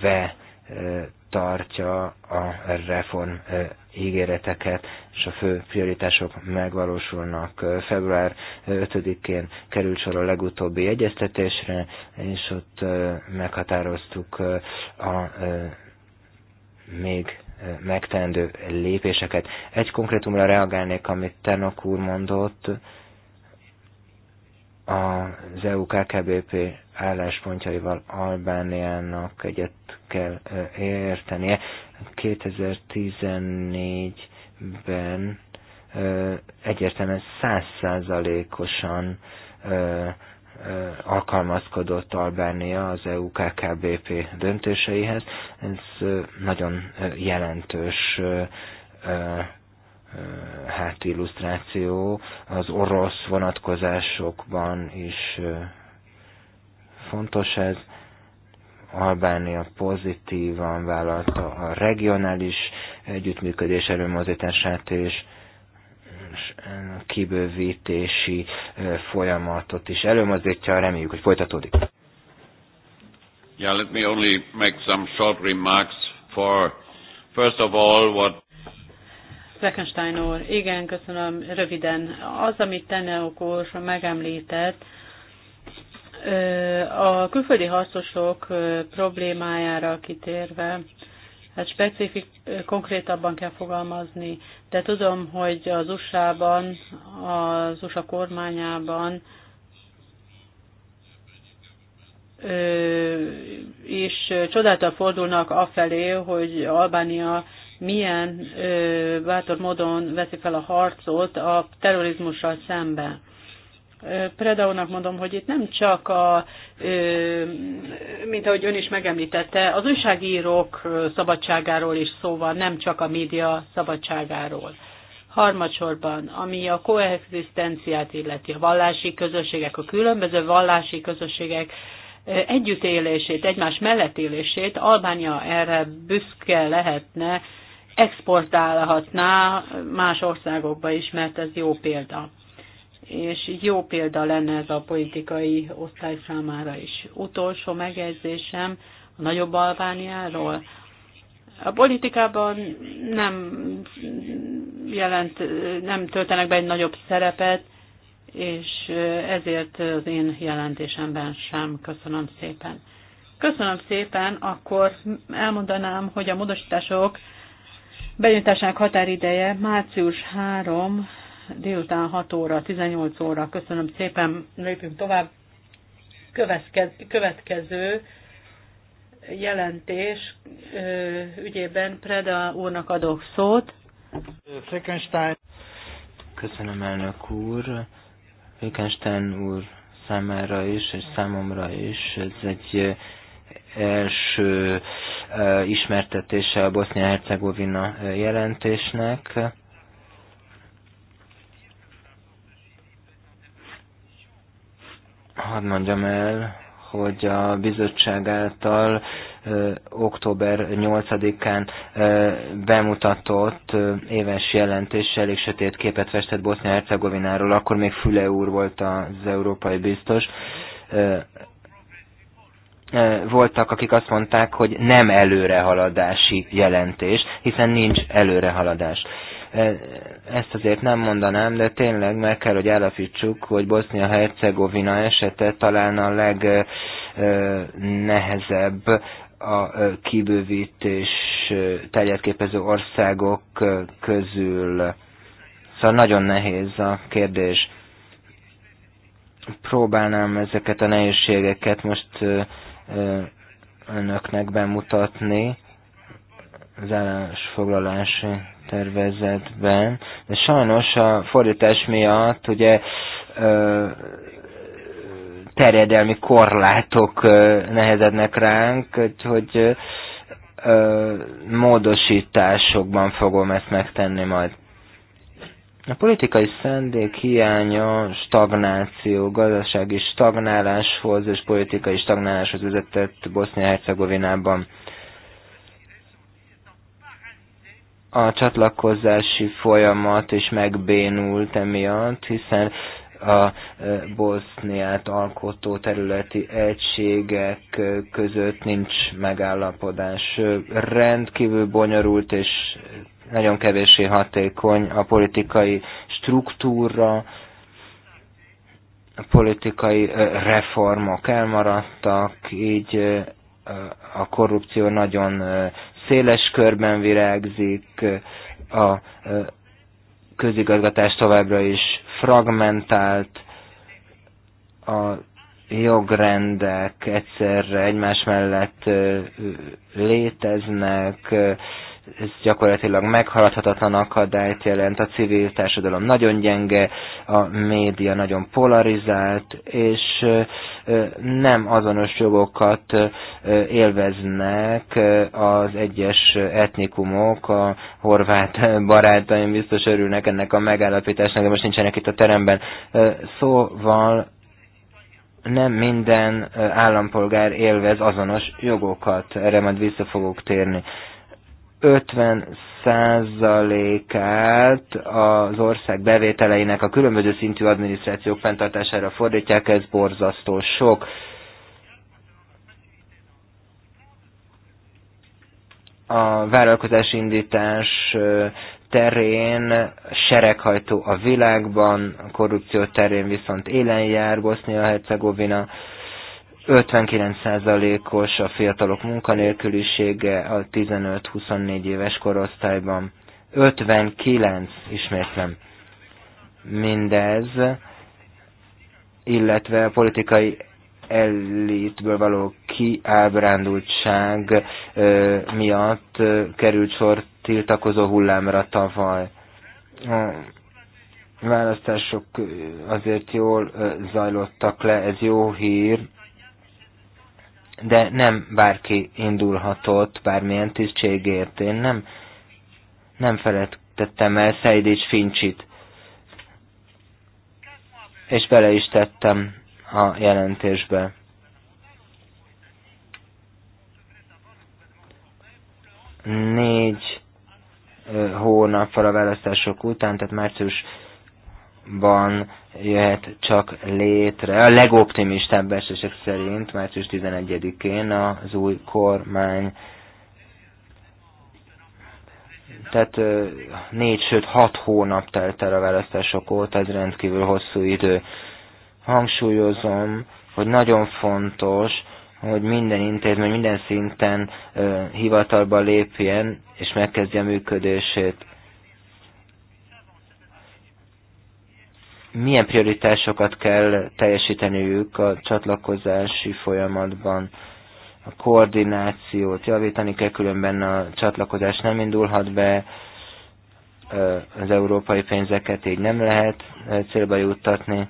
be tartja a reform ígéreteket, és a fő prioritások megvalósulnak. Február 5-én került sor a legutóbbi egyeztetésre, és ott meghatároztuk a még megtendő lépéseket. Egy konkrétumra reagálnék, amit Tenok úr mondott, az EU-KKBP álláspontjaival Albániának egyet kell értenie. 2014-ben egyértelműen százszázalékosan alkalmazkodott Albánia az EU-KKBP döntéseihez. Ez nagyon jelentős hát illusztráció az orosz vonatkozásokban is fontos ez. Albánia pozitívan vállalta a regionális együttműködés előmozítását és kibővítési folyamatot is előmozdítja, reméljük, hogy folytatódik. Yeah, let me only make some short remarks for, first of all, what Fleckenstein úr, igen, köszönöm, röviden. Az, amit Teneok úr megemlített, a külföldi harcosok problémájára kitérve, hát specifik, konkrétabban kell fogalmazni, de tudom, hogy az USA-ban, az USA kormányában és csodáltal fordulnak afelé, hogy Albánia milyen bátor módon veszi fel a harcot a terrorizmussal szemben. Predaónak mondom, hogy itt nem csak a, mint ahogy ön is megemlítette, az újságírók szabadságáról is szó van, nem csak a média szabadságáról. Harmadsorban, ami a koexisztenciát illeti, a vallási közösségek, a különböző vallási közösségek együttélését, egymás mellett élését, Albánia erre büszke lehetne, exportálhatná más országokba is, mert ez jó példa és jó példa lenne ez a politikai osztály számára is. Utolsó megjegyzésem a nagyobb Albániáról. A politikában nem jelent, nem töltenek be egy nagyobb szerepet, és ezért az én jelentésemben sem. Köszönöm szépen. Köszönöm szépen, akkor elmondanám, hogy a módosítások benyújtásának határideje március 3 délután 6 óra, 18 óra. Köszönöm szépen, lépünk tovább. Következő jelentés ügyében Preda úrnak adok szót. Frankenstein. Köszönöm, elnök úr. Frankenstein úr számára is, és számomra is. Ez egy első ismertetése a Bosznia-Hercegovina jelentésnek hadd mondjam el, hogy a bizottság által ö, október 8-án bemutatott ö, éves jelentés elég sötét képet festett Bosznia-Hercegovináról, akkor még Füle úr volt az európai biztos. Ö, voltak, akik azt mondták, hogy nem előrehaladási jelentés, hiszen nincs előrehaladás. Ezt azért nem mondanám, de tényleg meg kell, hogy állapítsuk, hogy Bosznia-Hercegovina esete talán a legnehezebb a kibővítés terjedképező országok közül. Szóval nagyon nehéz a kérdés. Próbálnám ezeket a nehézségeket most önöknek bemutatni az foglalás tervezetben, de sajnos a fordítás miatt ugye ö, terjedelmi korlátok ö, nehezednek ránk, hogy ö, módosításokban fogom ezt megtenni majd. A politikai szendék hiánya stagnáció, gazdasági stagnáláshoz és politikai stagnáláshoz vezetett Bosznia-Hercegovinában. a csatlakozási folyamat is megbénult emiatt, hiszen a e, Boszniát alkotó területi egységek között nincs megállapodás. Rendkívül bonyolult és nagyon kevéssé hatékony a politikai struktúra, a politikai e, reformok elmaradtak, így e, a korrupció nagyon széles körben virágzik, a közigazgatás továbbra is fragmentált, a jogrendek egyszerre egymás mellett léteznek, ez gyakorlatilag meghaladhatatlan akadályt jelent, a civil társadalom nagyon gyenge, a média nagyon polarizált, és nem azonos jogokat élveznek az egyes etnikumok, a horvát [laughs] barátaim biztos örülnek ennek a megállapításnak, de most nincsenek itt a teremben. Szóval nem minden állampolgár élvez azonos jogokat, erre majd vissza fogok térni. 50 százalékát az ország bevételeinek a különböző szintű adminisztrációk fenntartására fordítják, ez borzasztó sok. A vállalkozás indítás terén sereghajtó a világban, a korrupció terén viszont élen jár Bosznia-Hercegovina, 59%-os a fiatalok munkanélkülisége a 15-24 éves korosztályban. 59, ismétlem. Mindez, illetve a politikai elitből való kiábrándultság ö, miatt ö, került sor tiltakozó hullámra tavaly. A választások azért jól ö, zajlottak le, ez jó hír, de nem bárki indulhatott bármilyen tisztségért. Én nem, nem feledtettem el Szeidics Fincsit, és bele is tettem a jelentésbe. Négy hónappal a választások után, tehát márciusban jöhet csak létre, a legoptimistább esések szerint március 11-én az új kormány tehát négy, sőt hat hónap telt el a választások óta, ez rendkívül hosszú idő. Hangsúlyozom, hogy nagyon fontos, hogy minden intézmény minden szinten ö, hivatalba lépjen és megkezdje működését. milyen prioritásokat kell teljesíteniük a csatlakozási folyamatban. A koordinációt javítani kell, különben a csatlakozás nem indulhat be, az európai pénzeket így nem lehet célba juttatni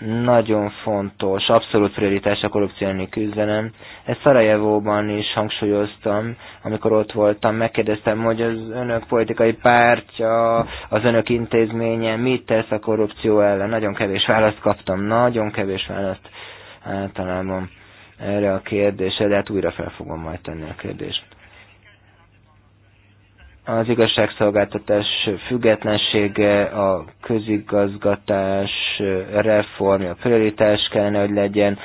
nagyon fontos, abszolút prioritás a korrupció elleni küzdelem. Ezt Szarajevóban is hangsúlyoztam, amikor ott voltam, megkérdeztem, hogy az önök politikai pártja, az önök intézménye mit tesz a korrupció ellen. Nagyon kevés választ kaptam, nagyon kevés választ általában erre a kérdésre, de hát újra fel fogom majd tenni a kérdést az igazságszolgáltatás függetlensége, a közigazgatás reformja prioritás kellene, hogy legyen,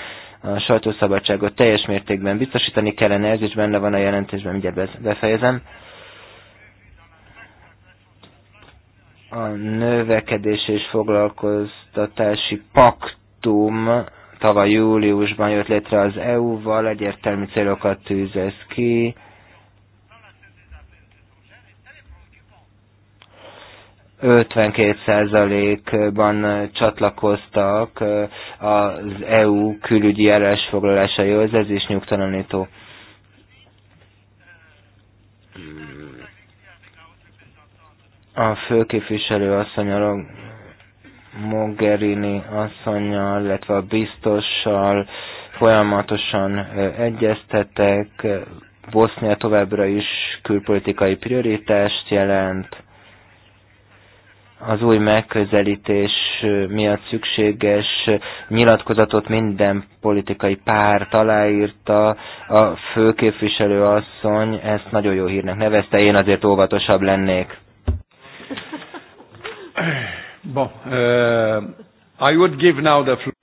a sajtószabadságot teljes mértékben biztosítani kellene, ez is benne van a jelentésben, mindjárt befejezem. A növekedés és foglalkoztatási paktum tavaly júliusban jött létre az EU-val, egyértelmű célokat tűzez ki, 52%-ban csatlakoztak az EU külügyi állásfoglalásaihoz, ez is nyugtalanító. A főképviselő asszonyal, Mogherini asszonyal, illetve a biztossal folyamatosan egyeztetek. Bosznia továbbra is külpolitikai prioritást jelent az új megközelítés miatt szükséges nyilatkozatot minden politikai párt aláírta, a főképviselő asszony ezt nagyon jó hírnek nevezte, én azért óvatosabb lennék. Bon, uh, I would give now the floor.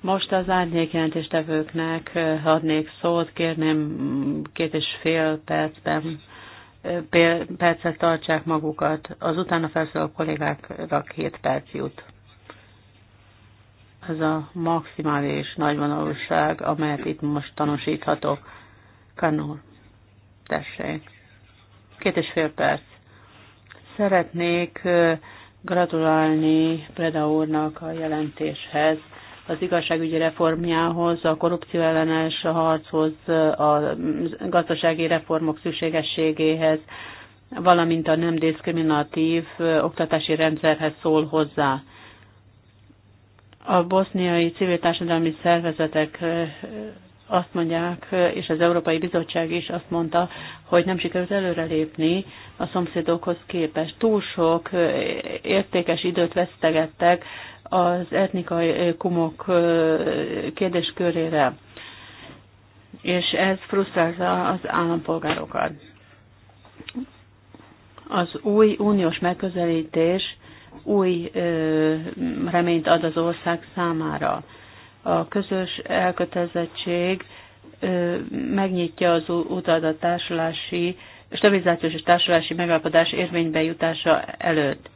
Most az árnyékjelentéstevőknek euh, adnék szót, kérném két és fél percben percet tartsák magukat, az utána felszóló kollégákra két perc jut. Ez a maximális nagyvonalúság, amelyet itt most tanúsíthatok. Kanur, tessék. Két és fél perc. Szeretnék gratulálni Preda úrnak a jelentéshez az igazságügyi reformjához, a korrupció ellenes harchoz, a gazdasági reformok szükségességéhez, valamint a nem diszkriminatív oktatási rendszerhez szól hozzá. A boszniai civil társadalmi szervezetek eh, azt mondják, eh, és az Európai Bizottság is azt mondta, hogy nem sikerült előrelépni a szomszédokhoz képest. Túl sok eh, értékes időt vesztegettek az etnikai kumok kérdéskörére, és ez frusztrálta az állampolgárokat. Az új uniós megközelítés új reményt ad az ország számára. A közös elkötelezettség megnyitja az utat a társulási, stabilizációs és társulási megállapodás érvénybe jutása előtt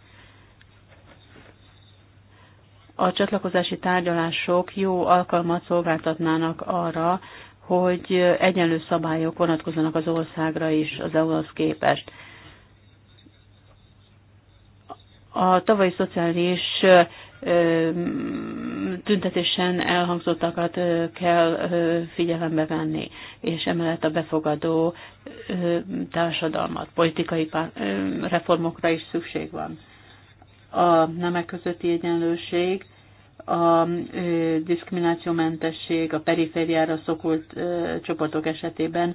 a csatlakozási tárgyalások jó alkalmat szolgáltatnának arra, hogy egyenlő szabályok vonatkozzanak az országra is az EU-hoz képest. A tavalyi szociális tüntetésen elhangzottakat kell figyelembe venni, és emellett a befogadó társadalmat, politikai reformokra is szükség van a nemek közötti egyenlőség, a diszkriminációmentesség a perifériára szokult csoportok esetében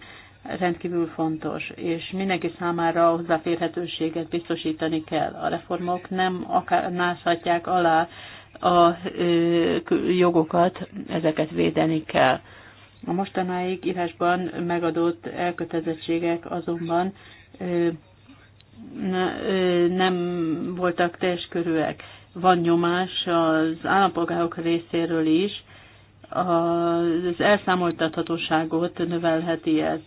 rendkívül fontos, és mindenki számára hozzáférhetőséget biztosítani kell. A reformok nem akár nászhatják alá a jogokat, ezeket védeni kell. A mostanáig írásban megadott elkötelezettségek azonban nem voltak teljes körülek. Van nyomás az állampolgárok részéről is, az elszámoltathatóságot növelheti ez.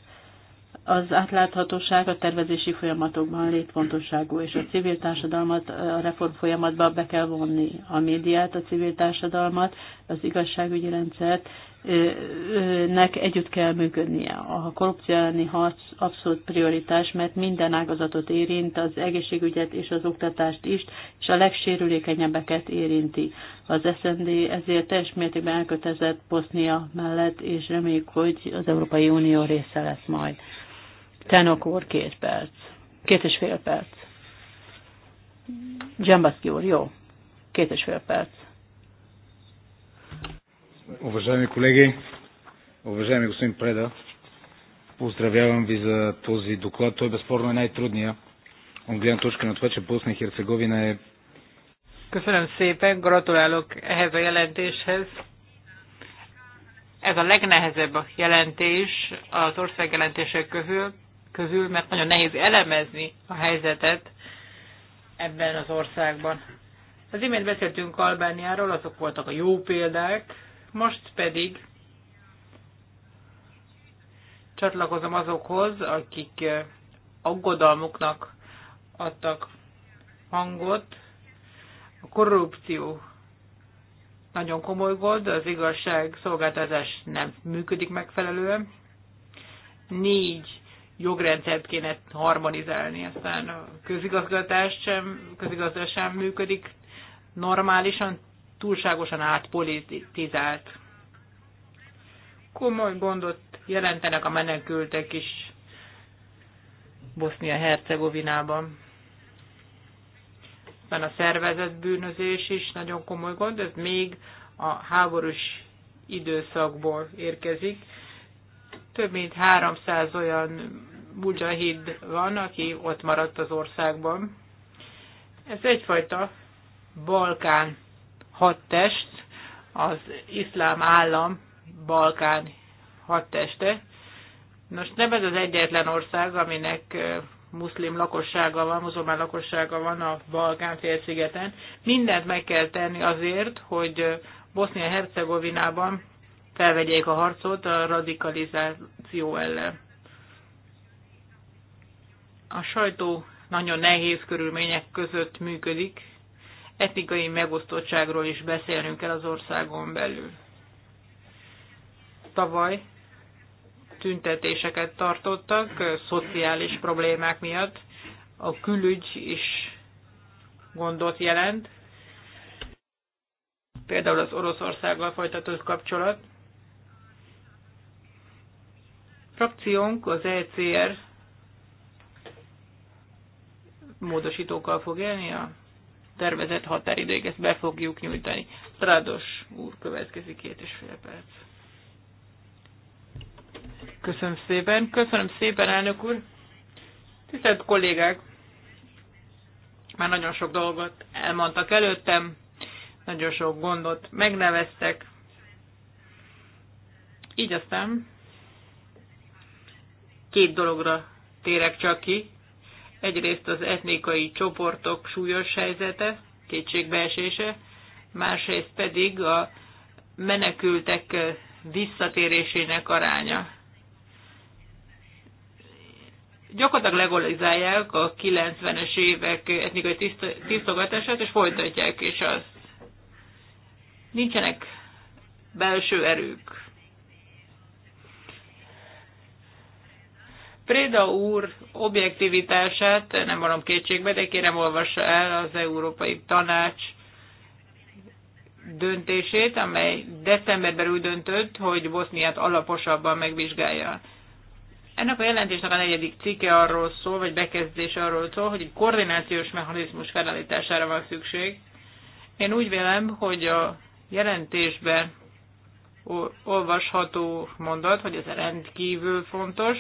Az átláthatóság a tervezési folyamatokban létfontosságú, és a civil társadalmat a reform folyamatba be kell vonni. A médiát, a civil társadalmat, az igazságügyi rendszert nek együtt kell működnie. A korrupció elleni harc abszolút prioritás, mert minden ágazatot érint, az egészségügyet és az oktatást is, és a legsérülékenyebbeket érinti. Az SND ezért teljes mértékben elkötelezett Bosznia mellett, és reméljük, hogy az Európai Unió része lesz majd. Tenok úr, két perc. Két és fél perc. Dzsambaszki úr, jó. Két és fél perc. Уважаеми колеги, уважаеми господин Преда, поздравявам ви за този доклад. Той безспорно е най-трудния Он гледна точка на това, че Босна и Херцеговина е Köszönöm szépen, gratulálok ehhez a jelentéshez. Ez a legnehezebb a jelentés az ország jelentések közül, közül, mert nagyon nehéz elemezni a helyzetet ebben az országban. Az imént beszéltünk Albániáról, azok voltak a jó példák, most pedig csatlakozom azokhoz, akik eh, aggodalmuknak adtak hangot. A korrupció nagyon komoly gond, az igazság szolgáltatás nem működik megfelelően. Négy jogrendszert kéne harmonizálni, aztán a közigazgatás sem, közigazgatás sem működik normálisan, túlságosan átpolitizált. Komoly gondot jelentenek a menekültek is Bosznia-Hercegovinában. Aztán a szervezett bűnözés is nagyon komoly gond, ez még a háborús időszakból érkezik. Több mint 300 olyan mujahid van, aki ott maradt az országban. Ez egyfajta Balkán Hat test az iszlám állam Balkán hat teste. Nos, nem ez az egyetlen ország, aminek muszlim lakossága van, muzulmán lakossága van a Balkán félszigeten. Mindent meg kell tenni azért, hogy Bosznia-Hercegovinában felvegyék a harcot a radikalizáció ellen. A sajtó nagyon nehéz körülmények között működik, etikai megosztottságról is beszélnünk kell az országon belül. Tavaly tüntetéseket tartottak szociális problémák miatt. A külügy is gondot jelent. Például az Oroszországgal folytatott kapcsolat. Frakciónk, az ECR módosítókkal fog élni a tervezett határidőig ezt be fogjuk nyújtani. Rádos úr következik két és fél perc. Köszönöm szépen. Köszönöm szépen, elnök úr. Tisztelt kollégák, már nagyon sok dolgot elmondtak előttem, nagyon sok gondot megneveztek. Így aztán két dologra térek csak ki. Egyrészt az etnikai csoportok súlyos helyzete, kétségbeesése, másrészt pedig a menekültek visszatérésének aránya. Gyakorlatilag legalizálják a 90-es évek etnikai tisztogatását, és folytatják is azt. Nincsenek belső erők. Préda úr objektivitását nem valam kétségbe, de kérem olvassa el az Európai Tanács döntését, amely decemberben úgy döntött, hogy Boszniát alaposabban megvizsgálja. Ennek a jelentésnek a negyedik cikke arról szól, vagy bekezdés arról szól, hogy egy koordinációs mechanizmus felállítására van szükség. Én úgy vélem, hogy a jelentésben olvasható mondat, hogy ez rendkívül fontos,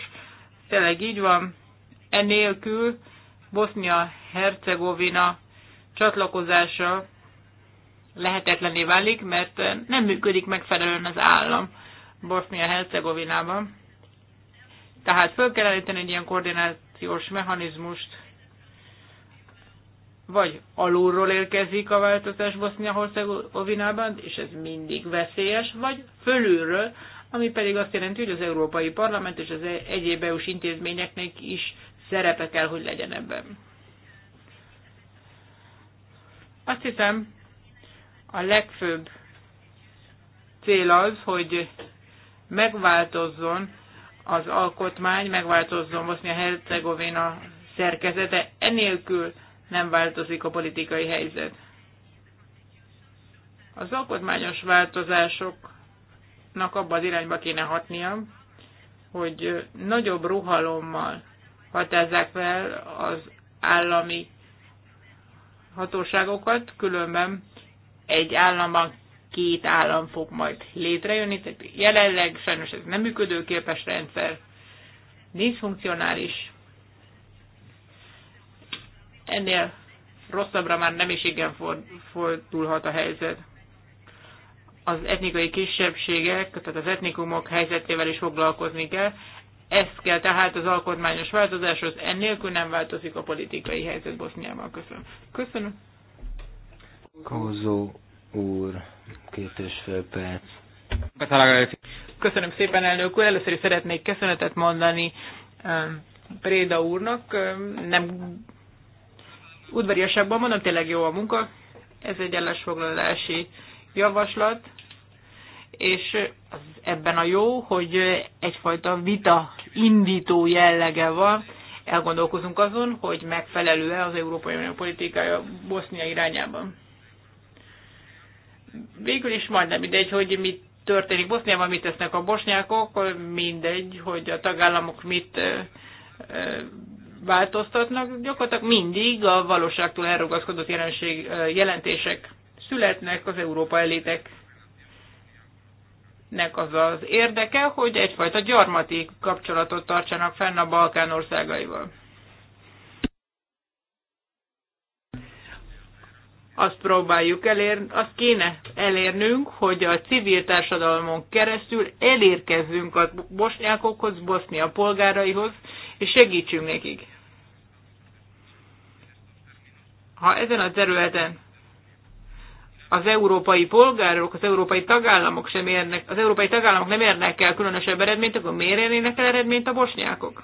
tényleg így van. Enélkül Bosznia-Hercegovina csatlakozása lehetetlené válik, mert nem működik megfelelően az állam Bosznia-Hercegovinában. Tehát föl kell állítani egy ilyen koordinációs mechanizmust, vagy alulról érkezik a változás Bosznia-Hercegovinában, és ez mindig veszélyes, vagy fölülről, ami pedig azt jelenti, hogy az Európai Parlament és az e- egyéb EU-s intézményeknek is szerepe kell, hogy legyen ebben. Azt hiszem, a legfőbb cél az, hogy megváltozzon az alkotmány, megváltozzon bosnia hercegovina szerkezete, enélkül nem változik a politikai helyzet. Az alkotmányos változások nak abba az irányba kéne hatnia, hogy nagyobb ruhalommal hatázzák fel az állami hatóságokat, különben egy államban két állam fog majd létrejönni, tehát jelenleg sajnos ez nem működőképes rendszer, diszfunkcionális, ennél rosszabbra már nem is igen fordulhat a helyzet az etnikai kisebbségek, tehát az etnikumok helyzetével is foglalkozni kell. Ezt kell tehát az alkotmányos változáshoz, ennélkül nem változik a politikai helyzet Boszniában. Köszönöm. Köszönöm. Kózó úr, két és fél perc. Köszönöm szépen, elnök úr. Először is szeretnék köszönetet mondani um, Préda úrnak. Um, nem udvariasabban mondom, tényleg jó a munka. Ez egy ellensfoglalási javaslat és az ebben a jó, hogy egyfajta vita indító jellege van. Elgondolkozunk azon, hogy megfelelő-e az Európai Unió politikája Bosznia irányában. Végül is majdnem mindegy, hogy mit történik Boszniában, mit tesznek a bosnyákok, mindegy, hogy a tagállamok mit változtatnak, gyakorlatilag mindig a valóságtól elrugaszkodott jelenség, jelentések születnek az Európa elitek nek az az érdeke, hogy egyfajta gyarmati kapcsolatot tartsanak fenn a Balkán országaival. Azt próbáljuk elérni, azt kéne elérnünk, hogy a civil társadalmon keresztül elérkezzünk a bosnyákokhoz, Bosznia polgáraihoz, és segítsünk nekik. Ha ezen a területen az európai polgárok, az európai tagállamok sem érnek, az európai tagállamok nem érnek el különösebb eredményt, akkor miért érnének el eredményt a bosnyákok?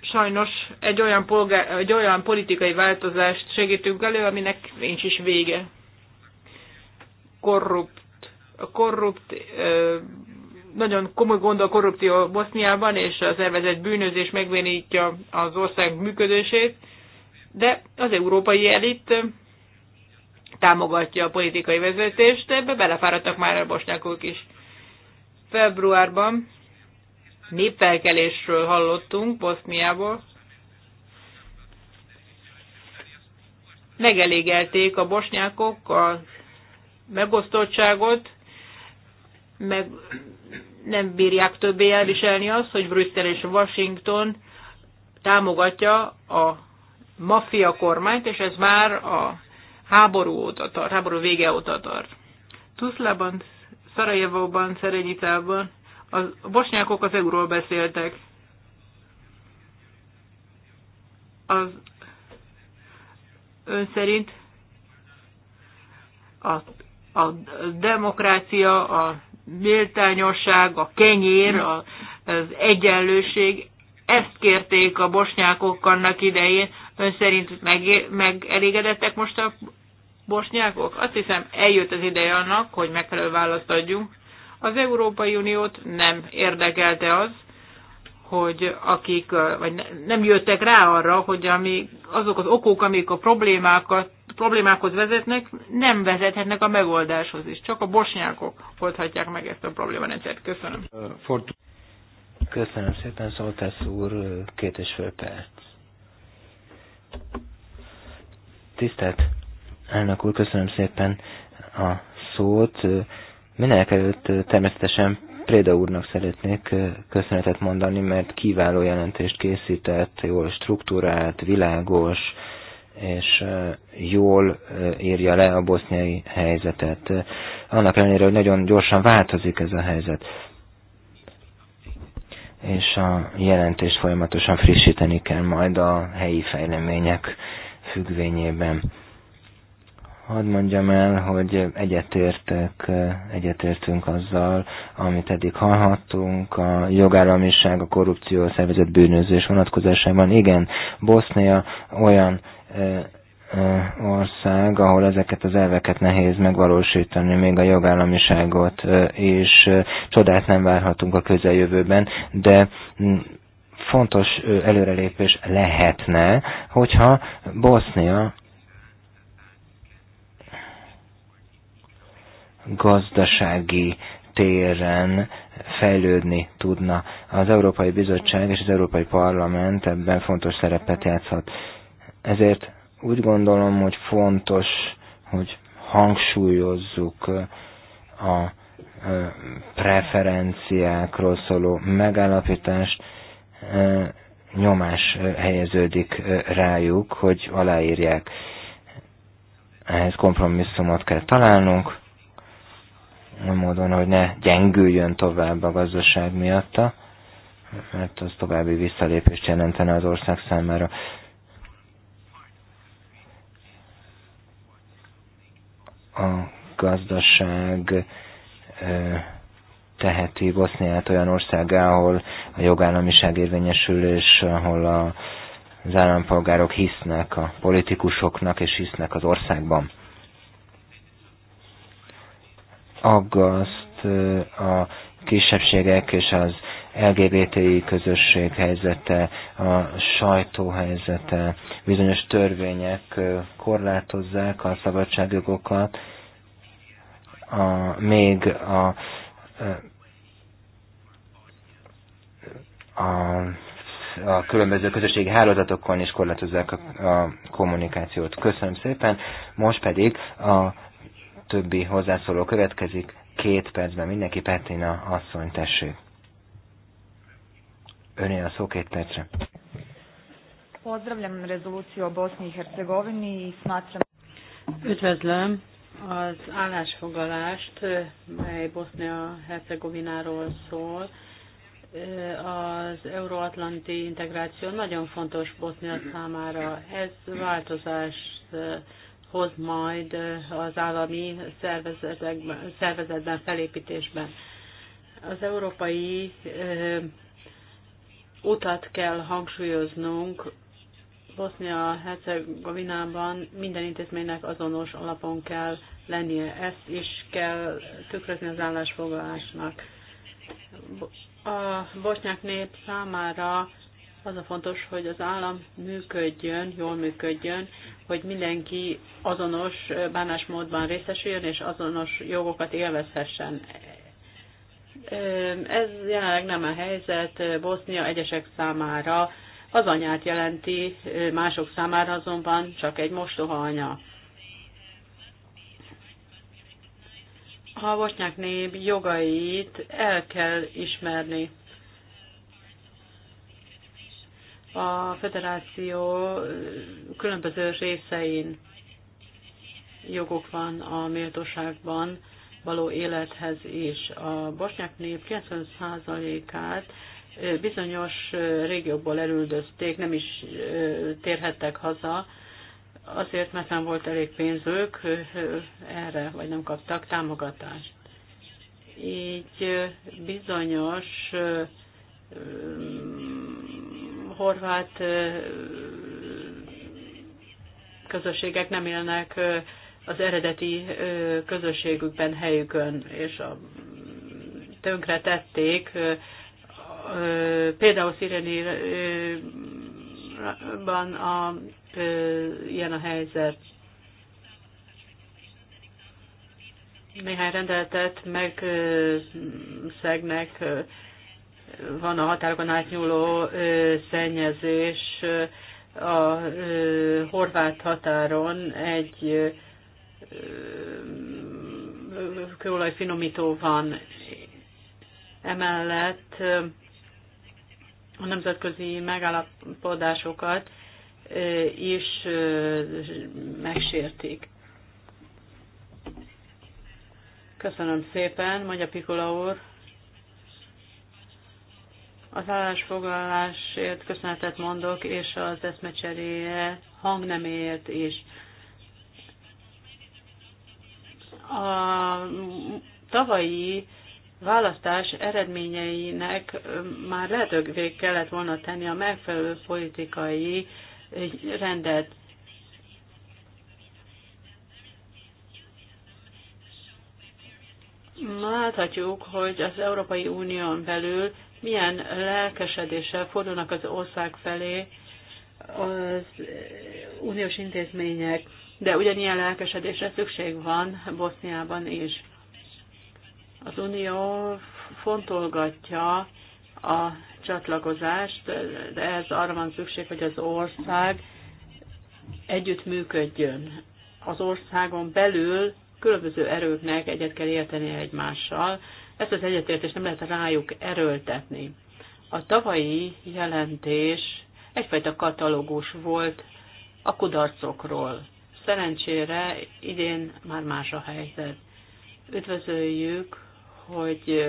Sajnos egy olyan, polgár, egy olyan politikai változást segítünk elő, aminek nincs is vége. Korrupt, korrupt, nagyon komoly gond a korrupció Boszniában, és a szervezett bűnözés megvénítja az ország működését, de az európai elit támogatja a politikai vezetést, ebbe belefáradtak már a bosnyákok is. Februárban népfelkelésről hallottunk Boszniából. Megelégelték a bosnyákok a megosztottságot, meg nem bírják többé elviselni azt, hogy Brüsszel és Washington támogatja a maffia kormányt, és ez már a háború óta tart, háború vége óta tart. Tuszlában, Szarajevóban, Szerenyitában a bosnyákok az euróról beszéltek. Az ön szerint a, a demokrácia, a méltányosság, a kenyér, az egyenlőség ezt kérték a bosnyákok annak idején. Ön szerint meg, elégedettek most a bosnyákok? Azt hiszem eljött az ideje annak, hogy megfelelő választ adjunk. Az Európai Uniót nem érdekelte az, hogy akik, vagy nem jöttek rá arra, hogy ami, azok az okok, amik a problémákat, problémákhoz vezetnek, nem vezethetnek a megoldáshoz is. Csak a bosnyákok oldhatják meg ezt a problémarendszert. Köszönöm. Köszönöm szépen, Szoltász úr, két és fél perc. Tisztelt elnök úr, köszönöm szépen a szót. Mindenek előtt természetesen Préda úrnak szeretnék köszönetet mondani, mert kiváló jelentést készített, jól struktúrált, világos, és jól írja le a boszniai helyzetet. Annak ellenére, hogy nagyon gyorsan változik ez a helyzet és a jelentést folyamatosan frissíteni kell majd a helyi fejlemények függvényében. Hadd mondjam el, hogy egyetértek, egyetértünk azzal, amit eddig hallhattunk, a jogállamiság, a korrupció, a szervezett bűnözés vonatkozásában. Igen, Bosznia olyan eh, ország, ahol ezeket az elveket nehéz megvalósítani, még a jogállamiságot, és csodát nem várhatunk a közeljövőben, de fontos előrelépés lehetne, hogyha Bosznia gazdasági téren fejlődni tudna. Az Európai Bizottság és az Európai Parlament ebben fontos szerepet játszhat. Ezért úgy gondolom, hogy fontos, hogy hangsúlyozzuk a preferenciákról szóló megállapítást, nyomás helyeződik rájuk, hogy aláírják. Ehhez kompromisszumot kell találnunk, oly módon, hogy ne gyengüljön tovább a gazdaság miatta, mert az további visszalépést jelentene az ország számára. a gazdaság teheti Boszniát olyan országá, ahol a jogállamiság érvényesül, és ahol a, az állampolgárok hisznek a politikusoknak, és hisznek az országban. Aggaszt a kisebbségek és az LGBTI közösség helyzete, a sajtó helyzete, bizonyos törvények korlátozzák a szabadságjogokat, a, még a, a a különböző közösségi hálózatokon is korlátozzák a, a kommunikációt. Köszönöm szépen. Most pedig a többi hozzászóló következik. Két percben mindenki, Petina asszony, tessék. Öné a szó két percre. Pozdravljam rezolúció a Bosni i Hercegovini, smatram... Üdvözlöm az állásfogalást, mely bosnia hercegovináról szól. Az euróatlanti integráció nagyon fontos Bosnia számára. Ez változás hoz majd az állami szervezetben, felépítésben. Az európai eh, utat kell hangsúlyoznunk. Bosznia-Hercegovinában minden intézménynek azonos alapon kell lennie. Ezt is kell tükrözni az állásfoglalásnak. A bosnyák nép számára az a fontos, hogy az állam működjön, jól működjön, hogy mindenki azonos bánásmódban részesüljön és azonos jogokat élvezhessen. Ez jelenleg nem a helyzet. Bosznia egyesek számára az anyát jelenti, mások számára azonban csak egy mostoha anya. A bosnyák nép jogait el kell ismerni. A federáció különböző részein jogok van a méltóságban, való élethez is. A bosnyák nép 90%-át bizonyos régiókból elüldözték, nem is térhettek haza, azért, mert nem volt elég pénzük erre, vagy nem kaptak támogatást. Így bizonyos horvát közösségek nem élnek az eredeti közösségükben, helyükön, és a, tönkre tették, például Sziréniában a, ilyen a helyzet. Néhány rendeletet megszegnek, van a határokon átnyúló szennyezés, a horvát határon egy kőolajfinomító van. Emellett a nemzetközi megállapodásokat is megsértik. Köszönöm szépen, Magyar Pikula úr. Az állásfoglalásért köszönetet mondok, és az eszmecseréje hangneméért is. a tavalyi választás eredményeinek már lehetővé kellett volna tenni a megfelelő politikai rendet. Láthatjuk, hogy az Európai Unión belül milyen lelkesedéssel fordulnak az ország felé az uniós intézmények de ugyanilyen lelkesedésre szükség van Boszniában is. Az Unió fontolgatja a csatlakozást, de ez arra van szükség, hogy az ország együttműködjön. Az országon belül különböző erőknek egyet kell érteni egymással. Ezt az egyetértést nem lehet rájuk erőltetni. A tavalyi jelentés egyfajta katalógus volt a kudarcokról. Szerencsére idén már más a helyzet. Üdvözöljük, hogy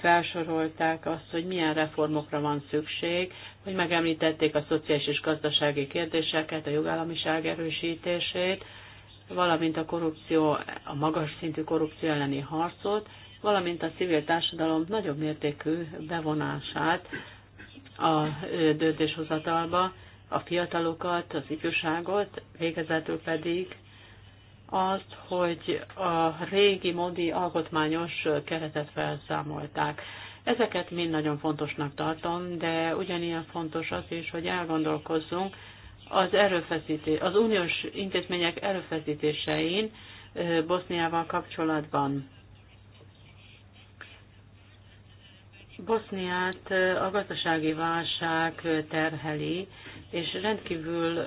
felsorolták azt, hogy milyen reformokra van szükség, hogy megemlítették a szociális és gazdasági kérdéseket, a jogállamiság erősítését, valamint a korrupció, a magas szintű korrupció elleni harcot, valamint a civil társadalom nagyobb mértékű bevonását a döntéshozatalba, a fiatalokat, az ifjúságot, végezetül pedig azt, hogy a régi modi alkotmányos keretet felszámolták. Ezeket mind nagyon fontosnak tartom, de ugyanilyen fontos az is, hogy elgondolkozzunk az, erőfeszítés, az uniós intézmények erőfeszítésein Boszniával kapcsolatban. Boszniát a gazdasági válság terheli, és rendkívül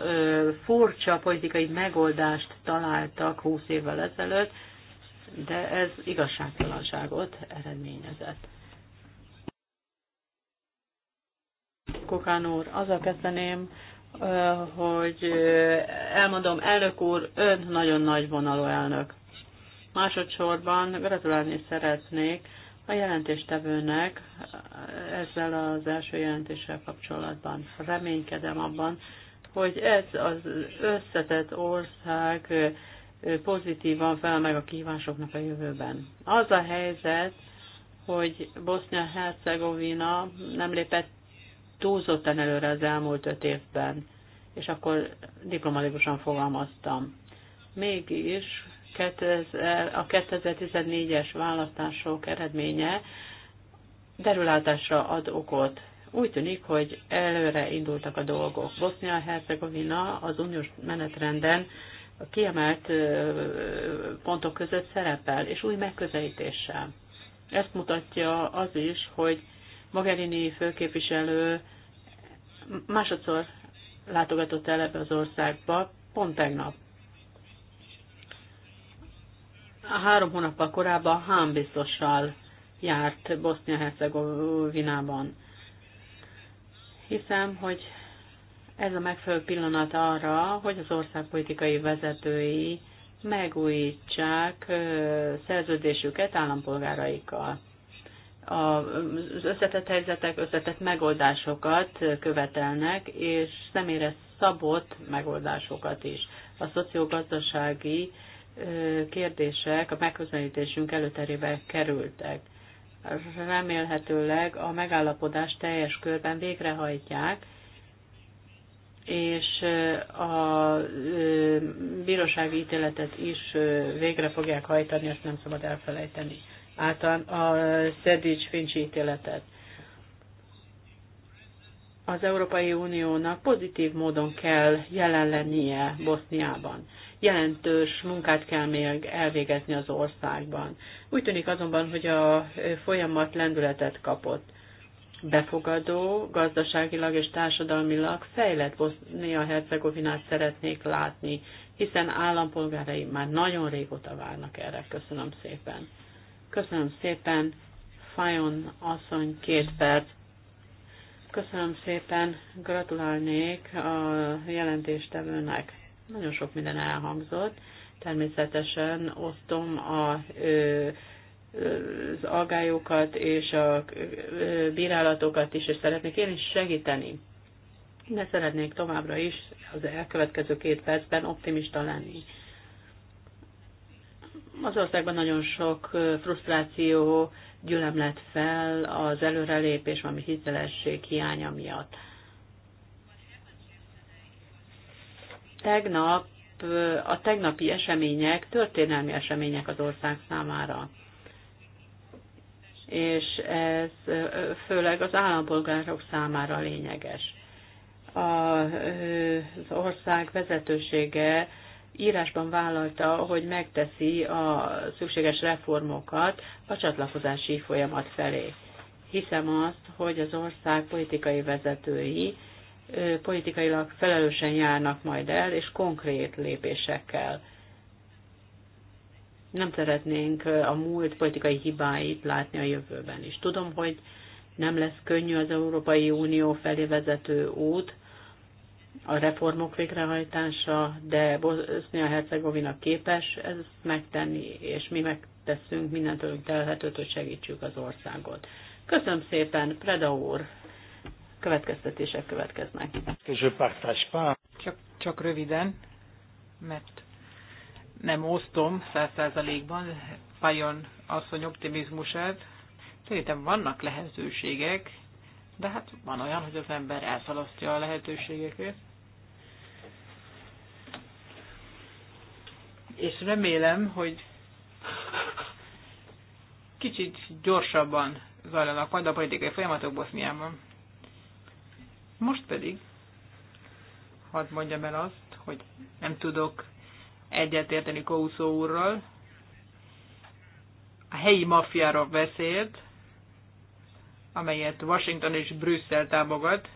furcsa politikai megoldást találtak 20 évvel ezelőtt, de ez igazságtalanságot eredményezett. Kokán úr, azzal kezdeném, hogy elmondom, elnök úr, ön nagyon nagy vonalú elnök. Másodszorban gratulálni szeretnék a jelentéstevőnek ezzel az első jelentéssel kapcsolatban. Reménykedem abban, hogy ez az összetett ország pozitívan fel meg a kihívásoknak a jövőben. Az a helyzet, hogy Bosznia-Hercegovina nem lépett túlzottan előre az elmúlt öt évben, és akkor diplomatikusan fogalmaztam. Mégis a 2014-es választások eredménye derülátásra ad okot. Úgy tűnik, hogy előre indultak a dolgok. Bosznia-Hercegovina az uniós menetrenden a kiemelt pontok között szerepel, és új megközelítéssel. Ezt mutatja az is, hogy Mogherini főképviselő másodszor látogatott el ebbe az országba, pont tegnap. Három hónap korábban Hán biztossal járt Bosznia-Hercegovinában. Hiszem, hogy ez a megfelelő pillanat arra, hogy az országpolitikai vezetői megújítsák szerződésüket állampolgáraikkal. Az összetett helyzetek összetett megoldásokat követelnek, és személyre szabott megoldásokat is. A szociogazdasági kérdések a megközelítésünk előterébe kerültek. Remélhetőleg a megállapodást teljes körben végrehajtják, és a bírósági ítéletet is végre fogják hajtani, ezt nem szabad elfelejteni. Által a Szedics Fincsi ítéletet. Az Európai Uniónak pozitív módon kell jelen lennie Boszniában jelentős munkát kell még elvégezni az országban. Úgy tűnik azonban, hogy a folyamat lendületet kapott. Befogadó, gazdaságilag és társadalmilag fejlett Bosznia-Hercegovinát szeretnék látni, hiszen állampolgárai már nagyon régóta várnak erre. Köszönöm szépen. Köszönöm szépen. Fajon asszony két perc. Köszönöm szépen, gratulálnék a jelentéstevőnek. Nagyon sok minden elhangzott. Természetesen osztom a, az agályokat és a bírálatokat is, és szeretnék én is segíteni. De szeretnék továbbra is az elkövetkező két percben optimista lenni. Az országban nagyon sok frusztráció gyülemlett fel az előrelépés, ami hitelesség hiánya miatt tegnap, a tegnapi események történelmi események az ország számára. És ez főleg az állampolgárok számára lényeges. Az ország vezetősége írásban vállalta, hogy megteszi a szükséges reformokat a csatlakozási folyamat felé. Hiszem azt, hogy az ország politikai vezetői politikailag felelősen járnak majd el, és konkrét lépésekkel. Nem szeretnénk a múlt politikai hibáit látni a jövőben is. Tudom, hogy nem lesz könnyű az Európai Unió felé vezető út, a reformok végrehajtása, de Bosznia-Hercegovina képes ezt megtenni, és mi megteszünk mindentől telhetőt, hogy segítsük az országot. Köszönöm szépen, Preda úr! következtetések következnek. Csak, csak röviden, mert nem osztom száz százalékban Fajon asszony optimizmusát. Szerintem vannak lehetőségek, de hát van olyan, hogy az ember elszalasztja a lehetőségeket. És remélem, hogy kicsit gyorsabban zajlanak majd a politikai folyamatok Boszniában. Most pedig hadd mondjam el azt, hogy nem tudok egyetérteni Kószó úrral. A helyi maffiáról beszélt, amelyet Washington és Brüsszel támogat.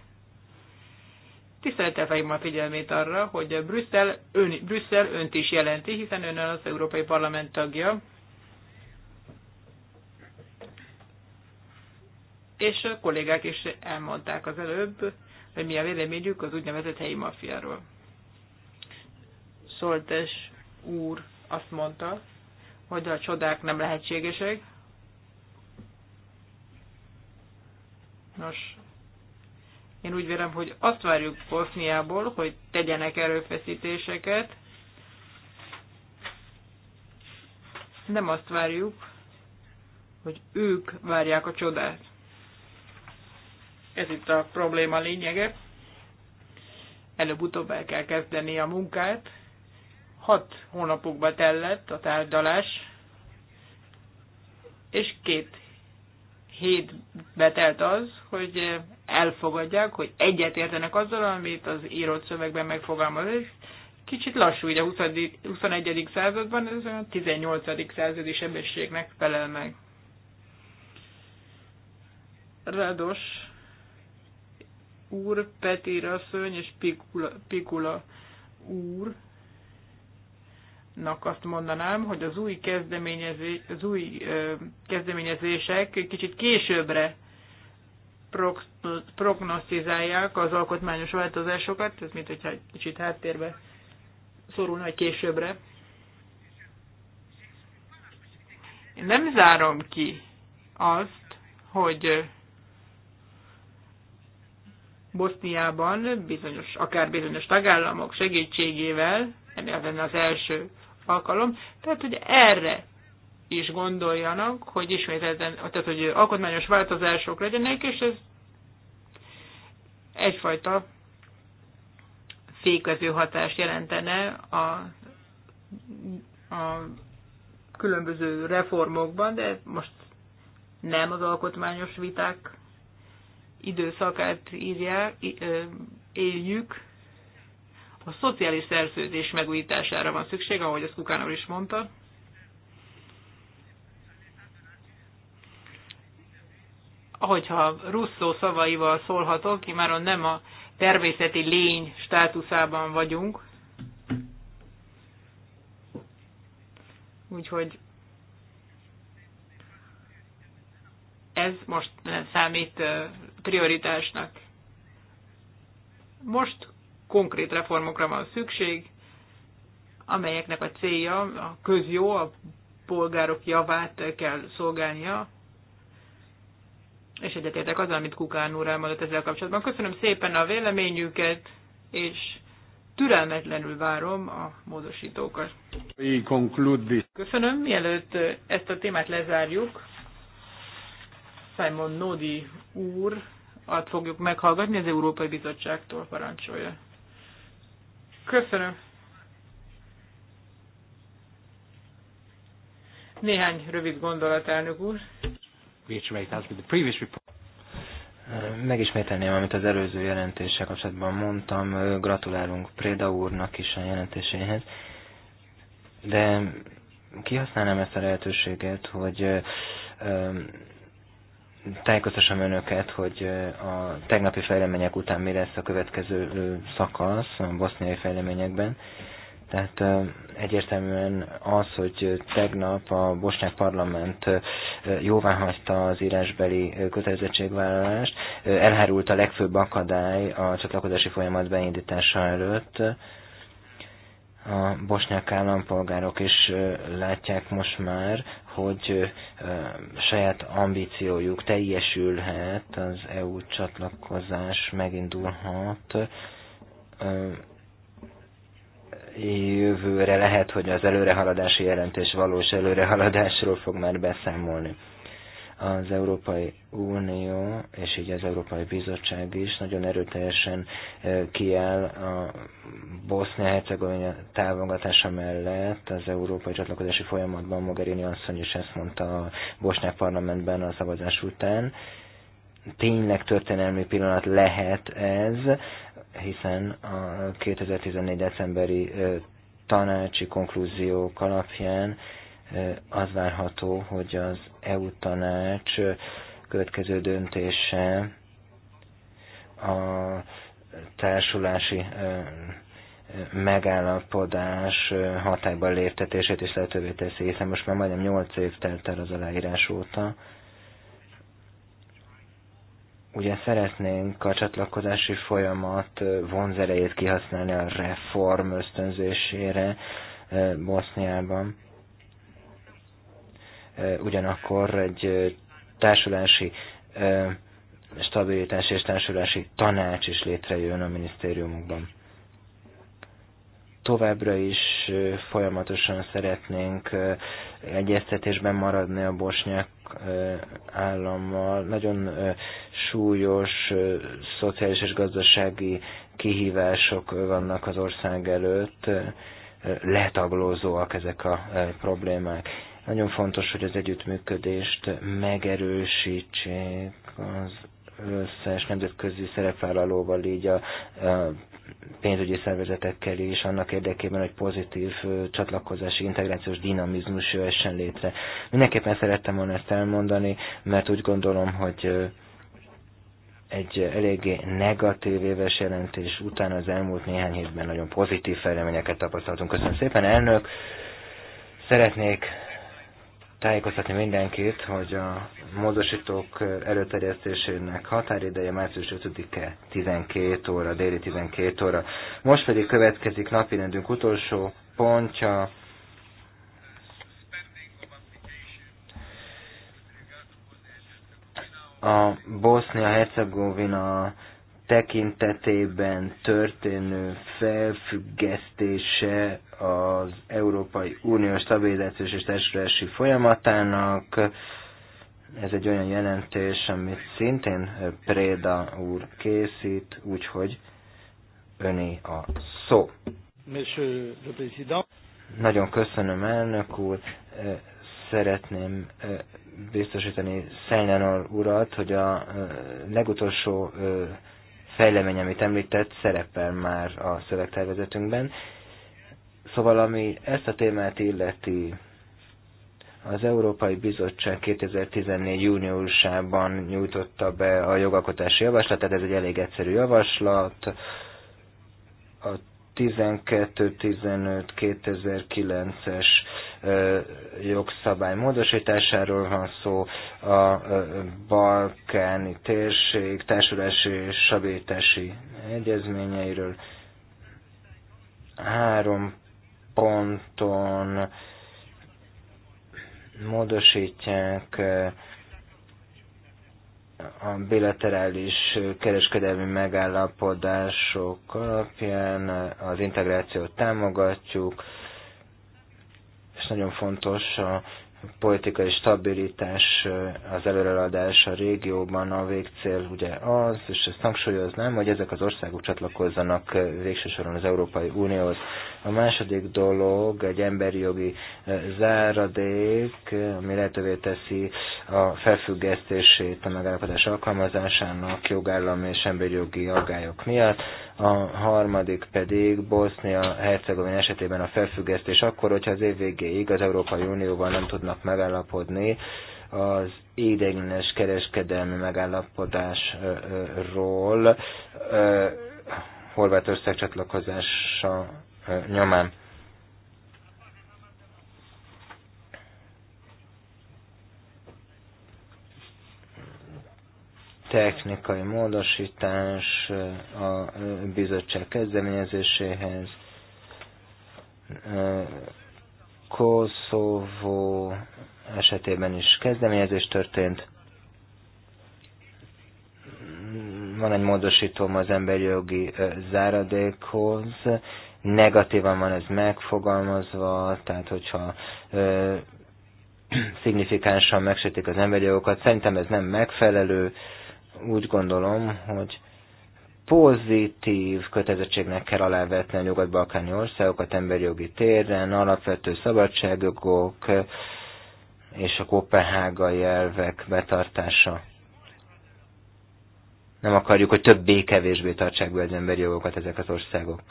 Tisztelettel fejlőm a figyelmét arra, hogy Brüsszel, ön, Brüsszel önt is jelenti, hiszen ön az Európai Parlament tagja. És a kollégák is elmondták az előbb, hogy mi a véleményük az úgynevezett helyi mafiáról. Szoltes úr azt mondta, hogy a csodák nem lehetségesek. Nos, én úgy vélem, hogy azt várjuk Boszniából, hogy tegyenek erőfeszítéseket. Nem azt várjuk, hogy ők várják a csodát. Ez itt a probléma lényege. Előbb-utóbb el kell kezdeni a munkát. Hat hónapokba tellett a tárgyalás, és két hét betelt az, hogy elfogadják, hogy egyetértenek azzal, amit az írott szövegben megfogalmaz. kicsit lassú, ugye a 20. 21. században, ez a 18. századi sebességnek felel meg. Rados úr, Petir asszony és Pikula, Pikula úr nak azt mondanám, hogy az új, kezdeményezé, az új ö, kezdeményezések kicsit későbbre prognosztizálják az alkotmányos változásokat, ez mint hogyha egy kicsit háttérbe szorulna, hogy későbbre. Én nem zárom ki azt, hogy Boszniában bizonyos, akár bizonyos tagállamok segítségével, ami az lenne az első alkalom, tehát hogy erre is gondoljanak, hogy ismételten, tehát hogy alkotmányos változások legyenek, és ez egyfajta fékező hatást jelentene a, a különböző reformokban, de most nem az alkotmányos viták időszakát írják, éljük, a szociális szerződés megújítására van szükség, ahogy az Kukánor is mondta. Ahogyha Russzó szavaival szólhatok, imáron nem a természeti lény státuszában vagyunk, úgyhogy ez most számít prioritásnak. Most konkrét reformokra van szükség, amelyeknek a célja a közjó, a polgárok javát kell szolgálnia, és egyetértek azzal, amit Kukán úr elmondott ezzel kapcsolatban. Köszönöm szépen a véleményüket, és türelmetlenül várom a módosítókat. Köszönöm, mielőtt ezt a témát lezárjuk, Simon Nodi úr, azt fogjuk meghallgatni az Európai Bizottságtól parancsolja. Köszönöm. Néhány rövid gondolat, elnök úr. Megismételném, amit az előző jelentéssel kapcsolatban mondtam. Gratulálunk Préda úrnak is a jelentéséhez. De kihasználnám ezt a lehetőséget, hogy tájékoztassam önöket, hogy a tegnapi fejlemények után mi lesz a következő szakasz a boszniai fejleményekben. Tehát egyértelműen az, hogy tegnap a Bosnyák Parlament jóvá hagyta az írásbeli kötelezettségvállalást, elhárult a legfőbb akadály a csatlakozási folyamat beindítása előtt. A bosnyák állampolgárok is látják most már, hogy saját ambíciójuk teljesülhet, az EU csatlakozás megindulhat. Jövőre lehet, hogy az előrehaladási jelentés valós előrehaladásról fog már beszámolni az Európai Unió, és így az Európai Bizottság is nagyon erőteljesen kiáll a Bosznia-Hercegovina támogatása mellett az európai csatlakozási folyamatban Mogherini asszony is ezt mondta a Bosnyák parlamentben a szavazás után. Tényleg történelmi pillanat lehet ez, hiszen a 2014. decemberi tanácsi konklúziók alapján az várható, hogy az EU tanács következő döntése a társulási megállapodás hatályban léptetését is lehetővé teszi, hiszen most már majdnem 8 év telt el az aláírás óta. Ugye szeretnénk a csatlakozási folyamat vonzerejét kihasználni a reform ösztönzésére Boszniában ugyanakkor egy társulási stabilitási és társulási tanács is létrejön a minisztériumokban. Továbbra is folyamatosan szeretnénk egyeztetésben maradni a bosnyák állammal. Nagyon súlyos szociális és gazdasági kihívások vannak az ország előtt, letaglózóak ezek a problémák nagyon fontos, hogy az együttműködést megerősítsék az összes nemzetközi szerepvállalóval, így a, a pénzügyi szervezetekkel is, annak érdekében, hogy pozitív csatlakozási, integrációs dinamizmus jöhessen létre. Mindenképpen szerettem volna ezt elmondani, mert úgy gondolom, hogy egy eléggé negatív éves jelentés után az elmúlt néhány hétben nagyon pozitív fejleményeket tapasztaltunk. Köszönöm szépen, elnök! Szeretnék tájékoztatni mindenkit, hogy a módosítók előterjesztésének határideje március 5-e 12 óra, déli 12 óra. Most pedig következik napi rendünk utolsó pontja, a Bosznia-Hercegovina tekintetében történő felfüggesztése az Európai Unió stabilizációs és társulási folyamatának. Ez egy olyan jelentés, amit szintén Préda úr készít, úgyhogy öné a szó. Nagyon köszönöm, elnök úr. Szeretném biztosítani Szenyanor urat, hogy a legutolsó fejlemény, amit említett, szerepel már a szövegtervezetünkben. Szóval, ami ezt a témát illeti, az Európai Bizottság 2014. júniusában nyújtotta be a jogalkotási javaslatát, ez egy elég egyszerű javaslat, a 12-15-2009-es jogszabály módosításáról van szó, a balkáni térség társulási és stabilitási egyezményeiről. Három ponton módosítják a bilaterális kereskedelmi megállapodások alapján az integrációt támogatjuk, és nagyon fontos a politikai stabilitás, eh, az előreladás a régióban a végcél ugye az, és ezt hangsúlyoznám, hogy ezek az országok csatlakozzanak eh, végső soron az Európai Unióhoz. A második dolog egy emberi jogi eh, záradék, ami lehetővé teszi a felfüggesztését a megállapodás alkalmazásának jogállam és emberi jogi aggályok miatt. A harmadik pedig Bosznia-Hercegovina esetében a felfüggesztés akkor, hogyha az év végéig az Európai unióban nem tudnak tudnak megállapodni az ideiglenes kereskedelmi megállapodásról Horvátország csatlakozása nyomán. technikai módosítás a bizottság kezdeményezéséhez Koszovó esetében is kezdeményezés történt. Van egy módosítóm az emberi jogi záradékhoz, negatívan van ez megfogalmazva, tehát hogyha ö, szignifikánsan megsértik az emberi jogokat, szerintem ez nem megfelelő, úgy gondolom, hogy pozitív kötelezettségnek kell alávetni a nyugat-balkáni országokat emberjogi téren, alapvető szabadságjogok és a kopenhágai elvek betartása. Nem akarjuk, hogy többé-kevésbé tartsák be az emberi jogokat ezek az országok.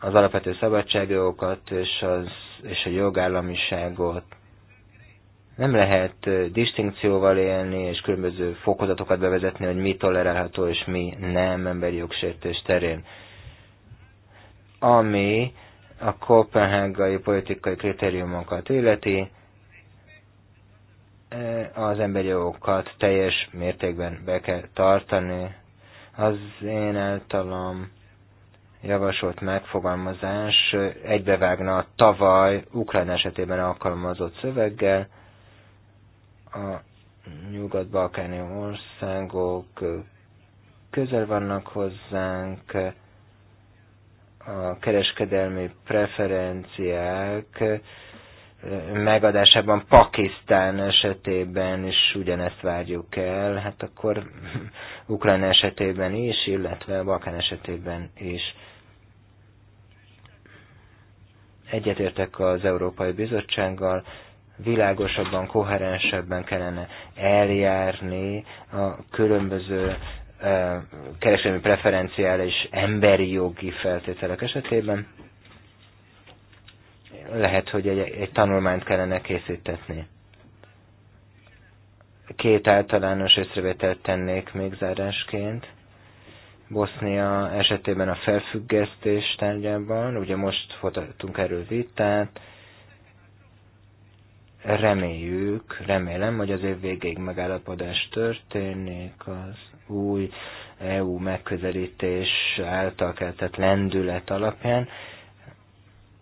Az alapvető szabadságjogokat és, az, és a jogállamiságot nem lehet distinkcióval élni, és különböző fokozatokat bevezetni, hogy mi tolerálható, és mi nem emberi jogsértés terén. Ami a kopenhágai politikai kritériumokat illeti, az emberi jogokat teljes mértékben be kell tartani. Az én általam javasolt megfogalmazás egybevágna a tavaly Ukrajna esetében alkalmazott szöveggel, a nyugat-balkáni országok közel vannak hozzánk, a kereskedelmi preferenciák megadásában Pakisztán esetében is ugyanezt várjuk el, hát akkor Ukrán esetében is, illetve Balkán esetében is. Egyetértek az Európai Bizottsággal, világosabban, koherensebben kellene eljárni a különböző kereskedelmi preferenciális emberi jogi feltételek esetében. Lehet, hogy egy, egy tanulmányt kellene készítetni. Két általános észrevételt tennék még zárásként. Bosznia esetében a felfüggesztés tárgyában, ugye most folytatunk erről vitát, reméljük, remélem, hogy az év végéig megállapodás történik, az új EU megközelítés által keltett lendület alapján.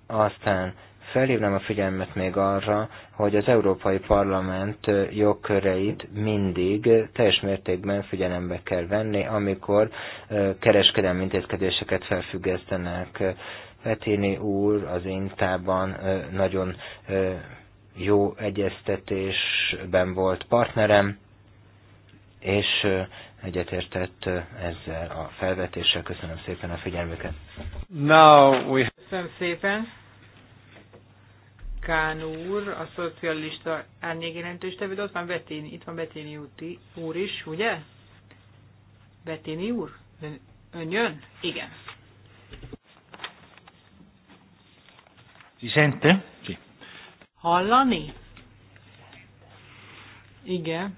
Aztán felhívnám a figyelmet még arra, hogy az Európai Parlament jogköreit mindig teljes mértékben figyelembe kell venni, amikor kereskedelmi intézkedéseket felfüggesztenek. Petini úr az Intában nagyon jó egyeztetésben volt partnerem, és egyetértett ezzel a felvetéssel. Köszönöm szépen a figyelmüket. Now we... Köszönöm szépen. Kán úr, a szocialista árnyékjelentős tevő, ott van Bettini, itt van Bettini úti, úr is, ugye? Bettini úr? Ön, ön jön? Igen. Si sente? hallani? Igen.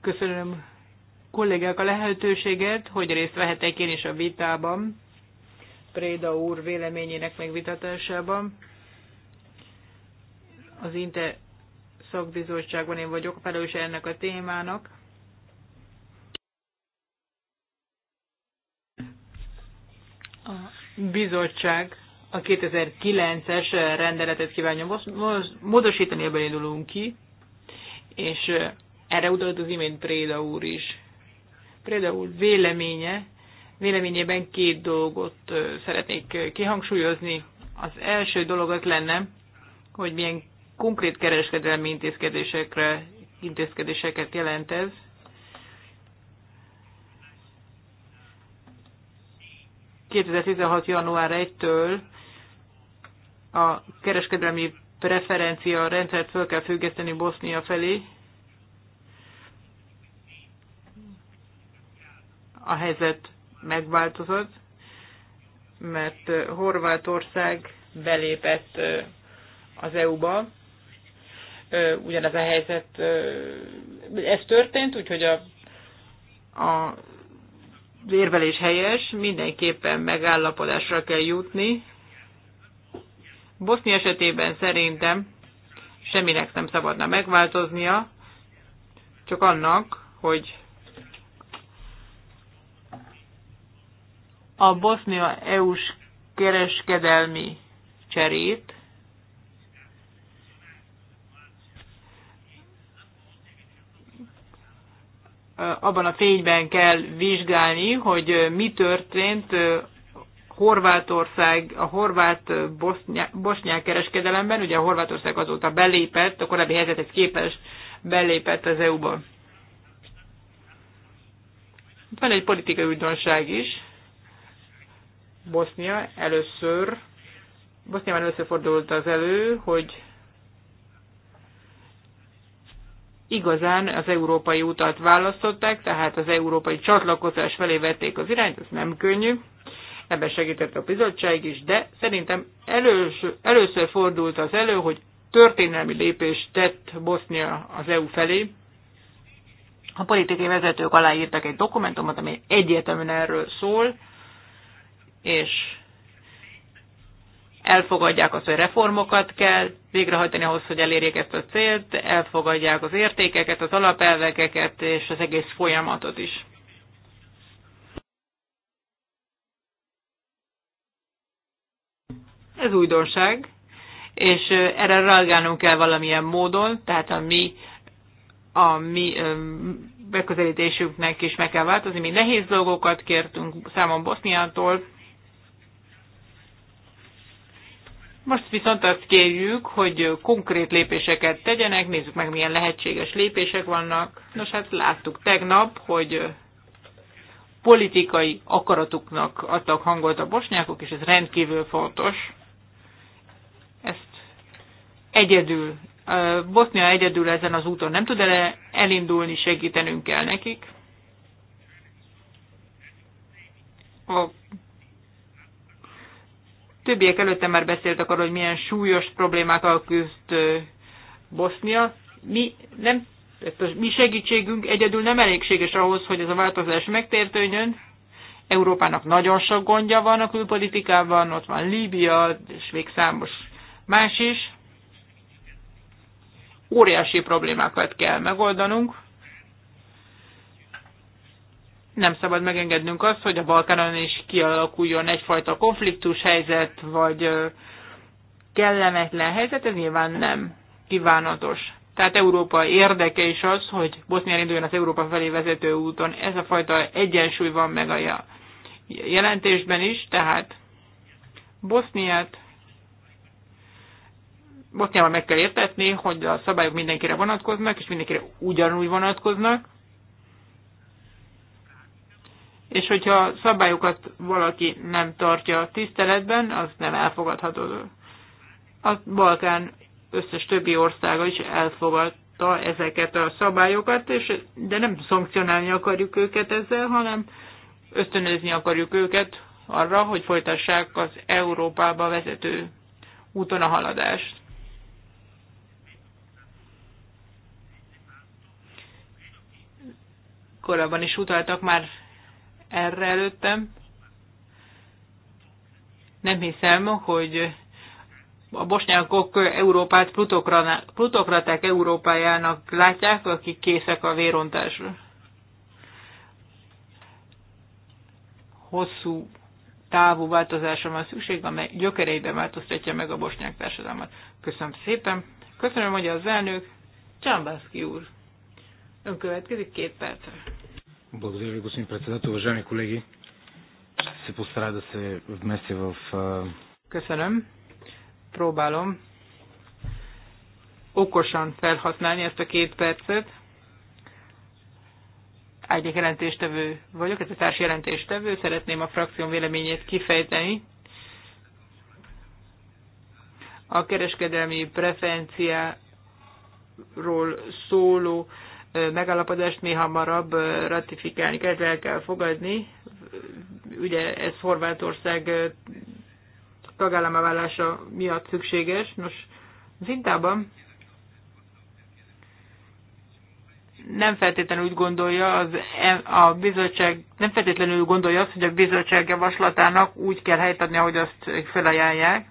Köszönöm kollégák a lehetőséget, hogy részt vehetek én is a vitában, Préda úr véleményének megvitatásában. Az Inte szakbizottságban én vagyok felelős ennek a témának. A bizottság a 2009-es rendeletet kívánja módosítani, ebben indulunk ki, és erre utalt az imént Préda úr is. Préda úr véleménye, véleményében két dolgot szeretnék kihangsúlyozni. Az első dolog az lenne, hogy milyen konkrét kereskedelmi intézkedésekre, intézkedéseket jelent ez, ...2016. január 1-től a kereskedelmi preferencia rendszert fel kell függeszteni Bosznia felé. A helyzet megváltozott, mert Horvátország belépett az EU-ba. Ugyanez a helyzet, ez történt, úgyhogy a, a érvelés helyes, mindenképpen megállapodásra kell jutni, Boszni esetében szerintem semminek nem szabadna megváltoznia, csak annak, hogy a Bosznia EU-s kereskedelmi cserét abban a fényben kell vizsgálni, hogy mi történt Horvátország, a horvát bosnyák kereskedelemben, ugye a Horvátország azóta belépett, a korábbi helyzethez képest belépett az EU-ba. Van egy politikai újdonság is. Bosznia először, Boszniában először fordult az elő, hogy igazán az európai utat választották, tehát az európai csatlakozás felé vették az irányt, ez nem könnyű ebben segített a bizottság is, de szerintem először, először fordult az elő, hogy történelmi lépést tett Bosznia az EU felé. A politikai vezetők aláírtak egy dokumentumot, ami egyértelműen erről szól, és elfogadják azt, hogy reformokat kell végrehajtani ahhoz, hogy elérjék ezt a célt, elfogadják az értékeket, az alapelveket és az egész folyamatot is. Ez újdonság, és erre reagálnunk kell valamilyen módon, tehát a mi, a mi beközelítésünknek is meg kell változni. Mi nehéz dolgokat kértünk számon Boszniától. Most viszont azt kérjük, hogy konkrét lépéseket tegyenek, nézzük meg, milyen lehetséges lépések vannak. Nos, hát láttuk tegnap, hogy politikai akaratuknak adtak hangot a bosnyákok, és ez rendkívül fontos egyedül, Bosnia egyedül ezen az úton nem tud e elindulni, segítenünk kell nekik. A többiek előtte már beszéltek arról, hogy milyen súlyos problémákkal küzd Bosznia. Mi, nem, a mi segítségünk egyedül nem elégséges ahhoz, hogy ez a változás megtértőjön. Európának nagyon sok gondja van a külpolitikában, ott van Líbia, és még számos más is óriási problémákat kell megoldanunk. Nem szabad megengednünk azt, hogy a Balkánon is kialakuljon egyfajta konfliktus helyzet, vagy kellemetlen helyzet, ez nyilván nem kívánatos. Tehát Európa érdeke is az, hogy Bosznia induljon az Európa felé vezető úton. Ez a fajta egyensúly van meg a jelentésben is, tehát Boszniát Boszniában meg kell értetni, hogy a szabályok mindenkire vonatkoznak, és mindenkire ugyanúgy vonatkoznak, és hogyha a szabályokat valaki nem tartja tiszteletben, az nem elfogadható. A Balkán összes többi országa is elfogadta ezeket a szabályokat, és, de nem szankcionálni akarjuk őket ezzel, hanem ösztönözni akarjuk őket arra, hogy folytassák az Európába vezető úton a haladást. korábban is utaltak már erre előttem. Nem hiszem, hogy a bosnyákok Európát plutokraták Európájának látják, akik készek a vérontásra. Hosszú távú változásra van szükség, amely gyökereiben változtatja meg a bosnyák társadalmat. Köszönöm szépen. Köszönöm, hogy az elnök Csambászki úr. Ön következik két perc. Благодаря ви, господин председател. Уважаеми колеги, ще се постара да се вмеся в... Köszönöm. Пробалом. Окошан felhasználni ezt a két percet. Ágyek jelentéstevő vagyok, ez a társ jelentéstevő, szeretném a frakción véleményét kifejteni. A kereskedelmi preferenciáról szóló megállapodást mi hamarabb ratifikálni kell, el kell fogadni. Ugye ez Horvátország tagállamavállása miatt szükséges. Nos, az Intában nem feltétlenül úgy gondolja az, a bizottság, nem feltétlenül gondolja azt, hogy a bizottság javaslatának úgy kell helyt adni, ahogy azt felajánlják.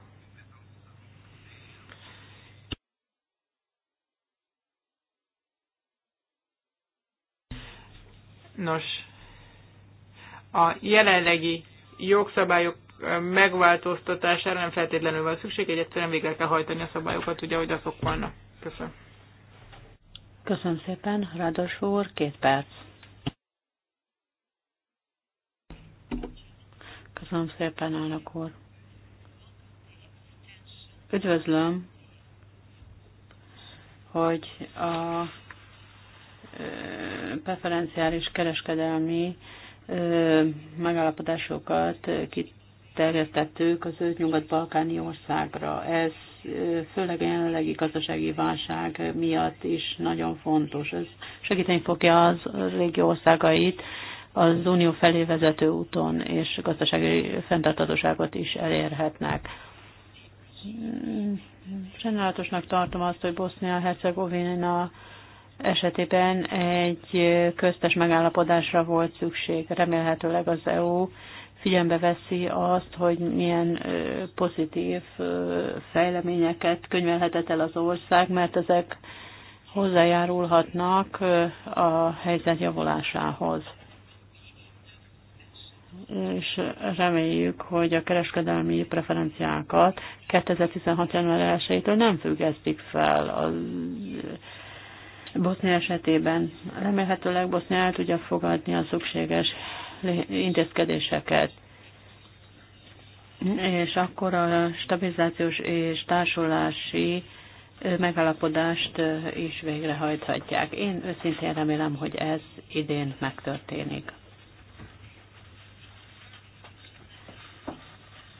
Nos, a jelenlegi jogszabályok megváltoztatására nem feltétlenül van szükség, egy egyszerűen végre kell hajtani a szabályokat, ugye, ahogy azok vannak. Köszönöm. Köszönöm szépen. Rados úr, két perc. Köszönöm szépen, elnök úr. Üdvözlöm, hogy a preferenciális kereskedelmi megállapodásokat kiterjesztettük az öt nyugat-balkáni országra. Ez főleg a jelenlegi gazdasági válság miatt is nagyon fontos. Ez segíteni fogja az régió országait az unió felé vezető úton, és gazdasági fenntartatóságot is elérhetnek. Sajnálatosnak tartom azt, hogy Bosznia-Hercegovina esetében egy köztes megállapodásra volt szükség. Remélhetőleg az EU figyelembe veszi azt, hogy milyen pozitív fejleményeket könyvelhetett el az ország, mert ezek hozzájárulhatnak a helyzet javulásához. És reméljük, hogy a kereskedelmi preferenciákat 2016. január 1-től nem függesztik fel. Az Bosznia esetében. Remélhetőleg Bosznia el tudja fogadni a szükséges intézkedéseket. És akkor a stabilizációs és társulási megállapodást is végrehajthatják. Én őszintén remélem, hogy ez idén megtörténik.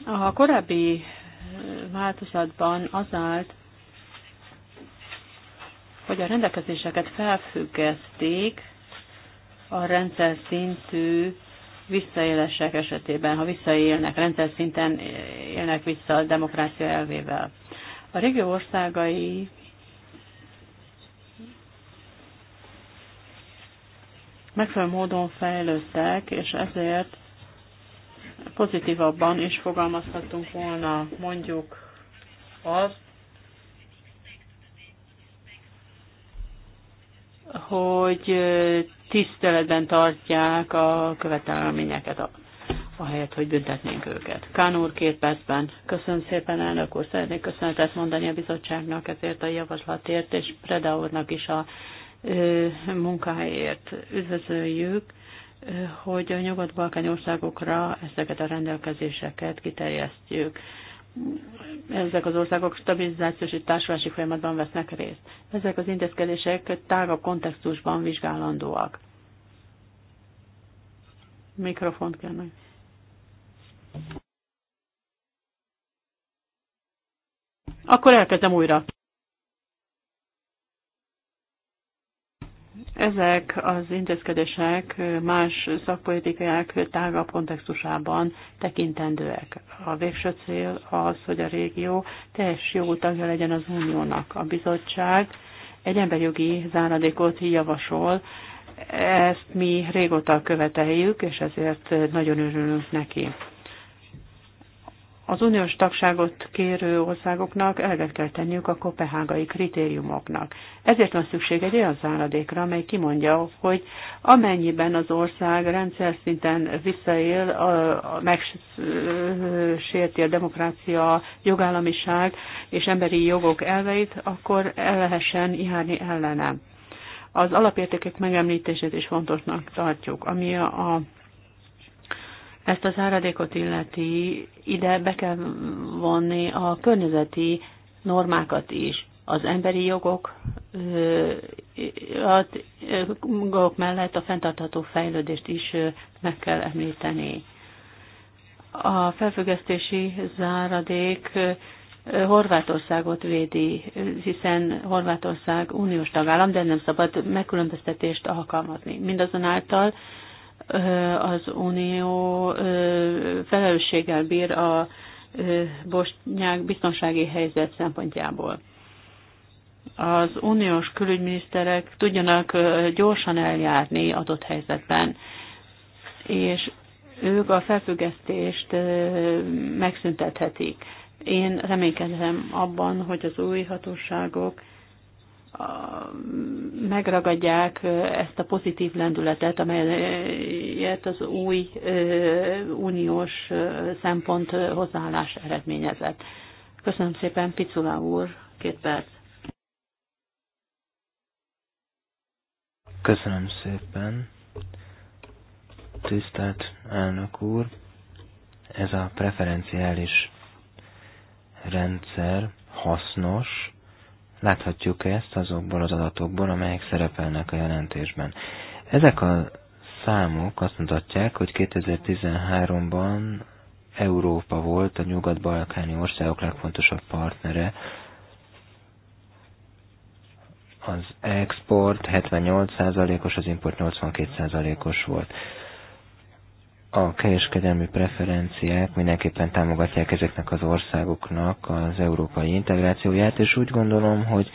A korábbi változatban az állt, hogy a rendelkezéseket felfüggeszték a rendszer szintű visszaélések esetében, ha visszaélnek, rendszer szinten élnek vissza a demokrácia elvével. A régió országai megfelelő módon fejlődtek, és ezért pozitívabban is fogalmazhatunk volna mondjuk azt, hogy tiszteletben tartják a követelményeket, ahelyett, hogy büntetnénk őket. Kán úr két percben. Köszönöm szépen, elnök úr. Szeretnék köszönetet mondani a bizottságnak ezért a javaslatért, és Preda úrnak is a ö, munkáért üdvözöljük, hogy a nyugat-balkány országokra ezeket a rendelkezéseket kiterjesztjük ezek az országok stabilizációs és társulási folyamatban vesznek részt. Ezek az intézkedések tágabb kontextusban vizsgálandóak. Mikrofont kell meg. Akkor elkezdem újra. Ezek az intézkedések más szakpolitikák tágabb kontextusában tekintendőek. A végső cél az, hogy a régió teljes jogú tagja legyen az uniónak. A bizottság egy emberjogi záradékot javasol, ezt mi régóta követeljük, és ezért nagyon örülünk neki az uniós tagságot kérő országoknak eleget kell tenniük a kopehágai kritériumoknak. Ezért van szükség egy olyan záradékra, amely kimondja, hogy amennyiben az ország rendszer szinten visszaél, megsérti a demokrácia, jogállamiság és emberi jogok elveit, akkor el lehessen járni ellenem. Az alapértékek megemlítését is fontosnak tartjuk, ami a ezt az áradékot illeti, ide be kell vonni a környezeti normákat is. Az emberi jogok, a jogok mellett a fenntartható fejlődést is meg kell említeni. A felfüggesztési záradék Horvátországot védi, hiszen Horvátország uniós tagállam, de nem szabad megkülönböztetést alkalmazni. Mindazonáltal az Unió felelősséggel bír a bosnyák biztonsági helyzet szempontjából. Az uniós külügyminiszterek tudjanak gyorsan eljárni adott helyzetben, és ők a felfüggesztést megszüntethetik. Én reménykedem abban, hogy az új hatóságok megragadják ezt a pozitív lendületet, amelyet az új uniós szempont hozzáállás eredményezett. Köszönöm szépen, Picula úr, két perc. Köszönöm szépen, tisztelt elnök úr. Ez a preferenciális rendszer hasznos, Láthatjuk ezt azokból az adatokból, amelyek szerepelnek a jelentésben. Ezek a számok azt mutatják, hogy 2013-ban Európa volt a nyugat-balkáni országok legfontosabb partnere. Az export 78%-os, az import 82%-os volt a kereskedelmi preferenciák mindenképpen támogatják ezeknek az országoknak az európai integrációját, és úgy gondolom, hogy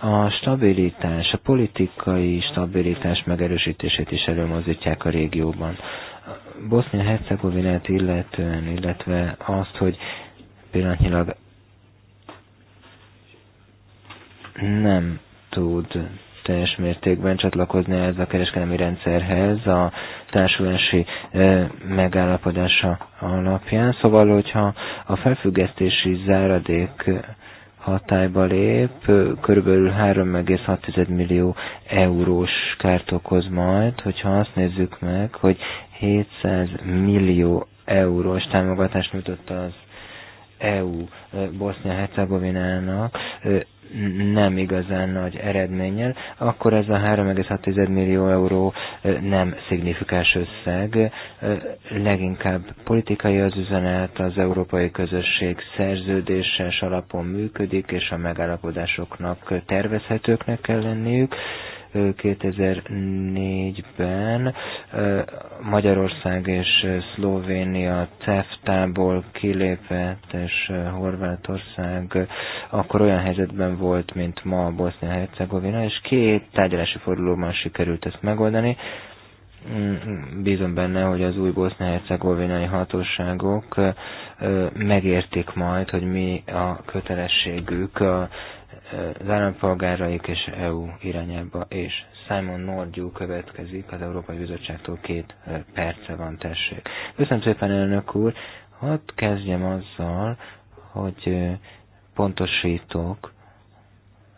a stabilitás, a politikai stabilitás megerősítését is előmozdítják a régióban. Bosznia-Hercegovinát illetően, illetve azt, hogy pillanatnyilag nem tud teljes mértékben csatlakozni ez a kereskedelmi rendszerhez a társulási eh, megállapodása alapján. Szóval, hogyha a felfüggesztési záradék hatályba lép, körülbelül 3,6 millió eurós kárt okoz majd, hogyha azt nézzük meg, hogy 700 millió eurós támogatást nyújtott az EU Bosznia-Hercegovinának, eh, nem igazán nagy eredménnyel, akkor ez a 3,6 millió euró nem szignifikáns összeg, leginkább politikai az üzenet, az európai közösség szerződéses alapon működik, és a megállapodásoknak tervezhetőknek kell lenniük, 2004-ben Magyarország és Szlovénia CEFTA-ból kilépett, és Horvátország akkor olyan helyzetben volt, mint ma a Bosznia-Hercegovina, és két tárgyalási fordulóban sikerült ezt megoldani. Mm, bízom benne, hogy az új bosznia-hercegovinai hatóságok megértik majd, hogy mi a kötelességük a az állampolgáraik és EU irányába, és Simon Nordjú következik, az Európai Bizottságtól két perce van, tessék. Köszönöm szépen, elnök úr! Hadd kezdjem azzal, hogy pontosítok,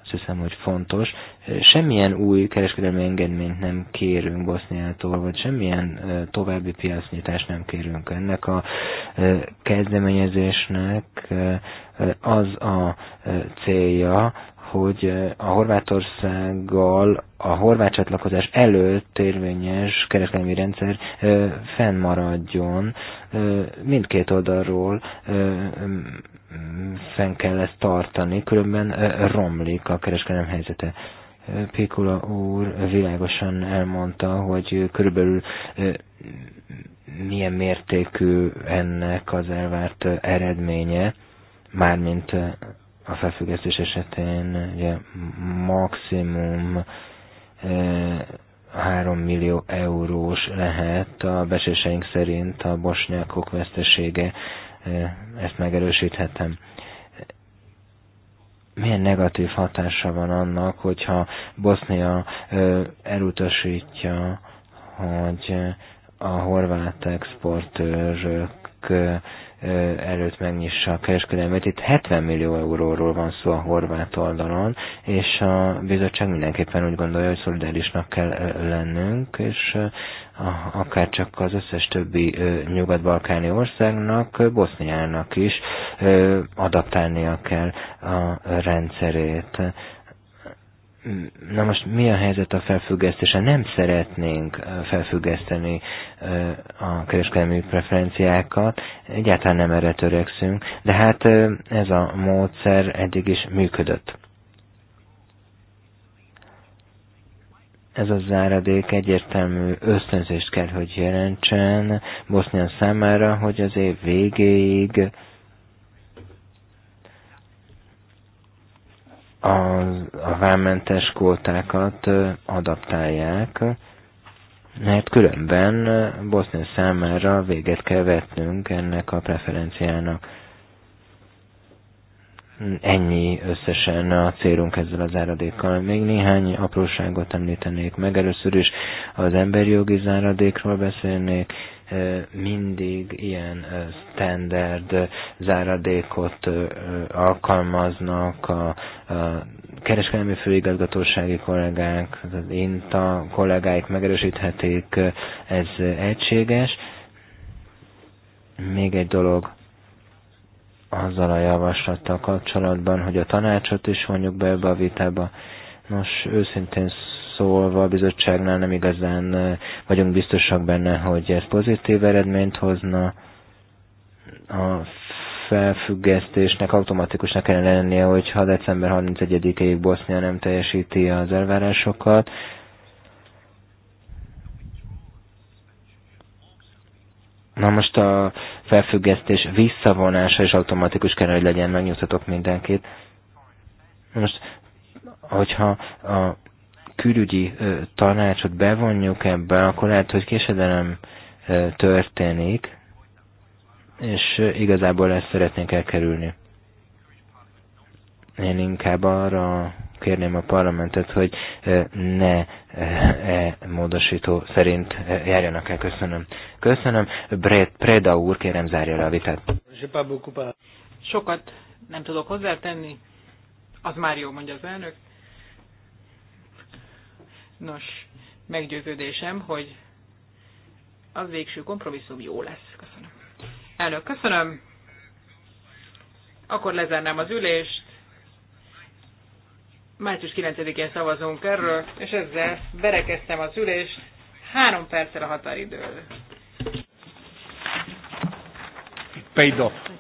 azt hiszem, hogy fontos, semmilyen új kereskedelmi engedményt nem kérünk Boszniától, vagy semmilyen további piacnyitást nem kérünk. Ennek a kezdeményezésnek az a célja, hogy a Horvátországgal a horvát csatlakozás előtt érvényes kereskedelmi rendszer fennmaradjon. Mindkét oldalról fenn kell ezt tartani, különben romlik a kereskedelem helyzete. Pékula úr világosan elmondta, hogy körülbelül milyen mértékű ennek az elvárt eredménye, mármint a felfüggesztés esetén ugye maximum 3 millió eurós lehet a beséseink szerint a bosnyákok vesztesége, ezt megerősíthetem milyen negatív hatása van annak, hogyha Bosznia elutasítja, hogy a horvát exportőrök előtt megnyissa a kereskedelmet. Itt 70 millió euróról van szó a horvát oldalon, és a bizottság mindenképpen úgy gondolja, hogy szolidárisnak kell lennünk, és akár csak az összes többi nyugat-balkáni országnak, Boszniának is adaptálnia kell a rendszerét. Na most mi a helyzet a felfüggesztése? Nem szeretnénk felfüggeszteni a kereskedelmi preferenciákat, egyáltalán nem erre törekszünk, de hát ez a módszer eddig is működött. ez a záradék egyértelmű ösztönzést kell, hogy jelentsen Bosznia számára, hogy az év végéig a, a vámmentes kvótákat adaptálják, mert különben Bosznia számára véget kell vetnünk ennek a preferenciának. Ennyi összesen a célunk ezzel az áradékkal. Még néhány apróságot említenék meg. Először is az emberi jogi záradékról beszélnék. Mindig ilyen standard záradékot alkalmaznak a kereskedelmi főigazgatósági kollégák, az INTA kollégáik megerősíthetik, ez egységes. Még egy dolog, azzal a javaslattal kapcsolatban, hogy a tanácsot is vonjuk be ebbe a vitába. Nos, őszintén szólva a bizottságnál nem igazán vagyunk biztosak benne, hogy ez pozitív eredményt hozna. A felfüggesztésnek automatikusnak kellene lennie, hogyha december 31-ig Bosznia nem teljesíti az elvárásokat. Na most a felfüggesztés visszavonása is automatikus kell, hogy legyen, megnyugtatok mindenkit. Most, hogyha a külügyi tanácsot bevonjuk ebbe, akkor lehet, hogy késedelem történik, és igazából ezt szeretnénk elkerülni. Én inkább arra kérném a parlamentet, hogy eh, ne eh, e módosító szerint eh, járjanak el. Köszönöm. Köszönöm. Preda úr, kérem zárja le a vitát. Sokat nem tudok hozzátenni. Az már jó, mondja az elnök. Nos, meggyőződésem, hogy az végső kompromisszum jó lesz. Köszönöm. Elnök, köszönöm. Akkor lezárnám az ülést. Március 9-én szavazunk erről, és ezzel berekeztem az ülést. Három perccel a határidő. Paid off.